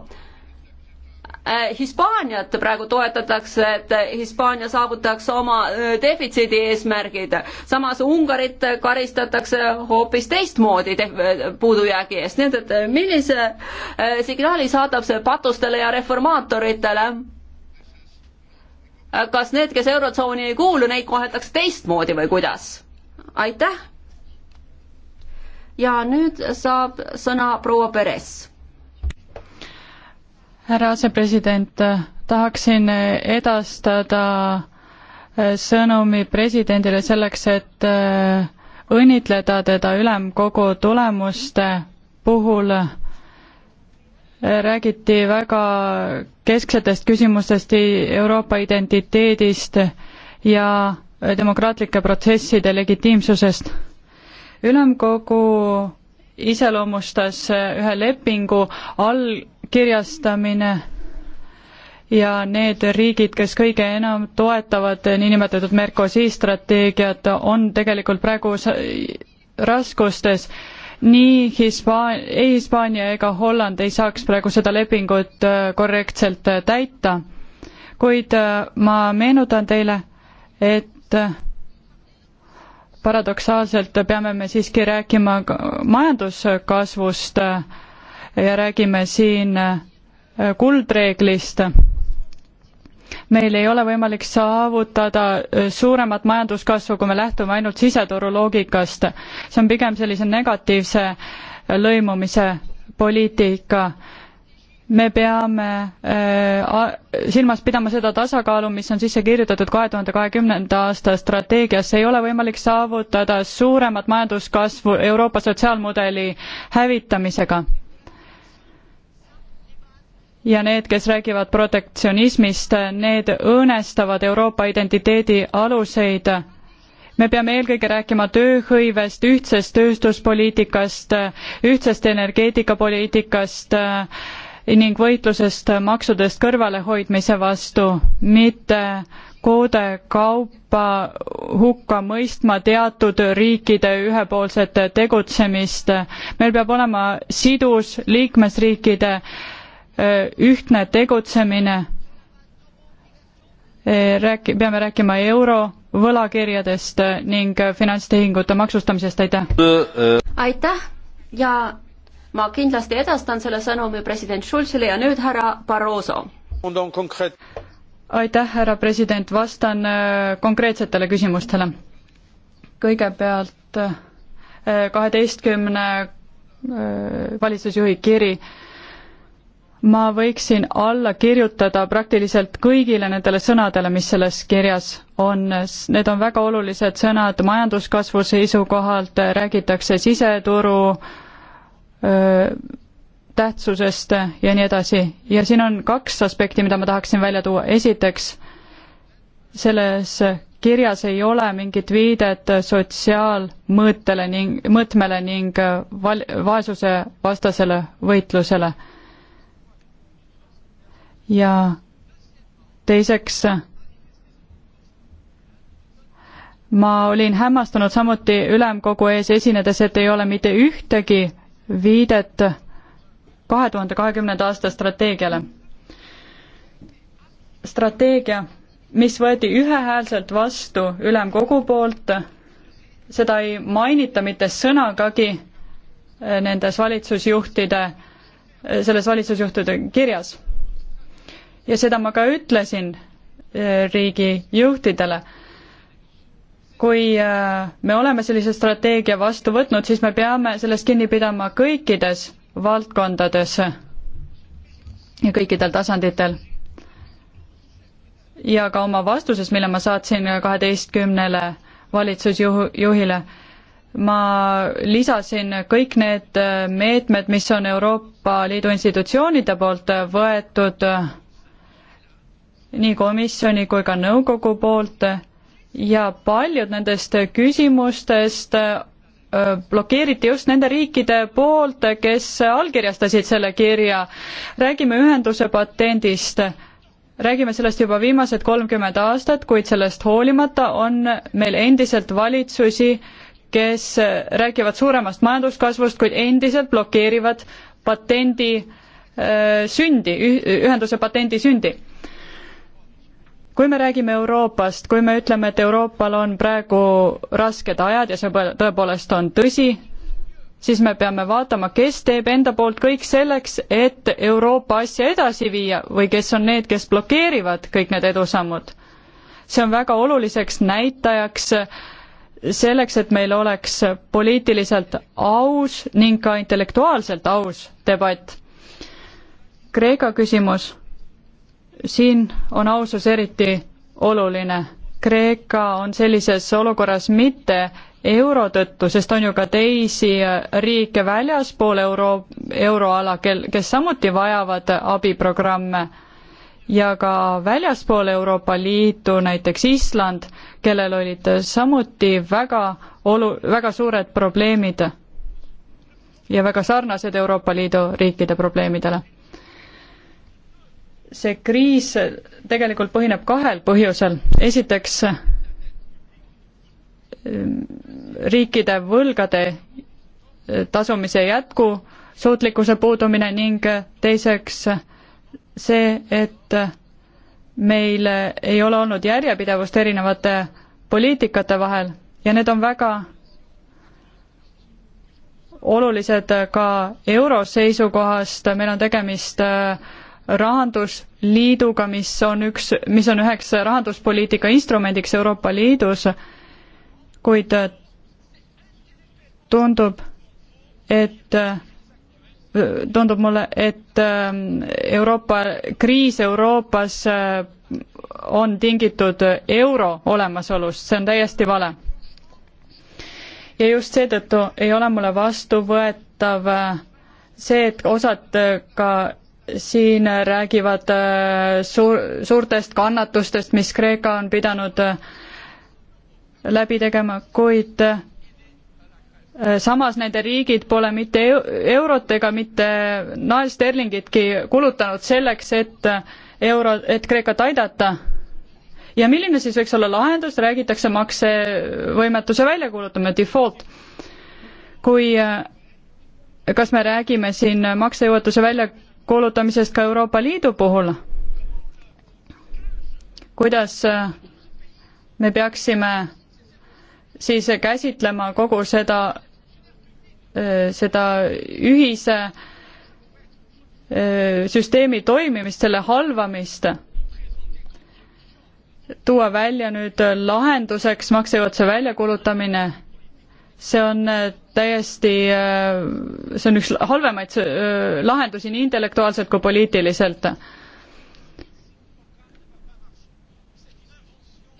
Äh, Hispaaniat praegu toetatakse, et Hispaania saavutaks oma äh, defitsiidi eesmärgid, samas Ungarit karistatakse hoopis teistmoodi äh, puudujäägi eest, nii et, et millise signaali saadab see patustele ja reformaatoritele? kas need, kes Eurotsooni ei kuulu, neid koheldakse teistmoodi või kuidas? aitäh! ja nüüd saab sõna proua Peres
härra asepresident, tahaksin edastada äh, sõnumi presidendile selleks, et äh, õnnitleda teda ülemkogu tulemuste puhul räägiti väga kesksetest küsimustest Euroopa identiteedist ja demokraatlike protsesside legitiimsusest. ülemkogu iseloomustas äh, ühe lepingu all kirjastamine ja need riigid, kes kõige enam toetavad niinimetatud Mercosi strateegiat, on tegelikult praegu raskustes. nii Hispaan-, ei Hispaania ega Holland ei saaks praegu seda lepingut äh, korrektselt äh, täita. kuid äh, ma meenutan teile, et paradoksaalselt peame me siiski rääkima majanduskasvust äh, ja räägime siin äh, kuldreeglist, meil ei ole võimalik saavutada äh, suuremat majanduskasvu, kui me lähtume ainult siseturu loogikast. see on pigem sellise negatiivse äh, lõimumise poliitika me peame äh, silmas pidama seda tasakaalu, mis on sisse kirjutatud kahe tuhande kahekümnenda aasta strateegiasse, ei ole võimalik saavutada suuremat majanduskasvu Euroopa sotsiaalmudeli hävitamisega ja need, kes räägivad protektsionismist, need õõnestavad Euroopa identiteedi aluseid. me peame eelkõige rääkima tööhõivest, ühtsest tööstuspoliitikast, ühtsest energeetikapoliitikast eh, ning võitlusest maksudest kõrvalehoidmise vastu, mitte koode kaupa hukka mõistma teatud riikide ühepoolset tegutsemist. meil peab olema sidus liikmesriikide äh, ühtne tegutsemine. Rääki-, peame rääkima euro võlakirjadest ning finantstehingute maksustamisest, aitäh!
aitäh ja ma kindlasti edastan selle sõnumi president Schulzile ja nüüd härra Barroso.
aitäh, härra president, vastan konkreetsetele küsimustele. kõigepealt kaheteistkümne valitsusjuhi kiri ma võiksin alla kirjutada praktiliselt kõigile nendele sõnadele, mis selles kirjas on. Need on väga olulised sõnad majanduskasvu seisukohalt, räägitakse siseturu öö, tähtsusest ja nii edasi. ja siin on kaks aspekti, mida ma tahaksin välja tuua. esiteks, selles kirjas ei ole mingit viidet sotsiaalmõõtele ning, mõõtmele ning val-, vaesusevastasele võitlusele ja teiseks ma olin hämmastunud samuti ülemkogu ees esinedes, et ei ole mitte ühtegi viidet kahe tuhande kahekümnenda aasta strateegiale. strateegia, mis võeti ühehäälselt vastu ülemkogu poolt, seda ei mainita mitte sõnagagi eh, nendes valitsusjuhtide, selles valitsusjuhtide kirjas ja seda ma ka ütlesin äh, riigijuhtidele. kui äh, me oleme sellise strateegia vastu võtnud, siis me peame sellest kinni pidama kõikides valdkondades ja kõikidel tasanditel. ja ka oma vastuses, mille ma saatsin kaheteistkümnele valitsusjuhile, ma lisasin kõik need äh, meetmed, mis on Euroopa Liidu institutsioonide poolt võetud nii komisjoni kui ka nõukogu poolt ja paljud nendest küsimustest äh, blokeeriti just nende riikide poolt, kes allkirjastasid selle kirja. räägime ühenduse patendist, räägime sellest juba viimased kolmkümmend aastat, kuid sellest hoolimata on meil endiselt valitsusi, kes räägivad suuremast majanduskasvust, kuid endiselt blokeerivad patendi äh, sündi, ühenduse patendi sündi kui me räägime Euroopast, kui me ütleme, et Euroopal on praegu rasked ajad ja see tõepoolest on tõsi, siis me peame vaatama, kes teeb enda poolt kõik selleks, et Euroopa asja edasi viia või kes on need, kes blokeerivad kõik need edusammud. see on väga oluliseks näitajaks selleks, et meil oleks poliitiliselt aus ning ka intellektuaalselt aus debatt. Kreeka küsimus siin on ausus eriti oluline. Kreeka on sellises olukorras mitte euro tõttu, sest on ju ka teisi riike väljaspool euro, euroala, kel, kes samuti vajavad abiprogramme ja ka väljaspool Euroopa Liitu, näiteks Island, kellel olid samuti väga olu-, väga suured probleemid ja väga sarnased Euroopa Liidu riikide probleemidele see kriis tegelikult põhineb kahel põhjusel. esiteks riikide võlgade tasumise jätkusuutlikkuse puudumine ning teiseks see, et meil ei ole olnud järjepidevust erinevate poliitikate vahel ja need on väga olulised ka euro seisukohast, meil on tegemist äh, rahandusliiduga, mis on üks, mis on üheks rahanduspoliitika instrumendiks Euroopa Liidus, kuid äh, tundub, et äh, tundub mulle, et ähm, Euroopa, kriis Euroopas äh, on tingitud euro olemasolust, see on täiesti vale. ja just seetõttu ei ole mulle vastuvõetav see, et osad ka siin räägivad äh, suur, suurtest kannatustest, mis Kreeka on pidanud äh, läbi tegema, kuid äh, samas nende riigid pole mitte eurot ega mitte naelsterlingitki kulutanud selleks, et euro, et Kreekat aidata. ja milline siis võiks olla lahendus, räägitakse maksevõimetuse väljakuulutamine, default. kui kas me räägime siin maksejõuetuse välja kuulutamisest ka Euroopa Liidu puhul. kuidas äh, me peaksime siis käsitlema kogu seda, äh, seda ühise äh, süsteemi toimimist, selle halvamist, tuua välja nüüd lahenduseks maksejõuetuse väljakuulutamine, see on täiesti, äh, see on üks halvemaid äh, lahendusi nii intellektuaalselt kui poliitiliselt.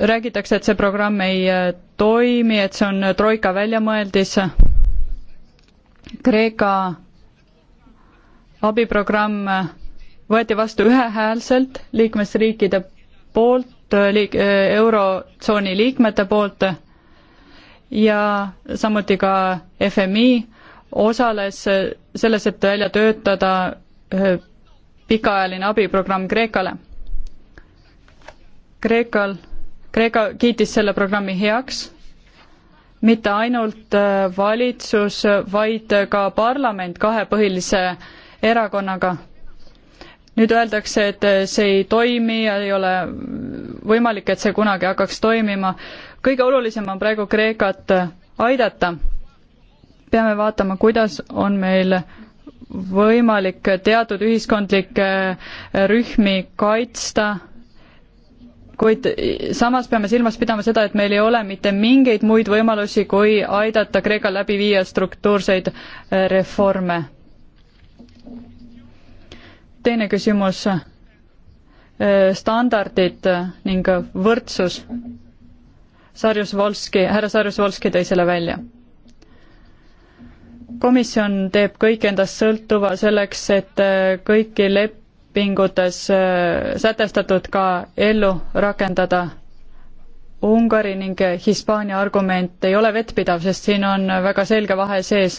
räägitakse, et see programm ei äh, toimi, et see on troika väljamõeldis. Kreeka abiprogramm võeti vastu ühehäälselt liikmesriikide poolt, liik-, eurotsooni liikmete poolt ja samuti ka FMI osales selles, et välja töötada pikaajaline abiprogramm Kreekale. Kreekal, Kreeka kiitis selle programmi heaks, mitte ainult äh, valitsus, vaid ka parlament kahe põhilise erakonnaga nüüd öeldakse, et see ei toimi ja ei ole võimalik, et see kunagi hakkaks toimima kõige olulisem on praegu Kreekat äh, aidata. peame vaatama, kuidas on meil võimalik teatud ühiskondlikke äh, rühmi kaitsta, kuid äh, samas peame silmas pidama seda, et meil ei ole mitte mingeid muid võimalusi, kui aidata Kreekal läbi viia struktuurseid reforme. teine küsimus, standardid ning võrdsus Sarjus-Volski, härra Sarjus-Volski tõi selle välja. komisjon teeb kõik endast sõltuva selleks, et äh, kõiki lepingutes äh, sätestatud ka ellu rakendada. Ungari ning Hispaania argument ei ole vettpidav, sest siin on väga selge vahe sees.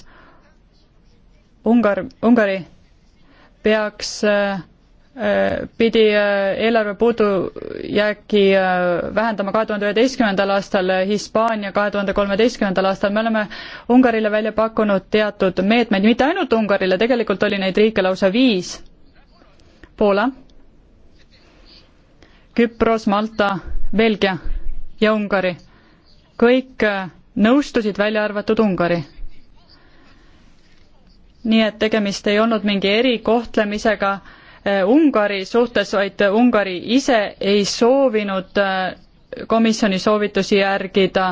Ungar, Ungari peaks äh, Äh, pidi äh, eelarve puudujääki äh, vähendama kahe tuhande üheteistkümnendal aastal, Hispaania kahe tuhande kolmeteistkümnendal aastal, me oleme Ungarile välja pakkunud teatud meetmeid, mitte ainult Ungarile, tegelikult oli neid riike lausa viis. Poola, Küpros, Malta, Belgia ja Ungari. kõik nõustusid, välja arvatud Ungari nii et tegemist ei olnud mingi erikohtlemisega Äh, Ungari suhtes, vaid Ungari ise ei soovinud äh, komisjoni soovitusi järgida,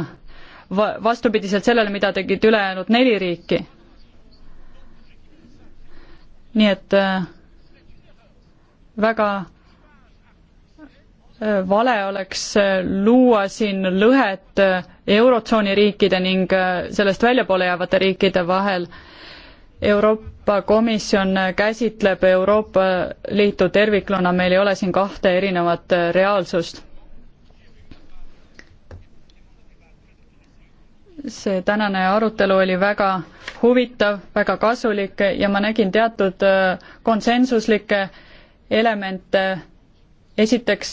vastupidiselt sellele, mida tegid ülejäänud neli riiki. nii et äh, väga vale oleks luua siin lõhet Eurotsooni riikide ning sellest väljapoole jäävate riikide vahel Euroopa Komisjon käsitleb Euroopa Liitu tervikluna, meil ei ole siin kahte erinevat äh, reaalsust. see tänane arutelu oli väga huvitav, väga kasulik ja ma nägin teatud äh, konsensuslikke elemente. esiteks,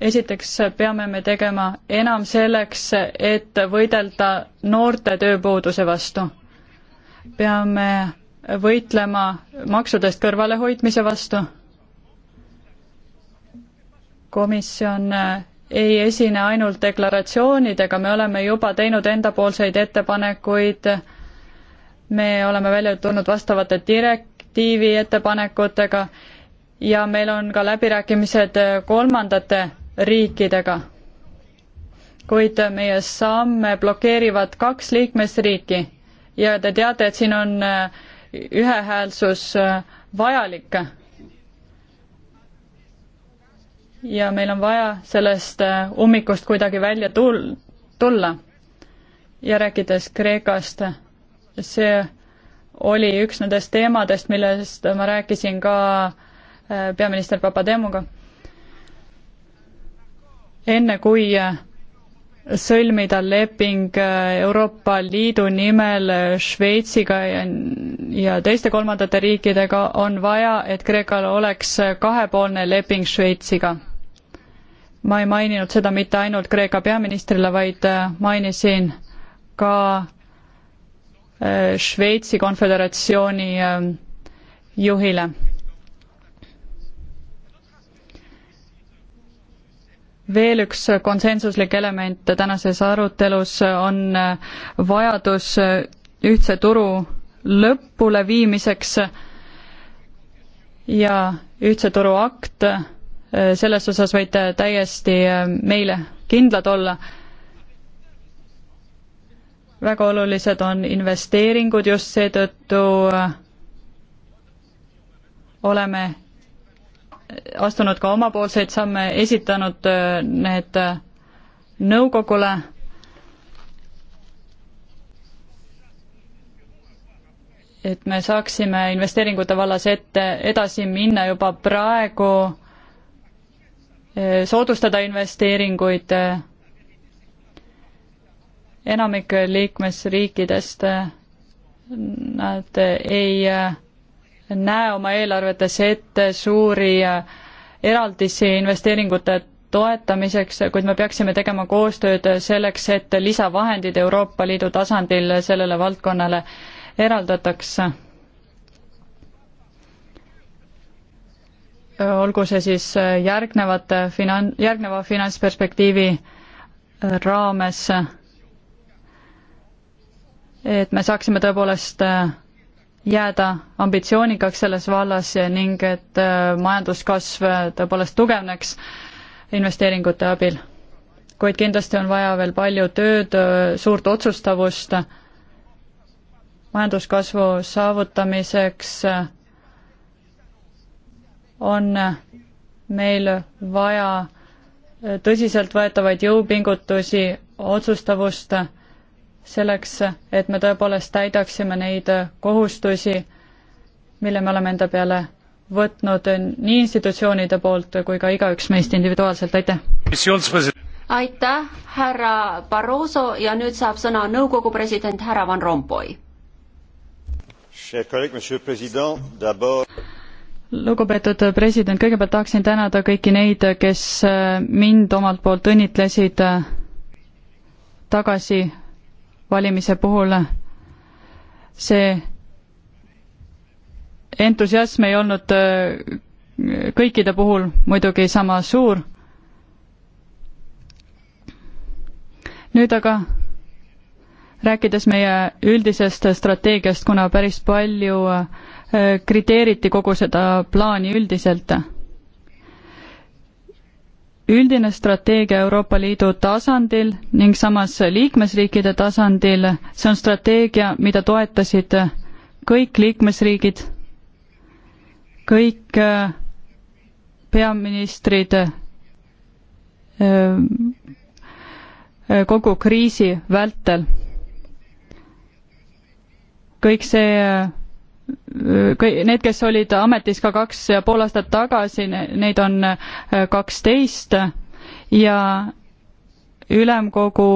esiteks peame me tegema enam selleks, et võidelda noorte tööpuuduse vastu peame võitlema maksudest kõrvalehoidmise vastu. komisjon ei esine ainult deklaratsioonidega, me oleme juba teinud endapoolseid ettepanekuid, me oleme välja tulnud vastavate direktiivi ettepanekutega ja meil on ka läbirääkimised kolmandate riikidega. kuid meie samme blokeerivad kaks liikmesriiki ja te teate, et siin on äh, ühehäälsus äh, vajalik. ja meil on vaja sellest äh, ummikust kuidagi välja tul-, tulla. ja rääkides Kreekast, see oli üks nendest teemadest, millest ma rääkisin ka peaminister Papademoga. enne kui sõlmida leping äh, Euroopa Liidu nimel äh, Šveitsiga ja, ja teiste kolmandate riikidega, on vaja, et Kreekal oleks äh, kahepoolne leping Šveitsiga. ma ei maininud seda mitte ainult Kreeka peaministrile, vaid mainisin ka Šveitsi konföderatsiooni juhile veel üks konsensuslik element tänases arutelus on vajadus ühtse turu lõpuleviimiseks ja ühtse turu akt, selles osas võite täiesti meile kindlad olla. väga olulised on investeeringud, just seetõttu oleme astunud ka omapoolseid samme, esitanud äh, need äh, nõukogule et me saaksime investeeringute vallas ette, edasi minna juba praegu, äh, soodustada investeeringuid. enamik liikmesriikidest, nad ei näe oma eelarvetes ette suuri äh, eraldisi investeeringute toetamiseks, kuid me peaksime tegema koostööd selleks, et lisavahendid Euroopa Liidu tasandil sellele valdkonnale eraldatakse. olgu see siis järgnevate finan-, järgneva finantsperspektiivi äh, raames, et me saaksime tõepoolest äh, jääda ambitsioonikaks selles vallas ning et äh, majanduskasv äh, tõepoolest tugevneks investeeringute abil. kuid kindlasti on vaja veel palju tööd, äh, suurt otsustavust majanduskasvu saavutamiseks on meil vaja tõsiseltvõetavaid jõupingutusi, otsustavust selleks, et me tõepoolest täidaksime neid kohustusi, mille me oleme enda peale võtnud nii institutsioonide poolt kui ka igaüks meist individuaalselt, aitäh!
aitäh, härra Barroso ja nüüd saab sõna nõukogu president härra Van Rompuy.
lugupeetud president, kõigepealt tahaksin tänada kõiki neid, kes mind omalt poolt õnnitlesid tagasi valimise puhul see entusiasm ei olnud äh, kõikide puhul muidugi sama suur. nüüd aga rääkides meie üldisest strateegiast, kuna päris palju äh, kriteeriti kogu seda plaani üldiselt üldine strateegia Euroopa Liidu tasandil ning samas liikmesriikide tasandil, see on strateegia, mida toetasid kõik liikmesriigid, kõik äh, peaministrid, äh, äh, kogu kriisi vältel. kõik see Need, kes olid ametis ka kaks ja pool aastat tagasi, neid on äh, kaksteist ja ülemkogu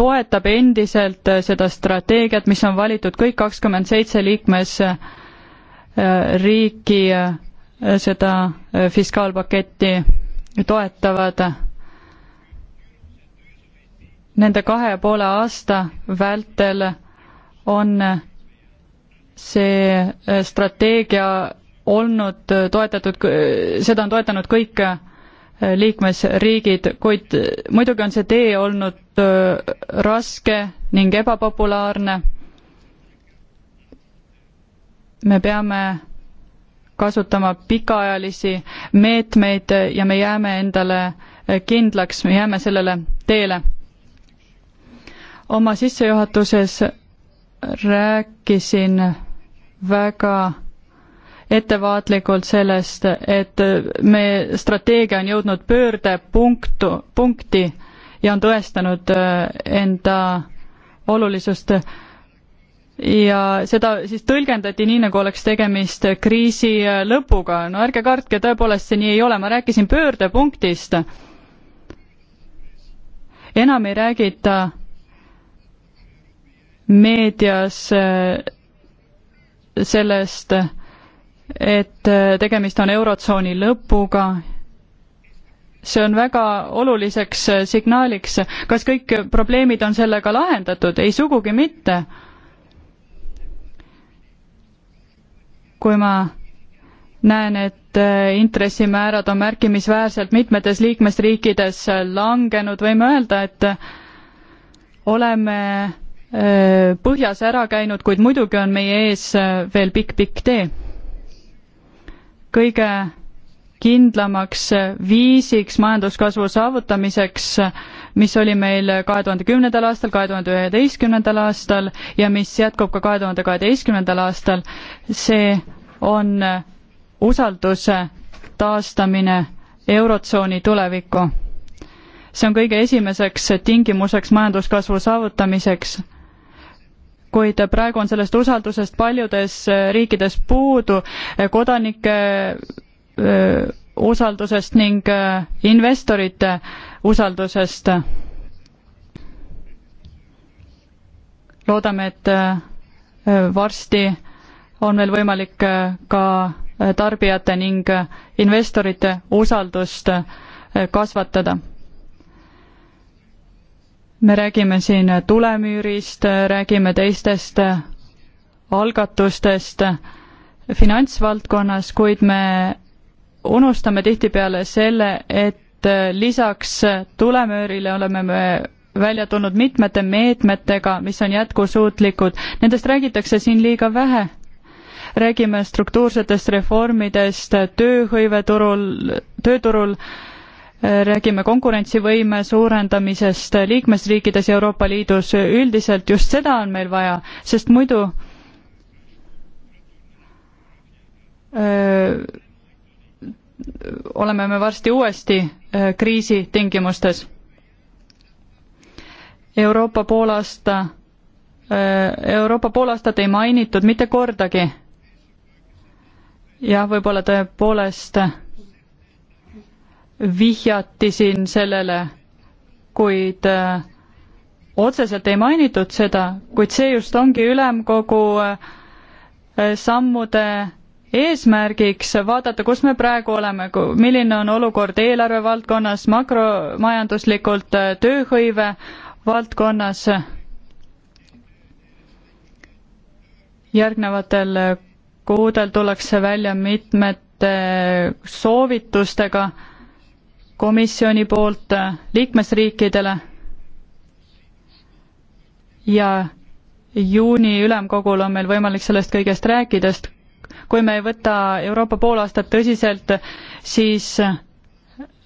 toetab endiselt äh, seda strateegiat, mis on valitud kõik kakskümmend seitse liikmesriiki äh, seda fiskaalpaketti toetavad. Nende kahe ja poole aasta vältel on see äh, strateegia olnud äh, toetatud, seda on toetanud kõik äh, liikmesriigid, kuid muidugi on see tee olnud raske ning ebapopulaarne. me peame kasutama pikaajalisi meetmeid ja me jääme endale kindlaks, me jääme sellele teele. oma sissejuhatuses rääkisin väga ettevaatlikult sellest, et me, strateegia on jõudnud pöördepunktu, punkti ja on tõestanud äh, enda olulisust. ja seda siis tõlgendati nii, nagu oleks tegemist kriisi äh, lõpuga, no ärge kartke, tõepoolest see nii ei ole, ma rääkisin pöördepunktist. enam ei räägita meedias äh, sellest, et tegemist on Eurotsooni lõpuga, see on väga oluliseks signaaliks. kas kõik probleemid on sellega lahendatud? ei, sugugi mitte. kui ma näen, et intressimäärad on märkimisväärselt mitmetes liikmesriikides langenud, võime öelda, et oleme Äh, põhjas ära käinud, kuid muidugi on meie ees äh, veel pikk-pikk tee. kõige kindlamaks äh, viisiks majanduskasvu saavutamiseks, mis oli meil kahe tuhande kümnendal aastal, kahe tuhande üheteistkümnendal aastal ja mis jätkub ka kahe tuhande kaheteistkümnendal aastal, see on usalduse taastamine Eurotsooni tulevikku. see on kõige esimeseks tingimuseks majanduskasvu saavutamiseks kuid praegu on sellest usaldusest paljudes äh, riikides puudu äh, kodanike äh, usaldusest ning investorite usaldusest. loodame, et varsti on veel võimalik ka tarbijate ning investorite usaldust kasvatada me räägime siin tulemüürist, räägime teistest algatustest finantsvaldkonnas, kuid me unustame tihtipeale selle, et lisaks tulemüürile oleme me välja tulnud mitmete meetmetega, mis on jätkusuutlikud, nendest räägitakse siin liiga vähe. räägime struktuursetest reformidest tööhõiveturul, tööturul, tööturul räägime konkurentsivõime suurendamisest liikmesriikides ja Euroopa Liidus üldiselt, just seda on meil vaja, sest muidu öö, oleme me varsti uuesti öö, kriisi tingimustes. Euroopa poolaasta, Euroopa poolaastat ei mainitud mitte kordagi. jah, võib-olla tõepoolest öö, vihjati siin sellele, kuid äh, otseselt ei mainitud seda, kuid see just ongi ülemkogu äh, sammude eesmärgiks vaadata, kus me praegu oleme, milline on olukord eelarve valdkonnas, makromajanduslikult äh, tööhõive valdkonnas järgnevatel kuudel tullakse välja mitmete soovitustega komisjoni poolt äh, liikmesriikidele ja juuni ülemkogul on meil võimalik sellest kõigest rääkida, sest kui me ei võta Euroopa poolaastat tõsiselt, siis äh,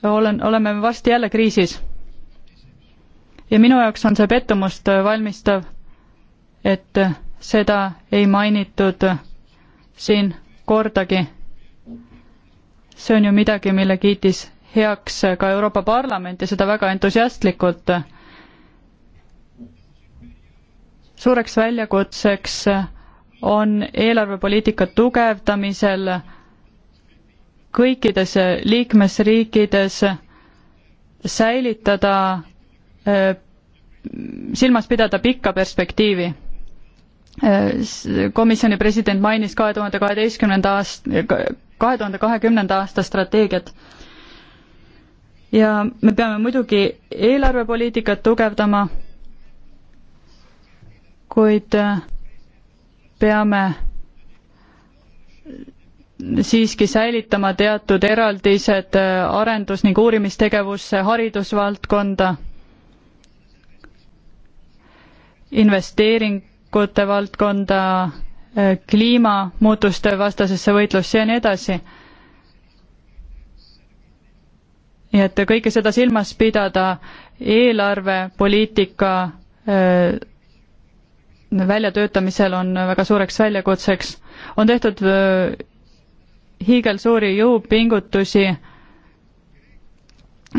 olen, oleme varsti jälle kriisis. ja minu jaoks on see pettumust äh, valmistav, et seda ei mainitud siin kordagi. see on ju midagi, mille kiitis heaks ka Euroopa Parlament ja seda väga entusiastlikult. suureks väljakutseks on eelarvepoliitika tugevdamisel kõikides liikmesriikides säilitada, eh, silmas pidada pikka perspektiivi
eh,
komisjoni president mainis kahe tuhande kaheteistkümnenda aast-, kahe tuhande kahekümnenda aasta strateegiat ja me peame muidugi eelarvepoliitikat tugevdama, kuid äh, peame siiski säilitama teatud eraldised äh, arendus- ning uurimistegevusse, haridusvaldkonda, investeeringute valdkonda, äh, kliimamuutuste vastasesse võitlusse ja nii edasi nii et kõike seda silmas pidada, eelarvepoliitika äh, väljatöötamisel on väga suureks väljakutseks. on tehtud äh, hiigelsuuri jõupingutusi,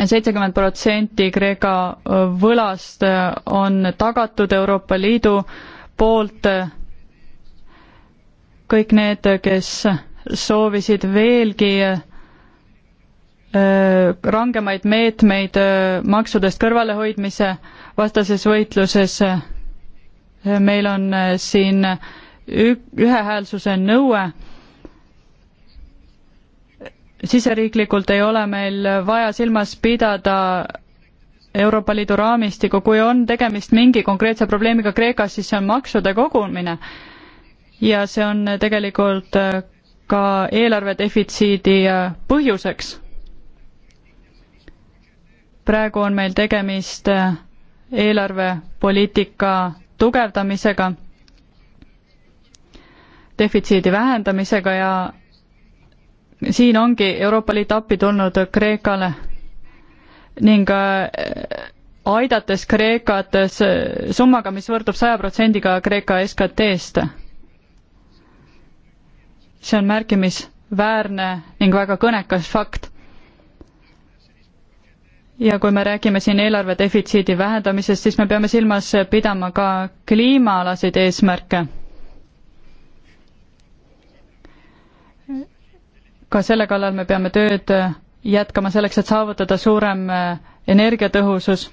seitsekümmend protsenti Kreeka äh, võlast on tagatud Euroopa Liidu poolt, kõik need, kes soovisid veelgi rangemaid meetmeid maksudest kõrvalehoidmise vastases võitluses. meil on siin ühehäälsuse nõue. siseriiklikult ei ole meil vaja silmas pidada Euroopa Liidu raamistiku, kui on tegemist mingi konkreetse probleemiga Kreekas, siis see on maksude kogumine. ja see on tegelikult ka eelarve defitsiidi põhjuseks praegu on meil tegemist äh, eelarvepoliitika tugevdamisega, defitsiidi vähendamisega ja siin ongi Euroopa Liit appi tulnud Kreekale ning äh, aidates Kreekat äh, summaga, mis võrdub saja protsendiga Kreeka SKT-st. see on märkimisväärne ning väga kõnekas fakt ja kui me räägime siin eelarve defitsiidi vähendamisest, siis me peame silmas pidama ka kliimaalaseid eesmärke. ka selle kallal me peame tööd jätkama selleks, et saavutada suurem energiatõhusus.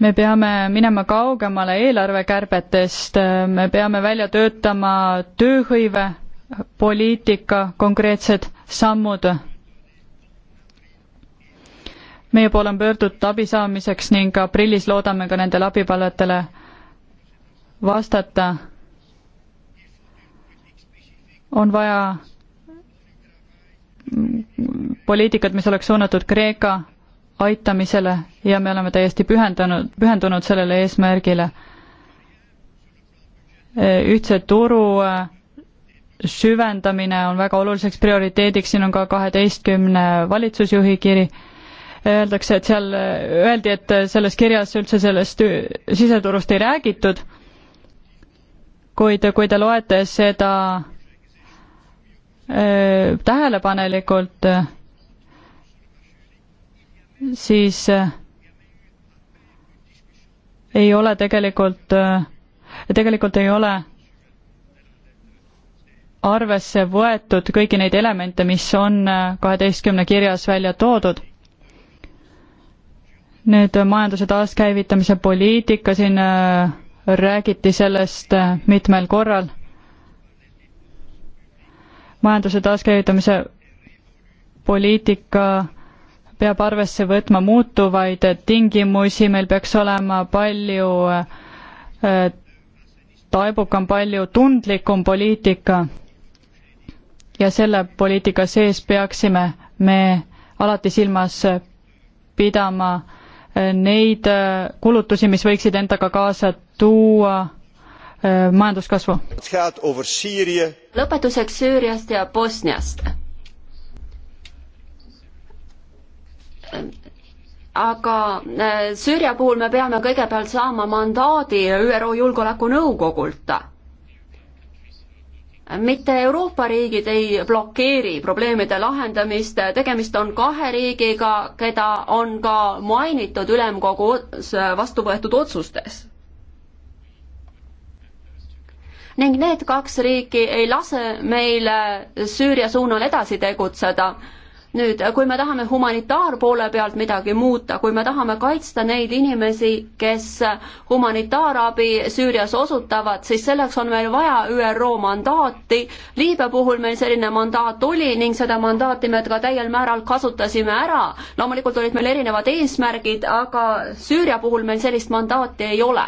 me peame minema kaugemale eelarvekärbetest, me peame välja töötama tööhõivepoliitika konkreetsed sammud meie poole on pöördutud abi saamiseks ning aprillis loodame ka nendele abipalvetele vastata. on vaja poliitikat, mis oleks suunatud Kreeka aitamisele ja me oleme täiesti pühendanud, pühendunud sellele eesmärgile. ühtse turu äh, süvendamine on väga oluliseks prioriteediks, siin on ka kaheteistkümne valitsusjuhi kiri öeldakse, et seal öeldi, et selles kirjas üldse sellest siseturust ei räägitud, kuid kui te loete seda tähelepanelikult, siis ei ole tegelikult, tegelikult ei ole arvesse võetud kõiki neid elemente, mis on kaheteistkümne kirjas välja toodud nüüd äh, majanduse taaskäivitamise poliitika, siin äh, räägiti sellest äh, mitmel korral. majanduse taaskäivitamise poliitika peab arvesse võtma muutuvaid tingimusi, meil peaks olema palju taibukam, palju tundlikum poliitika. ja selle poliitika sees peaksime me alati silmas pidama äh, neid äh, kulutusi, mis võiksid endaga kaasa tuua äh, majanduskasvu.
lõpetuseks Süüriast ja Bosniast. aga äh, Süüria puhul me peame kõigepealt saama mandaadi ÜRO Julgeolekunõukogult mitte Euroopa riigid ei blokeeri probleemide lahendamist, tegemist on kahe riigiga, keda on ka mainitud ülemkogus vastu võetud otsustes. ning need kaks riiki ei lase meil Süüria suunal edasi tegutseda nüüd, kui me tahame humanitaarpoole pealt midagi muuta, kui me tahame kaitsta neid inimesi, kes humanitaarabi Süürias osutavad, siis selleks on meil vaja ÜRO mandaati. Liibüa puhul meil selline mandaat oli ning seda mandaati me ka täiel määral kasutasime ära. loomulikult olid meil erinevad eesmärgid, aga Süüria puhul meil sellist mandaati ei ole.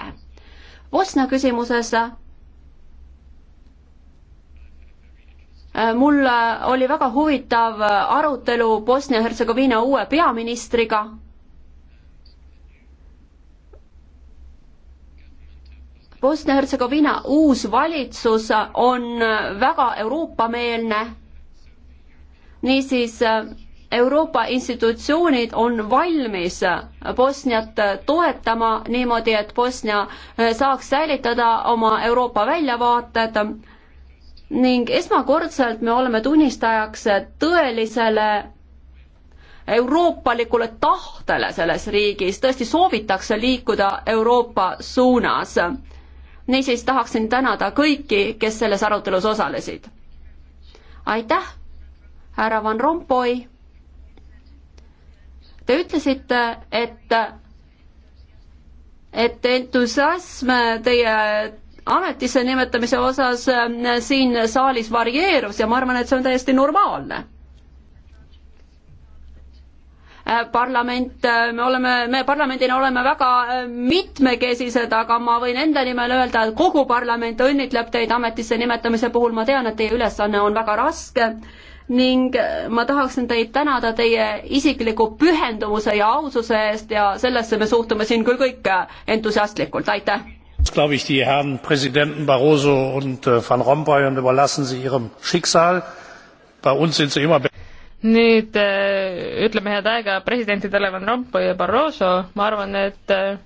Bosnia küsimuses Äh, mul äh, oli väga huvitav äh, arutelu Bosnia-Hertsegoviina uue peaministriga. Bosnia-Hertsegoviina uus valitsus on väga Euroopa-meelne. niisiis Euroopa institutsioonid on valmis Bosniat toetama niimoodi, et Bosnia saaks säilitada oma Euroopa väljavaated ning esmakordselt me oleme tunnistajaks tõelisele euroopalikule tahtele selles riigis, tõesti soovitakse liikuda Euroopa suunas. niisiis tahaksin tänada kõiki, kes selles arutelus osalesid. aitäh, härra Van Rompuy. Te ütlesite, et, et entusiasm teie ametisse nimetamise osas ähm, siin saalis varieerus ja ma arvan, et see on täiesti normaalne. Äh, parlament, äh, me oleme, me parlamendina oleme väga äh, mitmekesised, aga ma võin enda nimel öelda, et kogu parlament õnnitleb teid ametisse nimetamise puhul, ma tean, et teie ülesanne on väga raske ning ma tahaksin teid tänada teie isikliku pühendumuse ja aususe eest ja sellesse me suhtume siin küll kõik entusiastlikult, aitäh!
glaube ich die herren präsidenten barroso und äh, van rompuy und überlassen sie ihrem schicksal. bei uns sind sie immer.
nüüd äh, ütleme head aega presidentidele van rompuy ja barroso ma arvan et äh,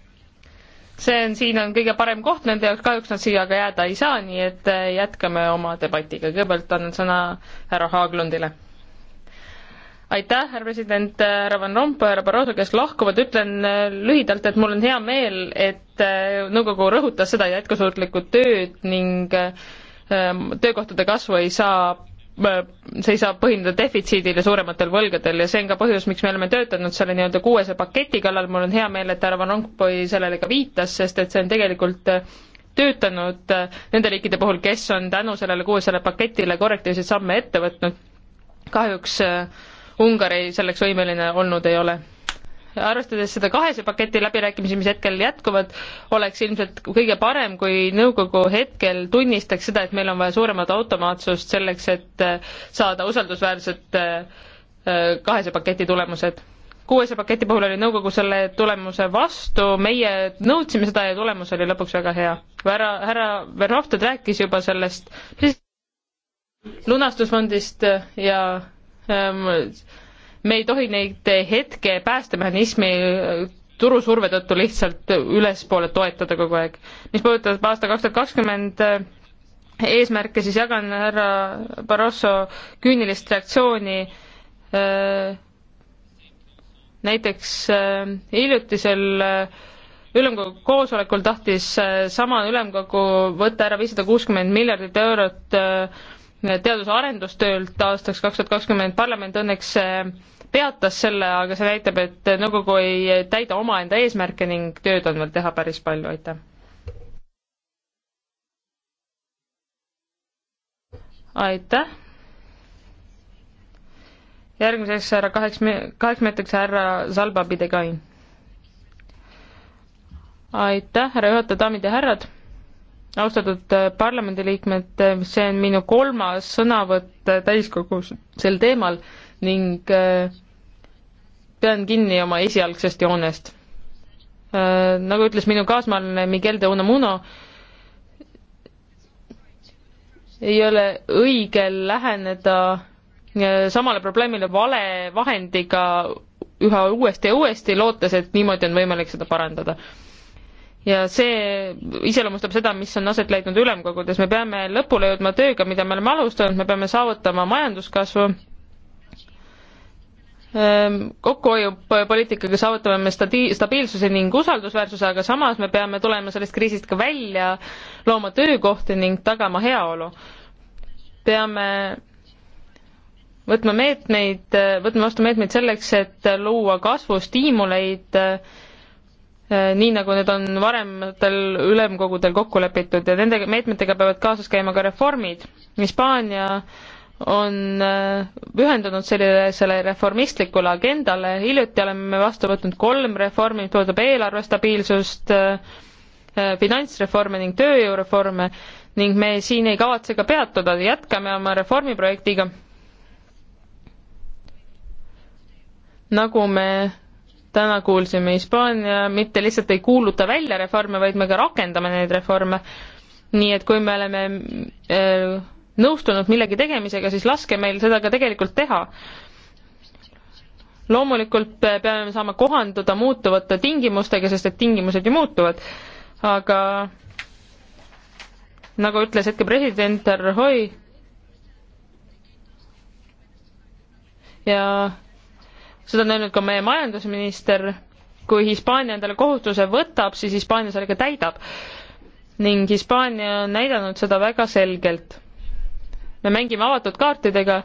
see on siin on kõige parem koht nende jaoks kahjuks nad siia ka jääda ei saa nii et jätkame oma debatiga kõigepealt annan sõna härra haaglundile aitäh, härra president, äh, härra Van Rompuy, härra Barroso, kes lahkuvad, ütlen äh, lühidalt, et mul on hea meel, et äh, nõukogu rõhutas seda jätkusuutlikku tööd ning ähm, töökohtade kasvu ei saa see ei saa põhineda defitsiidil ja suurematel võlgadel ja see on ka põhjus, miks me oleme töötanud selle nii-öelda kuuese paketi kallal, mul on hea meel, et härra Van Rompuy sellele ka viitas, sest et see on tegelikult töötanud nende riikide puhul, kes on tänu sellele kuuesele paketile korrektiivseid samme ette võtnud. kahjuks äh, Ungari selleks võimeline olnud ei ole arvestades seda kahese paketi läbirääkimisi, mis hetkel jätkuvad, oleks ilmselt kõige parem, kui nõukogu hetkel tunnistaks seda, et meil on vaja suuremat automaatsust selleks, et äh, saada usaldusväärsed äh, äh, kahese paketi tulemused. kuuese paketi puhul oli nõukogu selle tulemuse vastu, meie nõudsime seda ja tulemus oli lõpuks väga hea. härra, härra Verhofstadt rääkis juba sellest lunastusfondist ja Ähm, me ei tohi neid hetke päästemehhanismi turusurve tõttu lihtsalt ülespoole toetada kogu aeg. mis puudutab aasta kaks tuhat kakskümmend äh, eesmärke, siis jagan härra Barroso küünilist reaktsiooni äh, näiteks äh, hiljutisel ülemkogu koosolekul tahtis sama ülemkogu võtta ära viissada kuuskümmend miljardit eurot äh, teadus-arendustöölt aastaks kaks tuhat kakskümmend, parlament õnneks eh, peatas selle, aga see näitab, et nõukogu ei täida omaenda eesmärke ning tööd on veel teha päris palju, aitäh. aitäh. järgmiseks härra kaheks, kaheks minutiks härra Zalba Pidegain. aitäh, härra juhataja, daamid ja härrad austatud äh, parlamendiliikmed, äh, see on minu kolmas sõnavõtt äh, täiskogus sel teemal ning pean kinni oma esialgsest joonest. nagu ütles minu kaasmaalane Miguel de Unamuno, ei ole õige läheneda samale probleemile vale vahendiga üha uuesti ja uuesti, lootes, et niimoodi on võimalik seda parandada ja see iseloomustab seda, mis on aset leidnud ülemkogudes, me peame lõpule jõudma tööga, mida me oleme alustanud, me peame saavutama majanduskasvu, ehm, kokkuhoiupoliitikaga saavutame me stati-, stabiilsuse ning usaldusväärsuse, aga samas me peame tulema sellest kriisist ka välja, looma töökohti ning tagama heaolu. peame võtma meetmeid, võtma vastu meetmeid selleks, et luua kasvustiimuleid äh, Äh, nii nagu need on varematel ülemkogudel kokku lepitud ja nende meetmetega peavad kaasas käima ka reformid. Hispaania on äh, pühendunud sellisele reformistlikule agendale, hiljuti oleme vastu võtnud kolm reformi, mis puudutab eelarve stabiilsust, äh, finantsreforme ning tööjõureforme ning me siin ei kavatse ka peatuda, jätkame oma reformiprojektiga. nagu me täna kuulsime, Hispaania mitte lihtsalt ei kuuluta välja reforme, vaid me ka rakendame neid reforme. nii et kui me oleme äh, nõustunud millegi tegemisega, siis laske meil seda ka tegelikult teha. loomulikult peame me saama kohanduda muutuvate tingimustega, sest et tingimused ju muutuvad, aga nagu ütles hetke president Arhoi ja seda on öelnud ka meie majandusminister, kui Hispaania endale kohustuse võtab, siis Hispaania selle ka täidab. ning Hispaania on näidanud seda väga selgelt. me mängime avatud kaartidega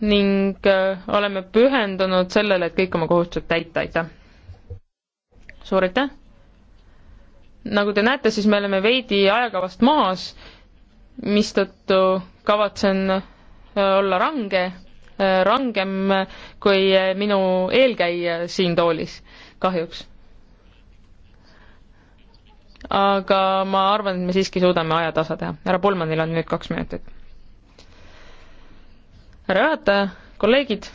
ning äh, oleme pühendunud sellele, et kõik oma kohustused täita, aitäh! suur aitäh! nagu te näete, siis me oleme veidi ajakavast maas, mistõttu kavatsen äh, olla range Äh, rangem kui äh, minu eelkäija siin toolis, kahjuks. aga ma arvan, et me siiski suudame aja tasa teha. härra Pulmanil on nüüd kaks minutit. härra juhataja, kolleegid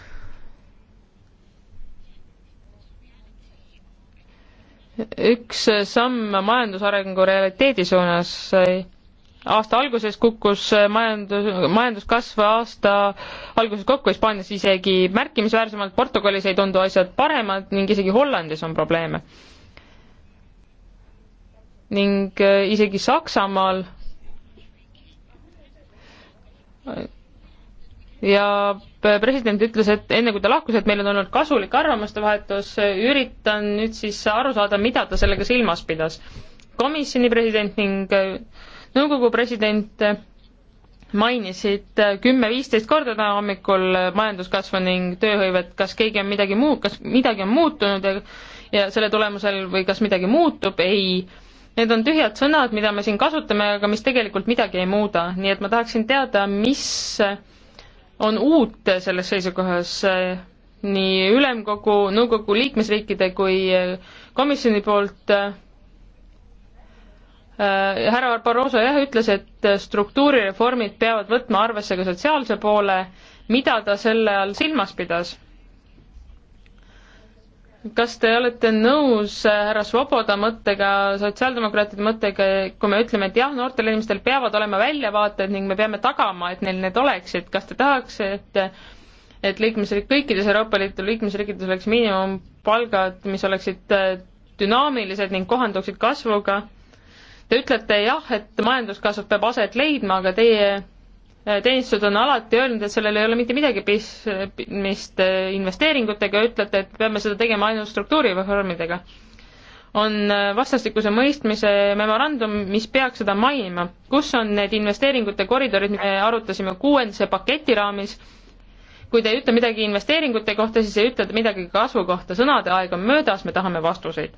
üks samm majandusarengu realiteedi suunas sai aasta alguses kukkus äh, majandus, majanduskasv aasta alguses kokku Hispaanias isegi märkimisväärsemalt, Portugalis ei tundu asjad paremad ning isegi Hollandis on probleeme. ning äh, isegi Saksamaal äh, ja president ütles, et enne kui ta lahkus, et meil on olnud kasulik arvamuste vahetus, üritan nüüd siis aru saada, mida ta sellega silmas pidas. komisjoni president ning nõukogu president mainisid kümme-viisteist korda täna hommikul majanduskasvu ning tööhõivet, kas keegi on midagi muu, kas midagi on muutunud ja, ja selle tulemusel või kas midagi muutub, ei. Need on tühjad sõnad, mida me siin kasutame, aga mis tegelikult midagi ei muuda, nii et ma tahaksin teada, mis on uut selles seisukohas nii ülemkogu, nõukogu liikmesriikide kui komisjoni poolt äh, Äh, härra Barroso jah ütles, et äh, struktuurireformid peavad võtma arvesse ka sotsiaalse poole, mida ta selle all silmas pidas? kas te olete nõus äh, härra Svoboda mõttega, sotsiaaldemokraatide mõttega, kui me ütleme, et jah, noortel inimestel peavad olema väljavaated ning me peame tagama, et neil need oleksid, kas te tahaks, et et liikmesriik, kõikides Euroopa Liidu liikmesriikides oleks miinimumpalgad, mis oleksid dünaamilised ning kohanduksid kasvuga Te ütlete jah, et majanduskasv peab aset leidma, aga teie äh, teenistused on alati öelnud, et sellel ei ole mitte midagi pistmist äh, investeeringutega, ütlete, et peame seda tegema ainult struktuurireformidega. on äh, vastastikuse mõistmise memorandum, mis peaks seda mainima. kus on need investeeringute koridorid, me arutasime kuuendase paketi raamis kui te ei ütle midagi investeeringute kohta, siis ei ütle midagi kasvu kohta, sõnade aeg on möödas, me tahame vastuseid.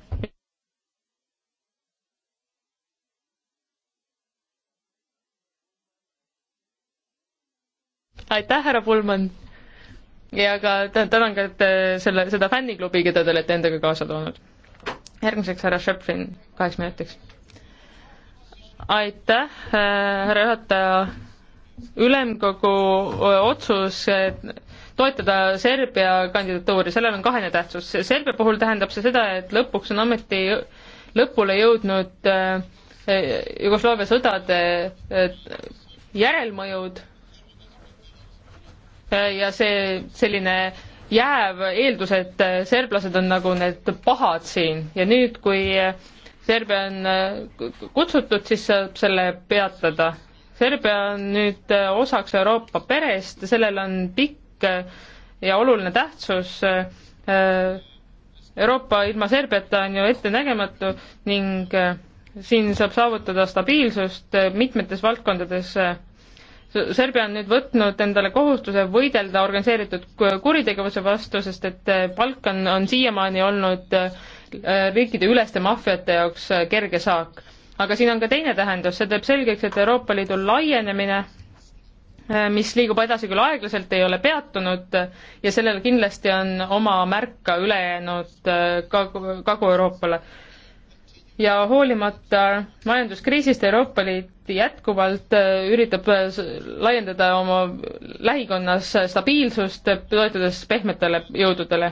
aitäh, härra Pullmann! ja ka tänan ka selle, seda fänniklubi, keda te olete endaga kaasa toonud. järgmiseks härra Šeflin, kaheks minutiks. aitäh, äh, härra juhataja. ülemkogu otsus toetada Serbia kandidatuuri, sellel on kahene tähtsus. Serbia puhul tähendab see seda, et lõpuks on ometi lõpule jõudnud äh, Jugoslaavia sõdade järelmõjud ja see selline jääv eeldus, et serblased on nagu need pahad siin ja nüüd, kui Serbia on äh, kutsutud, siis saab selle peatada. Serbia on nüüd äh, osaks Euroopa perest, sellel on pikk äh, ja oluline tähtsus. Euroopa ilma Serbiata on ju ettenägematu ning siin saab saavutada stabiilsust mitmetes valdkondades Serbia on nüüd võtnud endale kohustuse võidelda organiseeritud kuritegevuse vastu, sest et eh, Balkan on siiamaani olnud eh, riikide üleste maffiate jaoks eh, kerge saak. aga siin on ka teine tähendus, see teeb selgeks, et Euroopa Liidu laienemine, mis liigub edasi küll aeglaselt, ei ole peatunud ja sellel kindlasti on oma märk ka ülejäänud Kagu-Euroopale. Kagu ja hoolimata majanduskriisist Euroopa Liit jätkuvalt äh, üritab äh, laiendada oma lähikonnas stabiilsust, toetudes pehmetele jõududele.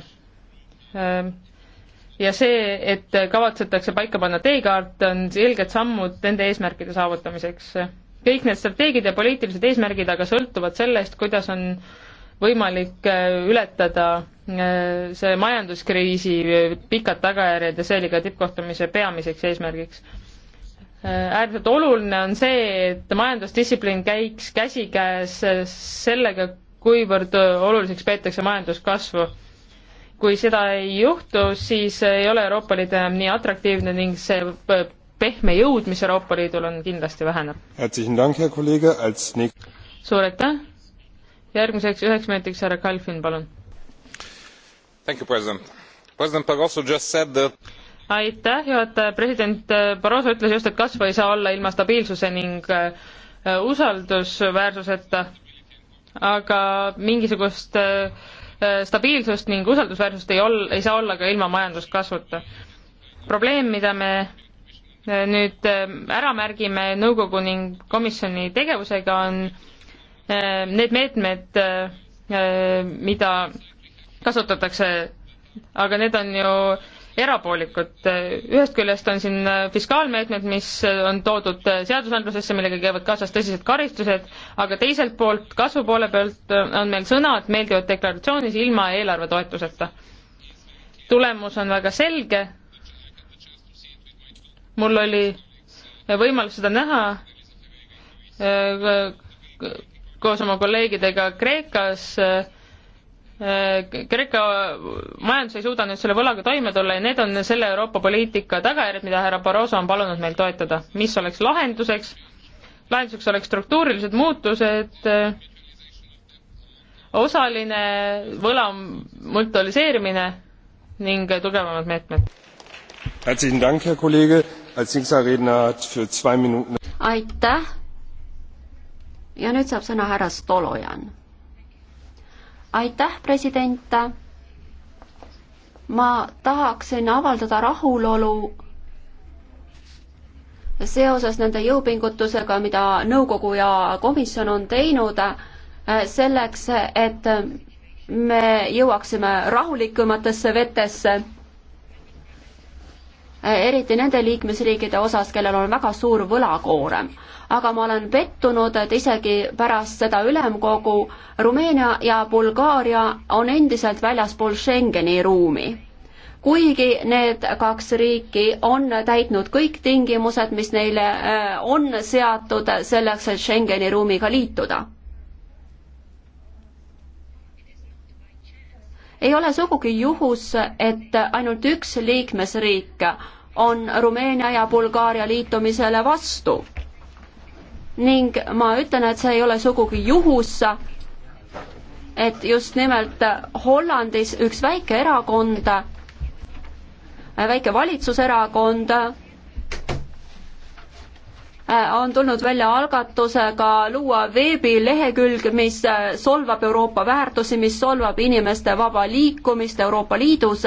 Ähm, ja see, et kavatsetakse paika panna teekaart, on selged sammud nende eesmärkide saavutamiseks. kõik need strateegid ja poliitilised eesmärgid aga sõltuvad sellest, kuidas on võimalik äh, ületada äh, see majanduskriisi äh, pikad tagajärjed ja see oli ka tippkohtumise peamiseks eesmärgiks. äärmiselt oluline on see, et majandusdistsipliin käiks käsikäes sellega, kuivõrd oluliseks peetakse majanduskasvu. kui seda ei juhtu, siis ei ole Euroopa Liit enam nii atraktiivne ning see pehme jõud, mis Euroopa Liidul on, kindlasti väheneb. suur aitäh! järgmiseks üheks minutiks härra Kalfin, palun. aitäh, juhataja, president äh, Barroso ütles just, et kasvu ei saa olla ilma stabiilsuse ning äh, äh, usaldusväärsuseta, aga mingisugust stabiilsust ning usaldusväärsust ei ol-, ei saa olla ka ilma majanduskasvuta. probleem, mida me nüüd ära märgime nõukogu ning komisjoni tegevusega, on Ehm, need meetmed, ehm, mida kasutatakse, aga need on ju erapoolikud, ühest küljest on siin fiskaalmeetmed, mis on toodud seadusandlusesse, millega käivad kaasas tõsised karistused, aga teiselt poolt, kasvu poole pealt eh, on meil sõnad meeldivad deklaratsioonis ilma eelarve toetuseta. tulemus on väga selge, mul oli võimalus seda näha, eh, koos oma kolleegidega Kreekas. Kreeka majandus ei suuda nüüd selle võlaga toime tulla ja need on selle Euroopa poliitika tagajärjed, mida härra Barroso on palunud meil toetada. mis oleks lahenduseks? lahenduseks oleks struktuurilised muutused, osaline võla mutualiseerimine ning tugevamad meetmed.
aitäh ja nüüd saab sõna härra Stolojan. aitäh, president. ma tahaksin avaldada rahulolu seoses nende jõupingutusega, mida nõukogu ja komisjon on teinud eh, selleks, et me jõuaksime rahulikumatesse vetesse, eh, eriti nende liikmesriikide osas, kellel on väga suur võlakoorem aga ma olen pettunud, et isegi pärast seda ülemkogu Rumeenia ja Bulgaaria on endiselt väljaspool Schengeni ruumi. kuigi need kaks riiki on täitnud kõik tingimused, mis neile äh, on seatud selleks, et Schengeni ruumiga liituda. ei ole sugugi juhus, et ainult üks liikmesriik on Rumeenia ja Bulgaaria liitumisele vastu ning ma ütlen, et see ei ole sugugi juhus, et just nimelt Hollandis üks väike erakond, väike valitsuserakond on tulnud välja algatusega luua veebilehekülg, mis solvab Euroopa väärtusi, mis solvab inimeste vaba liikumist Euroopa Liidus.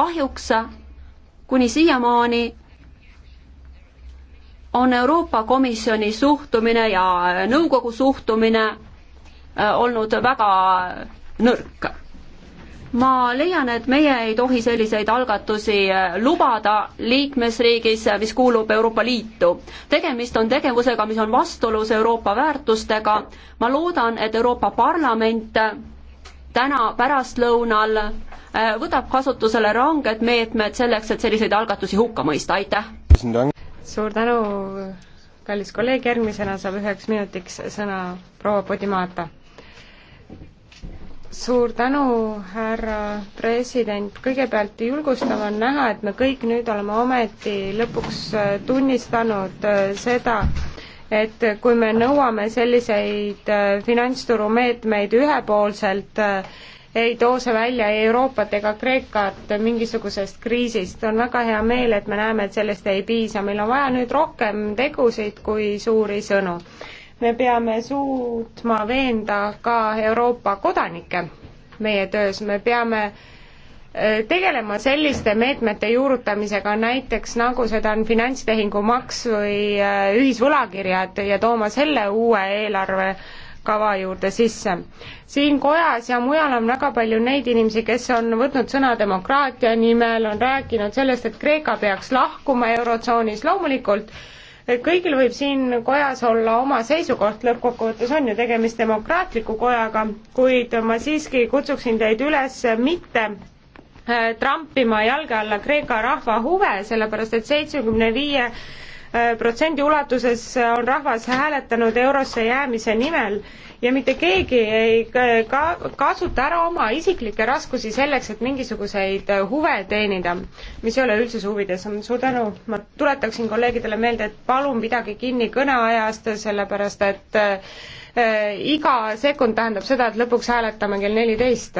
kahjuks kuni siiamaani on Euroopa Komisjoni suhtumine ja nõukogu suhtumine äh, olnud väga nõrk. ma leian, et meie ei tohi selliseid algatusi äh, lubada liikmesriigis, äh, mis kuulub Euroopa Liitu. tegemist on tegevusega, mis on vastuolus Euroopa väärtustega. ma loodan, et Euroopa Parlament täna pärastlõunal võtab kasutusele ranged meetmed selleks, et selliseid algatusi hukka mõista, aitäh! suur tänu, kallis kolleeg, järgmisena
saab üheks minutiks sõna proua Podimata. suur tänu, härra president, kõigepealt julgustav on näha, et me kõik nüüd oleme ometi lõpuks tunnistanud seda, et kui me nõuame selliseid finantsturumeetmeid ühepoolselt, ei too see välja ei Euroopat ega Kreekat mingisugusest kriisist. on väga hea meel, et me näeme, et sellest ei piisa, meil on vaja nüüd rohkem tegusid kui suuri sõnu. me peame suutma veenda ka Euroopa kodanikke meie töös, me peame äh, tegelema selliste meetmete juurutamisega, näiteks nagu seda on finantstehingumaks või äh, ühisvõlakirjad ja tooma selle uue eelarve äh, kava juurde sisse. siin kojas ja mujal on väga palju neid inimesi, kes on võtnud sõna demokraatia nimel, on rääkinud sellest, et Kreeka peaks lahkuma Eurotsoonist, loomulikult kõigil võib siin kojas olla oma seisukoht, lõppkokkuvõttes on ju tegemist demokraatliku kojaga, kuid ma siiski kutsuksin teid üles mitte äh, trampima jalge alla Kreeka rahva huve, sellepärast et seitsmekümne viie protsendi ulatuses on rahvas hääletanud eurosse jäämise nimel ja mitte keegi ei ka-, kasuta ära oma isiklikke raskusi selleks, et mingisuguseid huve teenida, mis ei ole üldsuse huvides. suur tänu, ma tuletaksin kolleegidele meelde, et palun pidage kinni kõneajast, sellepärast et äh, iga sekund tähendab seda, et lõpuks hääletame kell neliteist.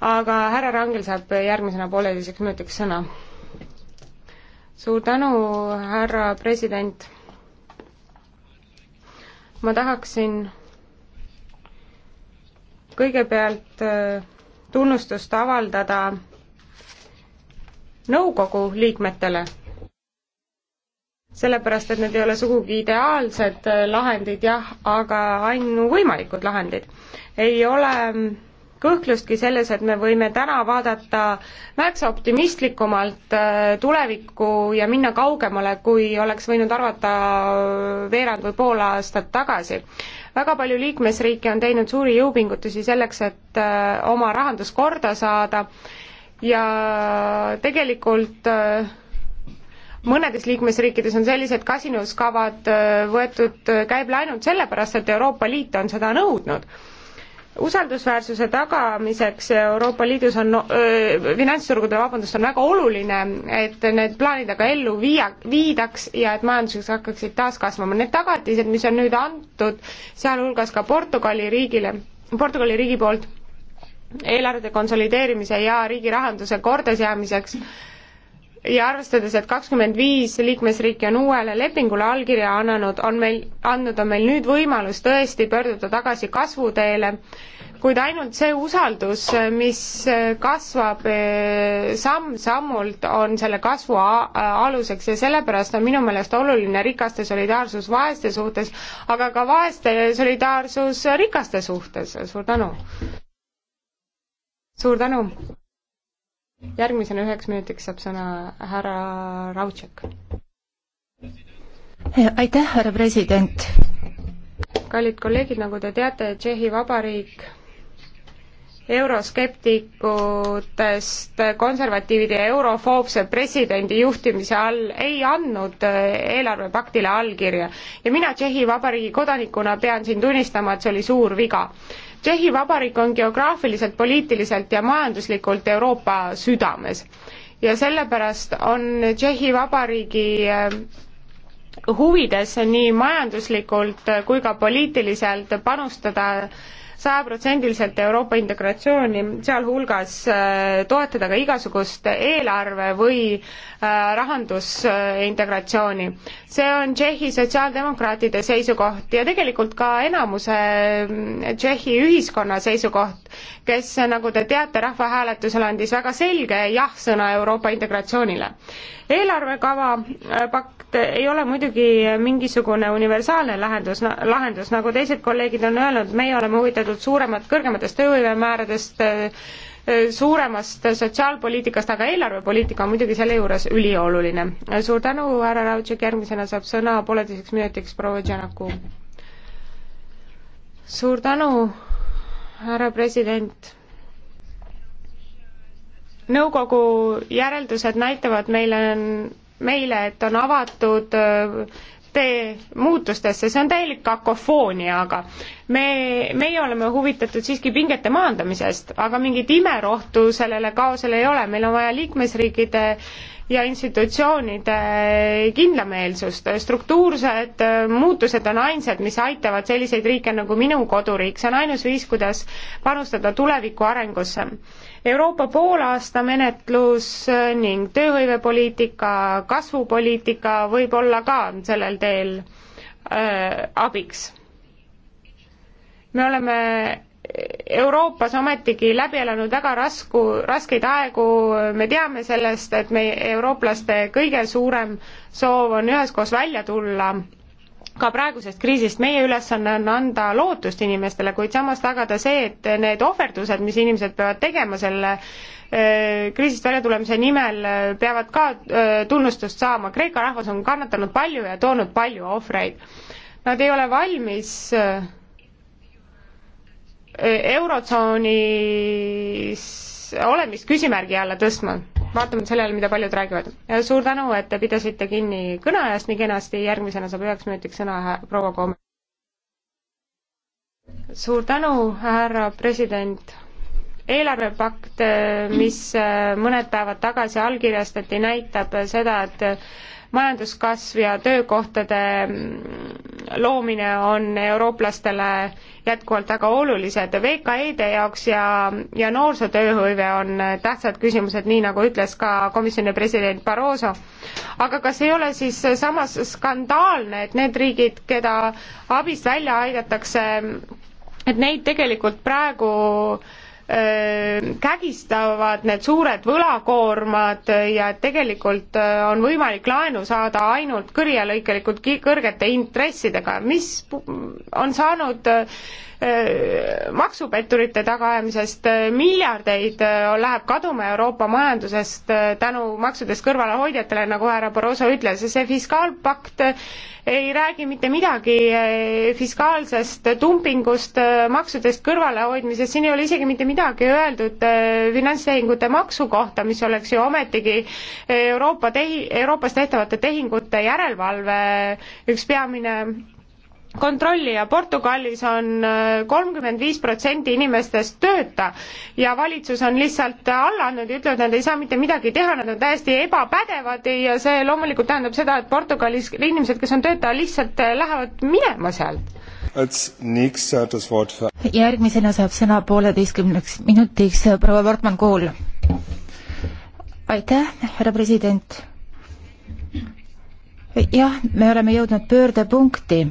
aga härra Rangel saab järgmisena pooleteiseks minutiks sõna suur tänu, härra president. ma tahaksin kõigepealt äh, tunnustust avaldada nõukogu liikmetele, sellepärast et need ei ole sugugi ideaalsed äh, lahendid jah, aga ainuvõimalikud lahendid. ei ole mm, kõhklustki selles, et me võime täna vaadata märksa optimistlikumalt äh, tulevikku ja minna kaugemale, kui oleks võinud arvata äh, veerand või pool aastat tagasi. väga palju liikmesriike on teinud suuri jõupingutusi selleks, et äh, oma rahandus korda saada ja tegelikult mõnedes liikmesriikides on sellised kasinuskavad võetud käibele ainult sellepärast, et Euroopa Liit on seda nõudnud usaldusväärsuse tagamiseks Euroopa Liidus on no,, finantsturgudel, vabandust, on väga oluline, et need plaanid aga ellu viia, viidaks ja et majanduseks hakkaksid taas kasvama. Need tagatised, mis on nüüd antud, sealhulgas ka Portugali riigile, Portugali riigi poolt, eelarvete konsolideerimise ja riigi rahanduse kordasjäämiseks, ja arvestades, et kakskümmend viis liikmesriiki on uuele lepingule allkirja annanud, on meil, andnud, on meil nüüd võimalus tõesti pöörduda tagasi kasvuteele, kuid ainult see usaldus, mis kasvab eh, samm-sammult, on selle kasvu aluseks ja sellepärast on minu meelest oluline rikaste solidaarsus vaeste suhtes, aga ka vaeste solidaarsus rikaste suhtes, suur tänu! suur tänu! järgmisena üheks minutiks saab sõna härra Raudšek.
aitäh, härra president!
kallid kolleegid, nagu te teate, Tšehhi Vabariik euroskeptikutest konservatiivide ja eurofoobse presidendi juhtimise all ei andnud eelarvepaktile allkirja. ja mina Tšehhi Vabariigi kodanikuna pean siin tunnistama, et see oli suur viga. Tšehhi Vabariik on geograafiliselt, poliitiliselt ja majanduslikult Euroopa südames ja sellepärast on Tšehhi Vabariigi eh, huvides nii majanduslikult kui ka poliitiliselt panustada sajaprotsendiliselt Euroopa integratsiooni, sealhulgas eh, toetada ka igasugust eelarve või äh, Äh, rahandusintegratsiooni. see on Tšehhi sotsiaaldemokraatide seisukoht ja tegelikult ka enamuse mm, Tšehhi ühiskonna seisukoht, kes, nagu te teate, rahvahääletusel andis väga selge jah-sõna Euroopa integratsioonile. eelarvekava äh, pakt ei ole muidugi mingisugune universaalne lahendus, lahendus, nagu teised kolleegid on öelnud, meie oleme huvitatud suuremat, kõrgematest tööhõivemääradest, äh, Eh, suuremast sotsiaalpoliitikast, aga eelarvepoliitika on muidugi selle juures ülioluline. suur tänu, härra Raudšek, järgmisena saab sõna pooleteiseks minutiks proua Janaku. suur tänu, härra president nõukogu järeldused näitavad meile, meile, et on avatud tee muutustesse, see on täielik kakofoonia, aga me, meie oleme huvitatud siiski pingete maandamisest, aga mingit imerohtu sellele kaosele ei ole, meil on vaja liikmesriikide ja institutsioonide kindlameelsust, struktuursed äh, muutused on ainsad, mis aitavad selliseid riike nagu minu koduriik, see on ainus viis, kuidas panustada tuleviku arengusse Euroopa poolaasta menetlus eh, ning tööhõivepoliitika, kasvupoliitika võib olla ka sellel teel äh, abiks. me oleme Euroopas ometigi läbi elanud väga rasku, raskeid aegu, me teame sellest, et meie eurooplaste kõige suurem soov on üheskoos välja tulla ka praegusest kriisist, meie ülesanne on anda lootust inimestele, kuid samas tagada see, et need ohverdused, mis inimesed peavad tegema selle äh, kriisist väljatulemise nimel, peavad ka äh, tunnustust saama. Kreeka rahvas on kannatanud palju ja toonud palju ohvreid. Nad ei ole valmis äh, eurotsoonis olemist küsimärgi alla tõstma vaatamata sellele, mida paljud räägivad. suur tänu, et te pidasite kinni kõneajast nii kenasti, järgmisena saab üheks minutiks sõna proua Koome. suur tänu, härra president. eelarvepakt, mis äh, mõned päevad tagasi allkirjastati, näitab seda, et majanduskasv ja töökohtade loomine on eurooplastele jätkuvalt väga olulised. VKE-de jaoks ja, ja noorsootööhõive on tähtsad küsimused, nii nagu ütles ka komisjoni president Barroso. aga kas ei ole siis samas skandaalne, et need riigid, keda abist välja aidatakse, et neid tegelikult praegu äh, Äh, kägistavad need suured võlakoormad ja et tegelikult äh, on võimalik laenu saada ainult kõrjelõikelikult kõrgete intressidega, mis on saanud äh, maksupetturite tagaajamisest, miljardeid läheb kaduma Euroopa majandusest tänu maksudest kõrvalehoidjatele, nagu härra Barroso ütles, see fiskaalpakt ei räägi mitte midagi eh, fiskaalsest dumpingust, eh, maksudest kõrvalehoidmisest, siin ei ole isegi mitte midagi öeldud eh, finantstehingute maksu kohta, mis oleks ju ometigi Euroopa tehi-, Euroopas tehtavate tehingute järelevalve üks peamine kontrolli ja Portugalis on äh, kolmkümmend viis protsenti inimestest tööta ja valitsus on lihtsalt alla andnud ja ütlevad, nad ei saa mitte midagi teha, nad on täiesti ebapädevad ja see loomulikult tähendab seda, et Portugalis inimesed, kes on tööta, lihtsalt äh, lähevad minema sealt.
järgmisena saab sõna pooleteistkümneks minutiks proua Wortmann Kool. aitäh, härra president. jah, me oleme jõudnud pöördepunkti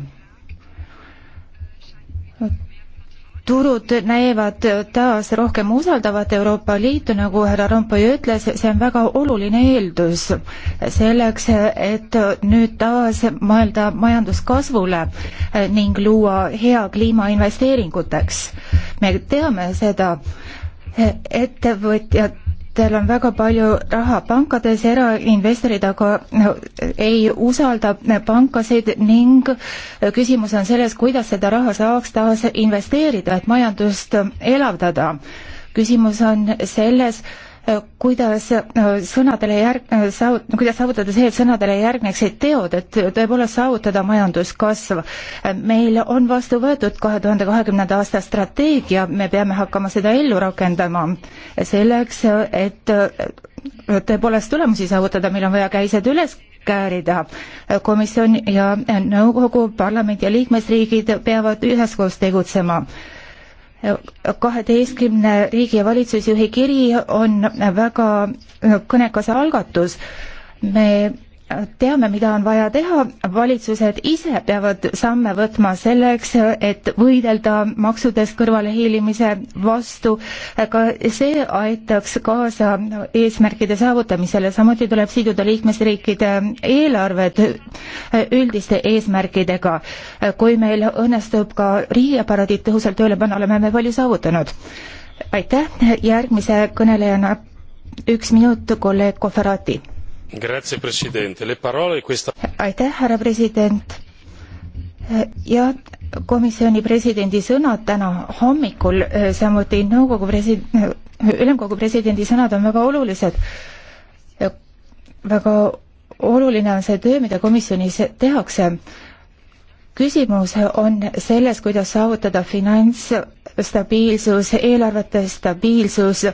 turud näivad taas rohkem usaldavat Euroopa Liitu, nagu härra Rompuy ütles, see on väga oluline eeldus selleks, et nüüd taas mõelda majanduskasvule ning luua hea kliima investeeringuteks. me teame seda, ettevõtjad Teil on väga palju raha pankades, erainvestorid aga ei usalda pankasid ning küsimus on selles, kuidas seda raha saaks taas investeerida, et majandust elavdada. küsimus on selles, Äh, kuidas äh, sõnadele järg-, äh, saavut-, kuidas saavutada see, et sõnadele järgneksid teod, et tõepoolest saavutada majanduskasv. meil on vastu võetud kahe tuhande kahekümnenda aasta strateegia, me peame hakkama seda ellu rakendama selleks, et tõepoolest tulemusi saavutada, meil on vaja käised üles käärida. komisjon ja nõukogu, parlamendi ja liikmesriigid peavad üheskoos tegutsema kaheteistkümne riigi ja valitsusjuhi kiri on väga kõnekas algatus. me teame, mida on vaja teha, valitsused ise peavad samme võtma selleks, et võidelda maksudest kõrvalehiilimise vastu, ka see aitaks kaasa eesmärkide saavutamisele, samuti tuleb siduda liikmesriikide eelarved üldiste eesmärkidega. kui meil õnnestub ka riigiaparaadid tõhusalt tööle panna, oleme me palju saavutanud. aitäh, järgmise kõnelejana üks minut, kolleeg Koferati aitäh, härra president. jah, komisjoni presidendi sõnad täna hommikul, äh, samuti nõukogu presi-, äh, ülemkogu presidendi sõnad on väga olulised. väga oluline on see töö, mida komisjonis tehakse. küsimus on selles, kuidas saavutada finantsstabiilsus, eelarvete stabiilsus,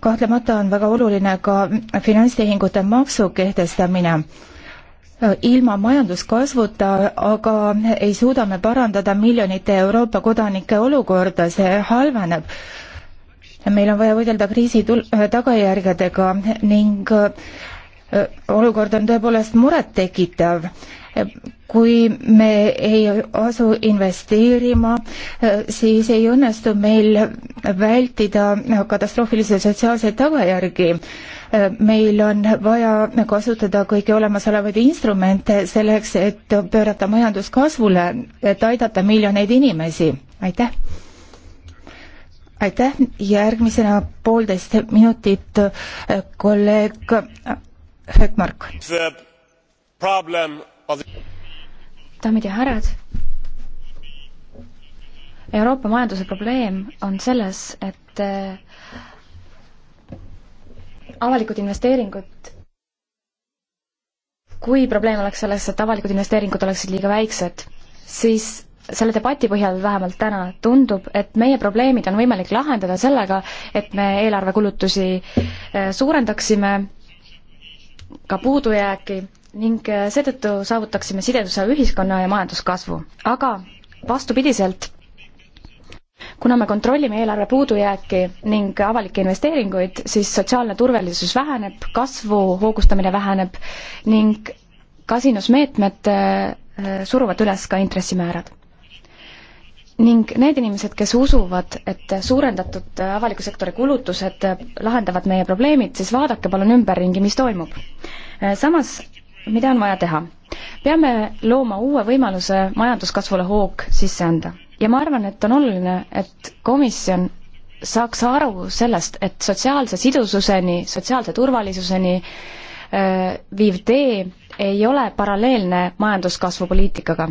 kahtlemata on väga oluline ka finantstehingute maksu kehtestamine ilma majanduskasvuta aga ei suuda me parandada miljonite Euroopa kodanike olukorda, see halveneb. meil on vaja võidelda kriisi äh, tagajärgedega ning äh, olukord on tõepoolest murettekitav kui me ei asu investeerima, siis ei õnnestu meil vältida katastroofilisi sotsiaalseid tagajärgi. meil on vaja kasutada kõiki olemasolevaid instrumente selleks, et pöörata majandus kasvule, et aidata miljoneid inimesi. aitäh! aitäh, järgmisena poolteist minutit kolleeg Hökmark.
The problem
daamid ja
härrad, Euroopa majanduse probleem on selles, et äh, avalikud investeeringud, kui probleem oleks selles, et avalikud investeeringud oleksid liiga väiksed, siis selle debati põhjal vähemalt täna tundub, et meie probleemid on võimalik lahendada sellega, et me eelarvekulutusi äh, suurendaksime, ka puudujääki ning äh, seetõttu saavutaksime sideduse ühiskonna ja majanduskasvu. aga vastupidiselt, kuna me kontrollime eelarve puudujääki ning avalikke investeeringuid, siis sotsiaalne turvalisus väheneb, kasvu hoogustamine väheneb ning kasinusmeetmed äh, suruvad üles ka intressimäärad. ning need inimesed, kes usuvad, et suurendatud avaliku sektori kulutused lahendavad meie probleemid, siis vaadake palun ümberringi, mis toimub. Äh, samas mida on vaja teha? peame looma uue võimaluse majanduskasvule hoog sisse anda ja ma arvan, et on oluline, et komisjon saaks aru sellest, et sotsiaalse sidususeni, sotsiaalse turvalisuseni äh, viiv tee ei ole paralleelne majanduskasvu poliitikaga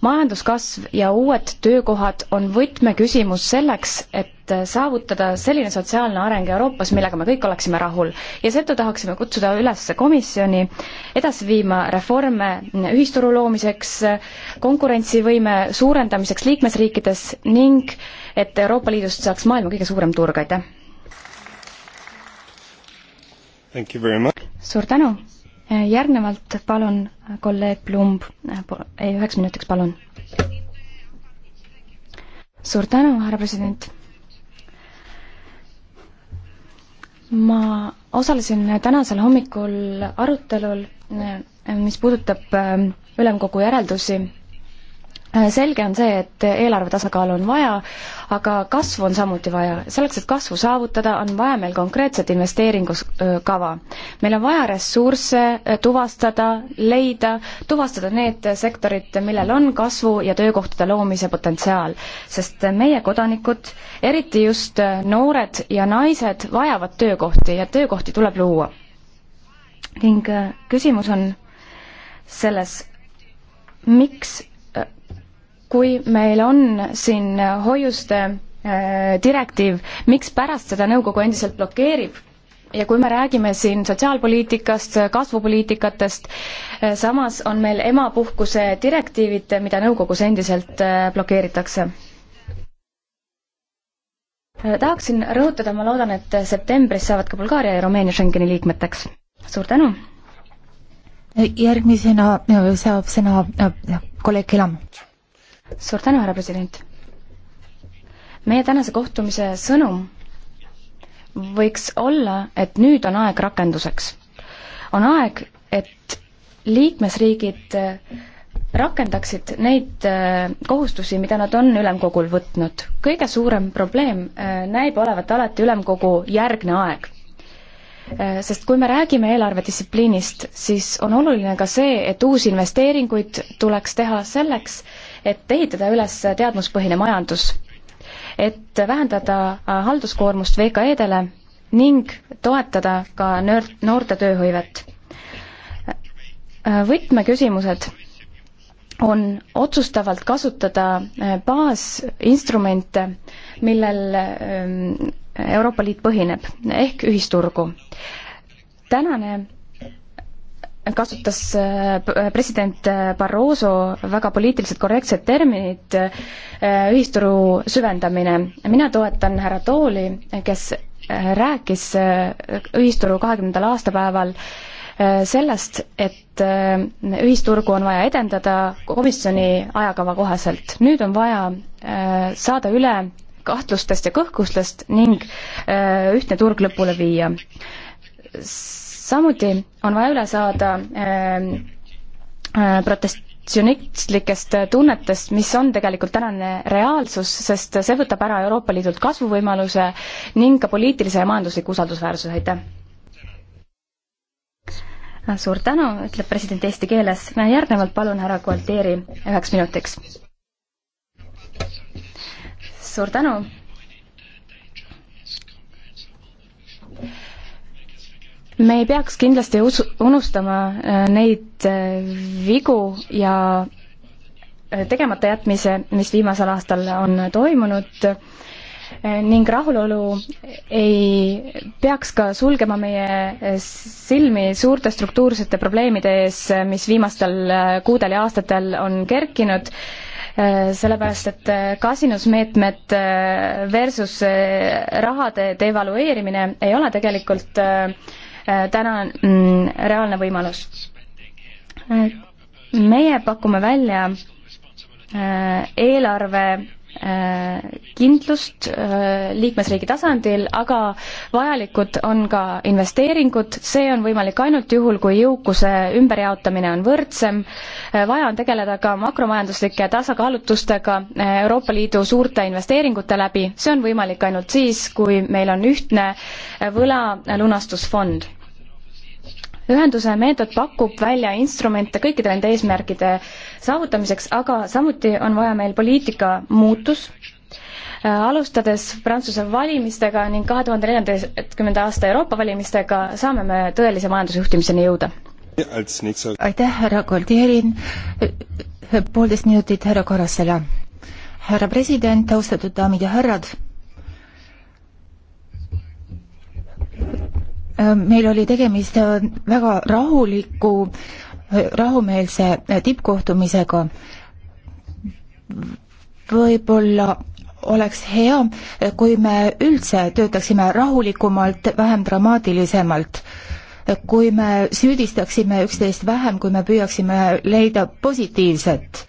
majanduskasv ja uued töökohad on võtmeküsimus selleks, et saavutada selline sotsiaalne areng Euroopas, millega me kõik oleksime rahul. ja seetõttu tahaksime kutsuda üles komisjoni edasi viima reforme ühisturu loomiseks, konkurentsivõime suurendamiseks liikmesriikides ning et Euroopa Liidust saaks maailma kõige suurem turg, aitäh! suur tänu! järgnevalt palun kolleeg Plumb, eh, üheks minutiks palun. suur tänu, härra president. ma osalesin tänasel hommikul arutelul, mis puudutab eh, ülemkogu järeldusi Äh, selge on see, et eelarve tasakaalu on vaja, aga kasvu on samuti vaja. selleks, et kasvu saavutada, on vaja meil konkreetset investeeringuskava. meil on vaja ressursse äh, tuvastada, leida, tuvastada need sektorid, millel on kasvu ja töökohtade loomise potentsiaal. sest meie kodanikud, eriti just äh, noored ja naised, vajavad töökohti ja töökohti tuleb luua. ning küsimus on selles, miks kui meil on siin hoiuste äh, direktiiv, mikspärast seda nõukogu endiselt blokeerib ja kui me räägime siin sotsiaalpoliitikast, kasvupoliitikatest, äh, samas on meil emapuhkuse direktiivid, mida nõukogus endiselt äh, blokeeritakse. tahaksin rõhutada, ma loodan, et septembris saavad ka Bulgaaria ja Rumeenia Schengeni liikmeteks. suur
tänu! järgmisena saab sõna kolleeg Elam suur tänu, härra president! meie tänase kohtumise
sõnum võiks olla, et nüüd on aeg rakenduseks. on aeg, et liikmesriigid äh, rakendaksid neid äh, kohustusi, mida nad on ülemkogul võtnud. kõige suurem probleem äh, näib olevat alati ülemkogu järgne aeg. sest kui me räägime eelarvedistsipliinist, siis on oluline ka see, et uusi investeeringuid tuleks teha selleks, et ehitada üles teadmuspõhine majandus, et vähendada äh, halduskoormust VKE-dele ning toetada ka nöör-, noorte tööhõivet. Äh, võtmeküsimused on otsustavalt kasutada äh, baasinstrumente, millel ähm, Euroopa Liit põhineb, ehk ühisturgu. tänane kasutas äh, president Barroso väga poliitiliselt korrektset terminit äh, ühisturu süvendamine. mina toetan härra Tooli, kes äh, rääkis ühisturu kahekümnendal aastapäeval sellest, et ühisturgu on vaja edendada komisjoni ajakava kohaselt. nüüd on vaja saada üle kahtlustest ja kõhklustest ning ühtne turg lõpule viia samuti on vaja üle saada ähm, äh, protektsionistlikest tunnetest, mis on tegelikult tänane reaalsus, sest see võtab ära Euroopa Liidult kasvuvõimaluse ning ka poliitilise ja majandusliku usaldusväärsuse, aitäh! suur tänu, ütleb president eesti keeles. järgnevalt palun härra Gualtieri üheks minutiks. suur tänu me ei peaks kindlasti usu, unustama äh, neid äh, vigu ja äh, tegemata jätmise, mis viimasel aastal on toimunud ning rahulolu ei peaks ka sulgema meie silmi suurte struktuursete probleemide ees, mis viimastel kuudel ja aastatel on kerkinud, sellepärast et kasinusmeetmed versus rahade devalueerimine ei ole tegelikult Äh, täna on mm, reaalne võimalus. Äh, meie pakume välja äh, eelarve kindlust liikmesriigi tasandil, aga vajalikud on ka investeeringud, see on võimalik ainult juhul, kui jõukuse ümberjaotamine on võrdsem, vaja on tegeleda ka makromajanduslike tasakaalutustega Euroopa Liidu suurte investeeringute läbi, see on võimalik ainult siis, kui meil on ühtne võlalunastusfond ühenduse meetod pakub välja instrumente kõikide nende eesmärkide saavutamiseks, aga samuti on vaja meil poliitika muutus, äh, alustades Prantsuse valimistega ning kahe tuhande neljateistkümnenda aasta Euroopa valimistega saame me tõelise
majandusjuhtimiseni jõuda. aitäh, härra Goldieri, äh, äh, poolteist minutit härra Karasele. härra president, austatud daamid ja härrad Äh, meil oli tegemist äh, väga rahuliku, äh, rahumeelse tippkohtumisega. võib-olla oleks hea, kui me üldse töötaksime rahulikumalt, vähem dramaatilisemalt. kui me süüdistaksime üksteist vähem, kui me püüaksime leida positiivset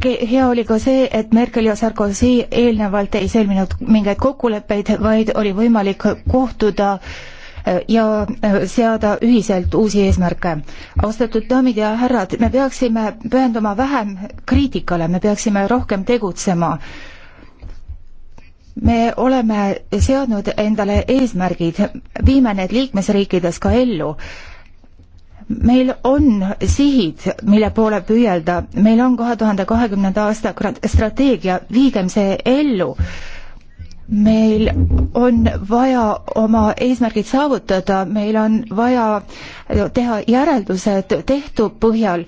hea oli ka see, et Merkel ja Sarkozy eelnevalt ei sõlminud mingeid kokkuleppeid, vaid oli võimalik kohtuda äh, ja äh, seada ühiselt uusi eesmärke. austatud daamid ja härrad, me peaksime pühenduma vähem kriitikale, me peaksime rohkem tegutsema. me oleme seadnud endale eesmärgid, viime need liikmesriikides ka ellu meil on sihid, mille poole püüelda, meil on kahe tuhande kahekümnenda aasta strateegia, viigem see ellu. meil on vaja oma eesmärgid saavutada, meil on vaja teha järeldused tehtu põhjal,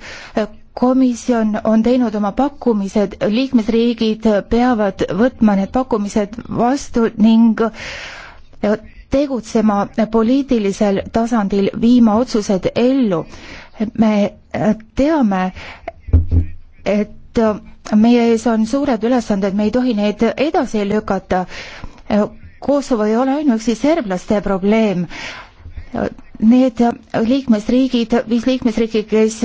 komisjon on teinud oma pakkumised, liikmesriigid peavad võtma need pakkumised vastu ning tegutsema poliitilisel tasandil, viima otsused ellu. me äh, teame, et äh, meie ees on suured ülesanded, me ei tohi neid edasi lükata. Äh, Kosovo ei ole ainuüksi serblaste probleem. Need liikmesriigid, viis liikmesriiki, kes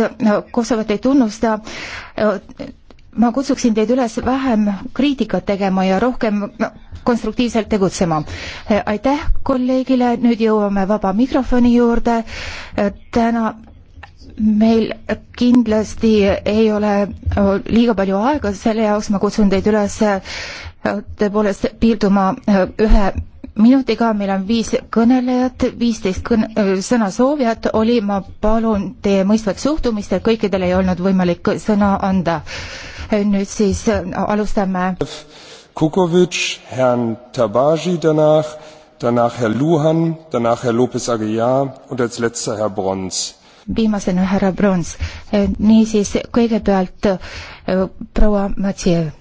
Kosovot ei tunnusta, ma kutsuksin teid üles vähem kriitikat tegema ja rohkem konstruktiivselt tegutsema. aitäh kolleegile, nüüd jõuame vaba mikrofoni juurde. täna meil kindlasti ei ole liiga palju aega, selle jaoks ma kutsun teid üles tõepoolest piirduma äh, ühe minutiga, meil on viis kõnelejat, viisteist kõne, äh, sõnasoovijat oli, ma palun teie mõistvaks suhtumist, et kõikidel ei olnud võimalik sõna anda. Äh, nüüd siis alustame.
Kukovic, Herrn Tabaji danach, danach Herr Luhan, danach Herr Lopez Aguilar und als letzter Herr Brons
viimasena härra Brons. niisiis, kõigepealt proua Matjev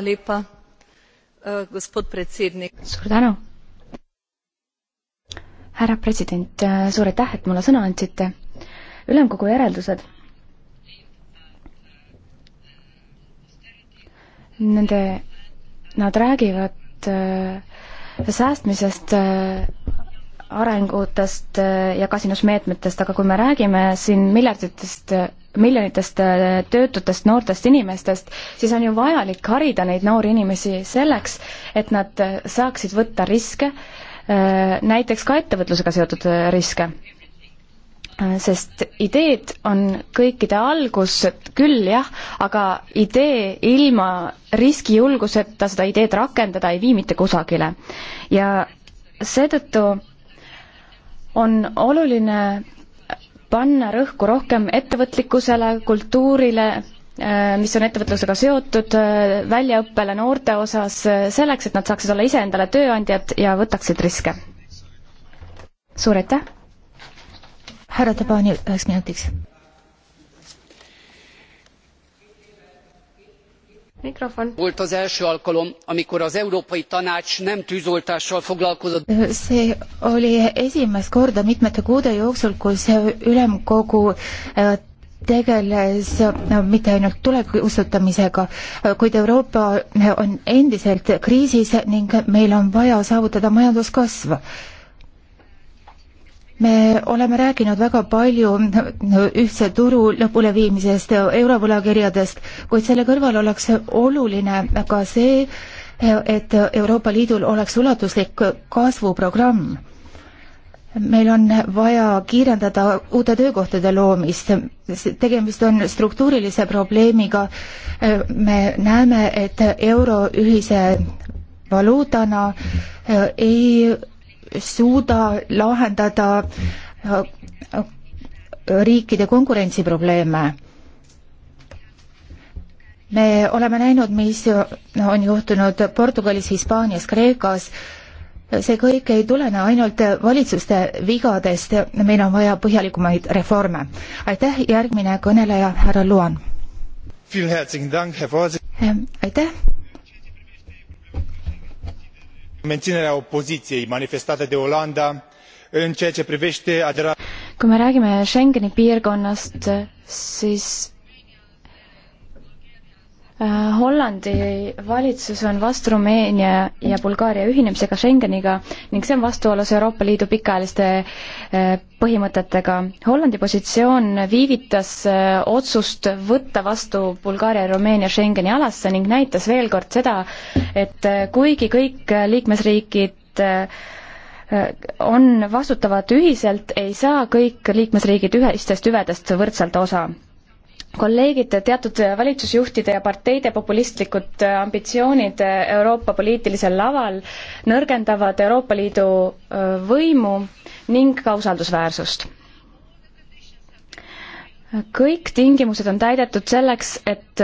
Lepa, e, gospod predsednik suur tänu
härra president e, suur aitäh et mulle sõna andsite ülemkogu järeldused nende nad räägivad e, säästmisest arengutest ja kasinusmeetmetest aga kui me räägime siin miljarditest miljonitest äh, töötutest noortest inimestest, siis on ju vajalik harida neid noori inimesi selleks, et nad äh, saaksid võtta riske, äh, näiteks ka ettevõtlusega seotud riske. sest ideed on kõikide algus küll jah, aga idee ilma riskijulguseta seda ideed rakendada ei vii mitte kusagile. ja seetõttu on oluline panna rõhku rohkem ettevõtlikkusele, kultuurile, äh, mis on ettevõtlusega seotud, äh, väljaõppele noorte osas, äh, selleks, et nad saaksid olla iseendale tööandjad ja võtaksid riske.
suur aitäh! härra Tabani üheks minutiks
Mikrofon.
Volt az első alkalom, amikor az Európai Tanács nem tűzoltással foglalkozott.
See oli esimest korda mitmete kuude jooksul, kus ülemkogu eh, tegeles mitte ainult tule kustutamisega, kuid Euroopa on endiselt kriisis ning meil on vaja saavutada majanduskasv me oleme rääkinud väga palju ühtse turu lõpuleviimisest, eurovõlakirjadest, kuid selle kõrval oleks oluline ka see, et Euroopa Liidul oleks ulatuslik kasvuprogramm. meil on vaja kiirendada uute töökohtade loomist, tegemist on struktuurilise probleemiga, me näeme, et euro ühise valuutana ei suuda lahendada äh, äh, riikide konkurentsiprobleeme. me oleme näinud, mis on juhtunud Portugalis, Hispaanias, Kreekas, see kõik ei tulene ainult valitsuste vigadest, meil on vaja põhjalikumaid reforme. aitäh, järgmine kõneleja, härra Luan.
Äh,
aitäh menținerea opoziției manifestată de Olanda în ceea ce privește aderarea
kui me räägime Schengeni piirkonnast, siis Äh, Hollandi valitsus on vastu Rumeenia ja Bulgaaria ühinemisega Schengeniga ning see on vastuolus Euroopa Liidu pikaajaliste äh, põhimõtetega. Hollandi positsioon viivitas äh, otsust võtta vastu Bulgaaria ja Rumeenia Schengeni alasse ning näitas veel kord seda, et kuigi kõik liikmesriigid on vastutavad ühiselt, ei saa kõik liikmesriigid ühistest hüvedest võrdselt osa kolleegid, teatud valitsusjuhtide ja parteide populistlikud ambitsioonid Euroopa poliitilisel laval nõrgendavad Euroopa Liidu võimu ning ka usaldusväärsust kõik tingimused on täidetud selleks, et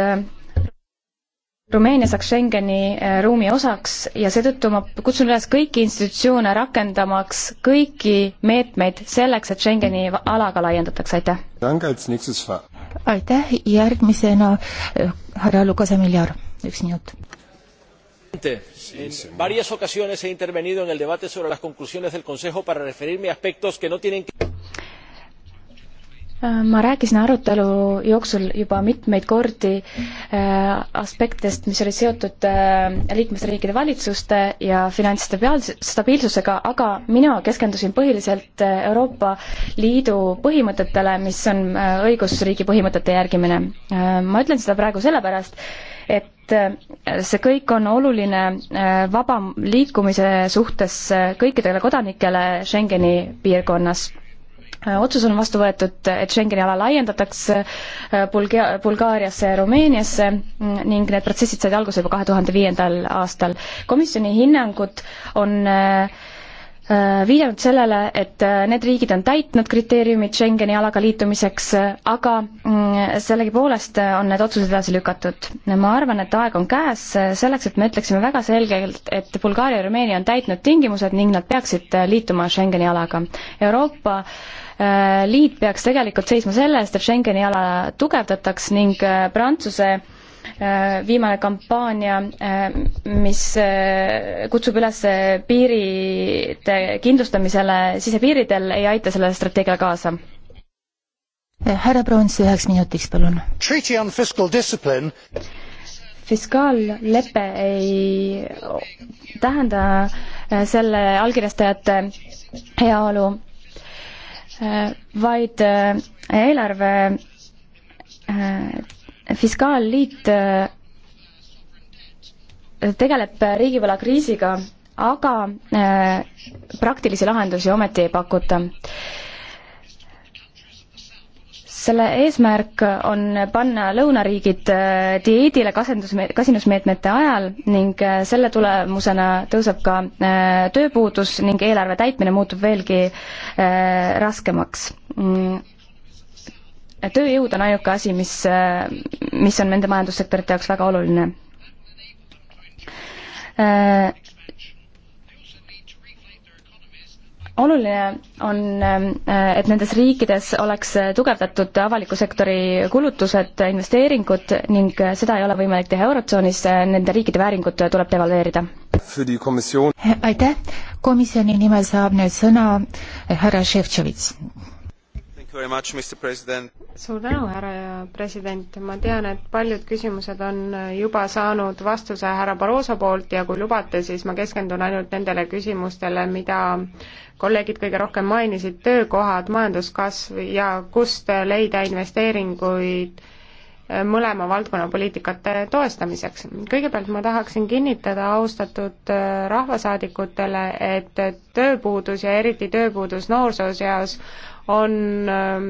Rumeenia saaks Schengeni äh, ruumi osaks ja seetõttu ma kutsun üles kõiki institutsioone rakendamaks kõiki meetmeid selleks, et Schengeni ala ka laiendatakse, aitäh!
aitäh, järgmisena äh, härra Lukas Emiljar, üks minut.
En varias ocasiones he intervenido en el debate sobre las conclusiones del Consejo para referirme a aspectos que no tienen que
ma rääkisin arutelu jooksul juba mitmeid kordi äh, aspektidest, mis olid seotud äh, liikmesriikide valitsuste ja finantsstabiilsusega, aga mina keskendusin põhiliselt äh, Euroopa Liidu põhimõtetele, mis on õigusriigi põhimõtete järgimine. ma ütlen seda praegu sellepärast, et see kõik on oluline vaba liikumise suhtes kõikidele kodanikele Schengeni piirkonnas Äh, otsus on vastu võetud, et Schengeni ala laiendatakse äh, Bulga-, Bulgaariasse ja Rumeeniasse mm, ning need protsessid said alguse juba kahe tuhande viiendal aastal. komisjoni hinnangud on äh, viidanud sellele, et need riigid on täitnud kriteeriumid Schengeni alaga liitumiseks, aga mm, sellegipoolest on need otsused edasi lükatud. ma arvan, et aeg on käes selleks, et me ütleksime väga selgelt, et Bulgaaria ja Rumeenia on täitnud tingimused ning nad peaksid liituma Schengeni alaga. Euroopa äh, Äh, liit peaks tegelikult seisma selle eest, et Schengeni ala tugevdataks ning äh, Prantsuse äh, viimane kampaania, mis kutsub üles piiride kindlustamisele sisepiiridel, ei aita sellele strateegiale kaasa
härra Prons, üheks minutiks, palun.
fiskaallepe ei tähenda selle allkirjastajate heaolu Äh, vaid äh, eelarve äh, fiskaalliit tegeleb riigivõlakriisiga, aga praktilisi lahendusi ometi ei pakuta selle eesmärk on panna lõunariigid äh, dieedile kasendus, kasinusmeetmete ajal ning äh, selle tulemusena tõuseb ka äh, tööpuudus ning eelarve täitmine muutub veelgi raskemaks. Mm, tööjõud on ainuke asi, mis, mis on nende majandussektorite jaoks väga oluline oluline on, äh, et nendes riikides oleks tugevdatud avaliku sektori kulutused, investeeringud ning seda ei ole võimalik teha Eurotsoonis,
nende riikide vääringut tuleb devalveerida. aitäh, komisjoni nimel saab nüüd sõna härra Šefčovitš
suur tänu, härra president, ma tean, et paljud küsimused on juba saanud vastuse härra Barroso poolt ja kui lubate, siis ma keskendun ainult nendele küsimustele, mida kolleegid kõige rohkem mainisid, töökohad, majanduskasv ja kust leida investeeringuid mõlema valdkonna poliitikate toestamiseks. kõigepealt ma tahaksin kinnitada austatud rahvasaadikutele, et tööpuudus ja eriti tööpuudus noorsooseas on ähm,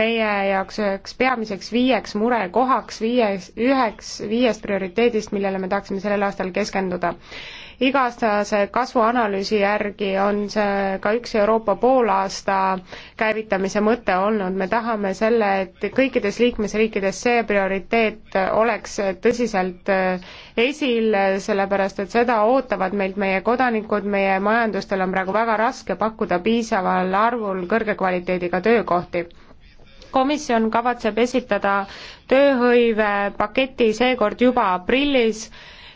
meie jaoks üheks peamiseks viieks murekohaks, viies, üheks viiest prioriteedist, millele me tahaksime sellel aastal keskenduda iga-aastase kasvuanalüüsi järgi on see ka üks Euroopa poolaasta käivitamise mõte olnud, me tahame selle, et kõikides liikmesriikides see prioriteet oleks tõsiselt äh, esil, sellepärast et seda ootavad meilt meie kodanikud, meie majandustel on praegu väga raske pakkuda piisaval arvul kõrge kvaliteediga töökohti komisjon kavatseb esitada tööhõivepaketi seekord juba aprillis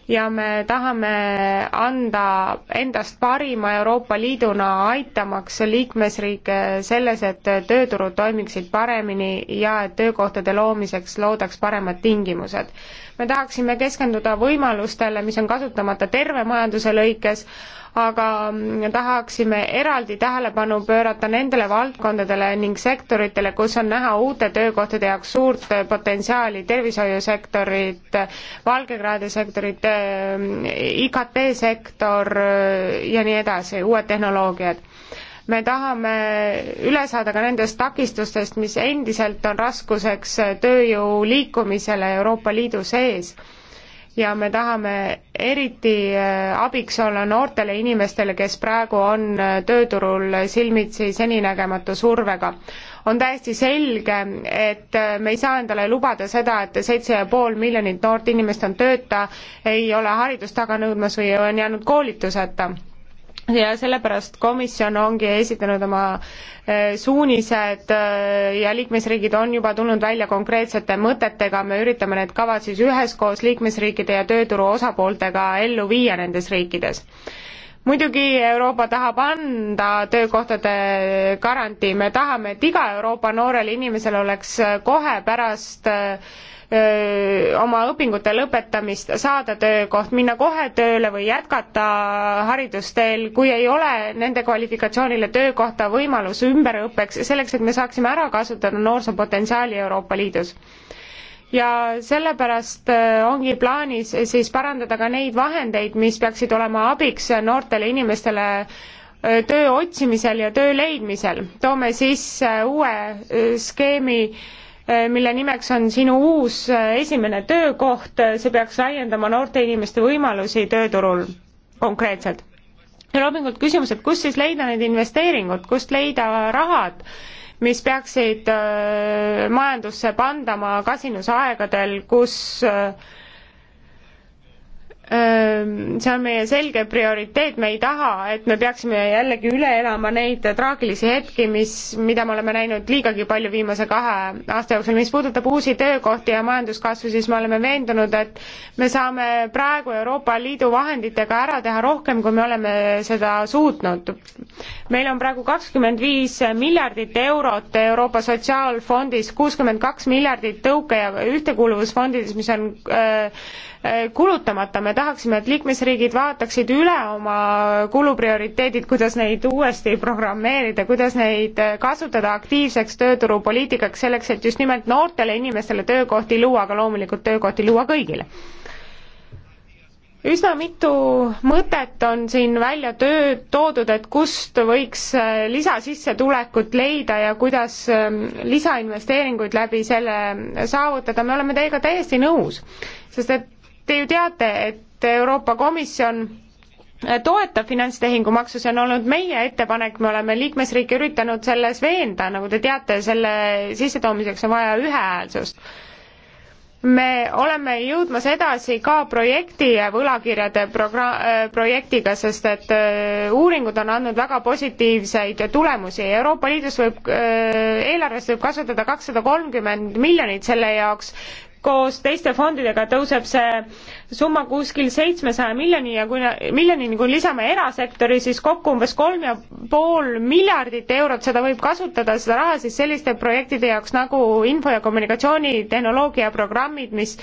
ja me tahame anda endast parima Euroopa Liiduna, aitamaks liikmesriike selles, et tööturud toimiksid paremini ja et töökohtade loomiseks loodaks paremad tingimused. me tahaksime keskenduda võimalustele, mis on kasutamata terve majanduse lõikes, aga tahaksime eraldi tähelepanu pöörata nendele valdkondadele ning sektoritele, kus on näha uute töökohtade jaoks suurt potentsiaali, tervishoiusektorit, valgekraede sektorit, Ähm, IKT-sektor äh, ja nii edasi, uued tehnoloogiad. me tahame üle saada ka nendest takistustest, mis endiselt on raskuseks tööjõu liikumisele Euroopa Liidu sees ja me tahame eriti äh, abiks olla noortele inimestele, kes praegu on äh, tööturul silmitsi seninägematu survega. on täiesti selge, et äh, me ei saa endale lubada seda, et seitse ja pool miljonit noort inimest on tööta, ei ole haridust taga nõudmas või on jäänud koolituseta ja sellepärast komisjon ongi esitanud oma e, suunised e, ja liikmesriigid on juba tulnud välja konkreetsete mõtetega, me üritame need kavad siis üheskoos liikmesriikide ja tööturu osapooltega ellu viia nendes riikides muidugi Euroopa tahab anda töökohtade garantii, me tahame, et iga Euroopa noorel inimesel oleks kohe pärast äh, öö, oma õpingute lõpetamist, saada töökoht, minna kohe tööle või jätkata haridusteel, kui ei ole nende kvalifikatsioonile töökohta võimalus ümberõppeks, selleks et me saaksime ära kasutada noorsoopotentsiaali Euroopa Liidus ja sellepärast ongi plaanis siis parandada ka neid vahendeid, mis peaksid olema abiks noortele inimestele töö otsimisel ja töö leidmisel. toome sisse uue skeemi Eh, mille nimeks on sinu uus eh, esimene töökoht, eh, see peaks laiendama noorte inimeste võimalusi tööturul konkreetselt. ja loomulikult küsimus, et kust siis leida need investeeringud, kust leida rahad, mis peaksid majandusse pandama kasinusaegadel, kus öö, see on meie selge prioriteet, me ei taha, et me peaksime jällegi üle elama neid traagilisi hetki, mis, mida me oleme näinud liigagi palju viimase kahe aasta jooksul. mis puudutab uusi töökohti ja majanduskasvu, siis me oleme veendunud, et me saame praegu Euroopa Liidu vahenditega ära teha rohkem, kui me oleme seda suutnud. meil on praegu kakskümmend viis miljardit eurot Euroopa Sotsiaalfondis, kuuskümmend kaks miljardit tõuke- ja ühtekuuluvusfondides, mis on öö, äh, Äh, kulutamata, me tahaksime, et liikmesriigid vaataksid üle oma kuluprioriteedid, kuidas neid uuesti programmeerida, kuidas neid äh, kasutada aktiivseks tööturupoliitikaks, selleks et just nimelt noortele inimestele töökohti luua, aga loomulikult töökohti luua kõigile üsna mitu mõtet on siin välja töö toodud, et kust võiks äh, lisasissetulekut leida ja kuidas ähm, lisainvesteeringuid läbi selle saavutada, me oleme teiega täiesti nõus, sest et Te ju teate, et Euroopa Komisjon toetab finantstehingumaksu, see on olnud meie ettepanek, me oleme liikmesriike üritanud selles veenda, nagu te teate, selle sissetoomiseks on vaja ühehäälsust. me oleme jõudmas edasi ka projekti ja võlakirjade progra-, äh, projektiga, sest et äh, uuringud on andnud väga positiivseid tulemusi. Euroopa Liidus võib, äh, eelarvest võib kasutada kakssada kolmkümmend miljonit selle jaoks, koos teiste fondidega tõuseb see summa kuskil seitsmesaja miljoni ja kui, miljonini, kui lisame erasektori, siis kokku umbes kolm ja pool miljardit eurot, seda võib kasutada, seda raha siis selliste projektide jaoks nagu info- ja kommunikatsioonitehnoloogia programmid, mis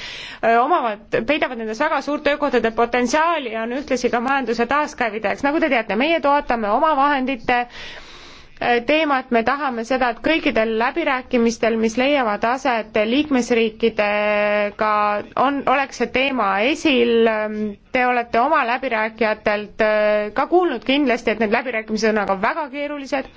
omavad, peidavad nendes väga suurt töökohtade potentsiaali ja on ühtlasi ka majanduse taaskäivitajaks. nagu te teate, meie toetame oma vahendite Äh, teemat, me tahame seda, et kõikidel läbirääkimistel, mis leiavad aset liikmesriikidega, on, oleks see teema esil, ähm, te olete oma läbirääkijatelt äh, ka kuulnud kindlasti, et need läbirääkimised on aga väga keerulised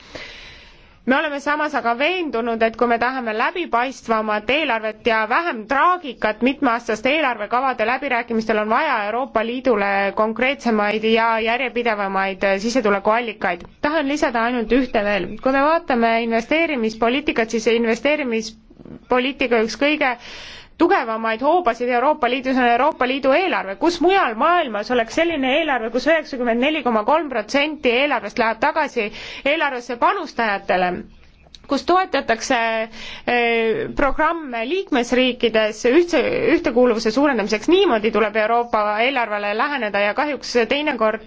me oleme samas aga veendunud, et kui me tahame läbipaistvamat eelarvet ja vähem traagikat mitmeaastaste eelarvekavade läbirääkimistel, on vaja Euroopa Liidule konkreetsemaid ja järjepidevamaid sissetulekuallikaid. tahan lisada ainult ühte veel. kui me vaatame investeerimispoliitikat, siis investeerimispoliitika üks kõige tugevamaid hoobasid Euroopa Liidus on Euroopa Liidu eelarve, kus mujal maailmas oleks selline eelarve kus, kus üheksakümmend neli koma kolm protsenti eelarvest läheb tagasi eelarvesse panustajatele kus toetatakse eh, programme liikmesriikides ühtse, ühtekuuluvuse suurendamiseks, niimoodi tuleb Euroopa eelarvele läheneda ja kahjuks teinekord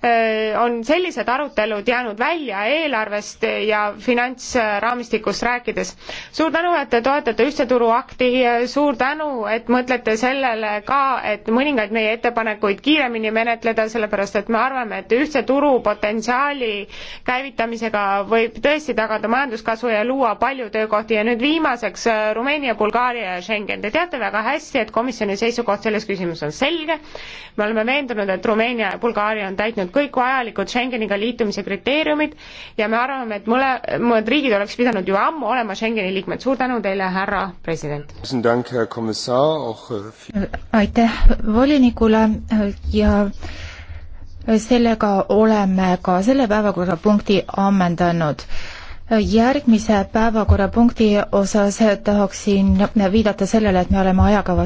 Äh, on sellised arutelud jäänud välja eelarvest ja finantsraamistikust rääkides. suur tänu, et te toetate ühtse turu akti, suur tänu, et mõtlete sellele ka, et mõningaid meie ettepanekuid kiiremini menetleda, sellepärast et me arvame, et ühtse turu potentsiaali käivitamisega võib tõesti tagada majanduskasvu ja luua palju töökohti ja nüüd viimaseks äh, Rumeenia, Bulgaaria ja Schengen. Te teate väga hästi, et komisjoni seisukoht selles küsimuses on selge, me oleme veendunud, et Rumeenia ja Bulgaaria on täitnud täitnud kõik vajalikud Schengeniga liitumise kriteeriumid ja me arvame, et mõlemad riigid oleks pidanud ju ammu olema Schengeni liikmed. suur tänu teile, härra
president!
aitäh volinikule ja sellega oleme ka selle päevakorrapunkti ammendanud järgmise päevakorrapunkti osas tahaksin viidata sellele, et me oleme ajakava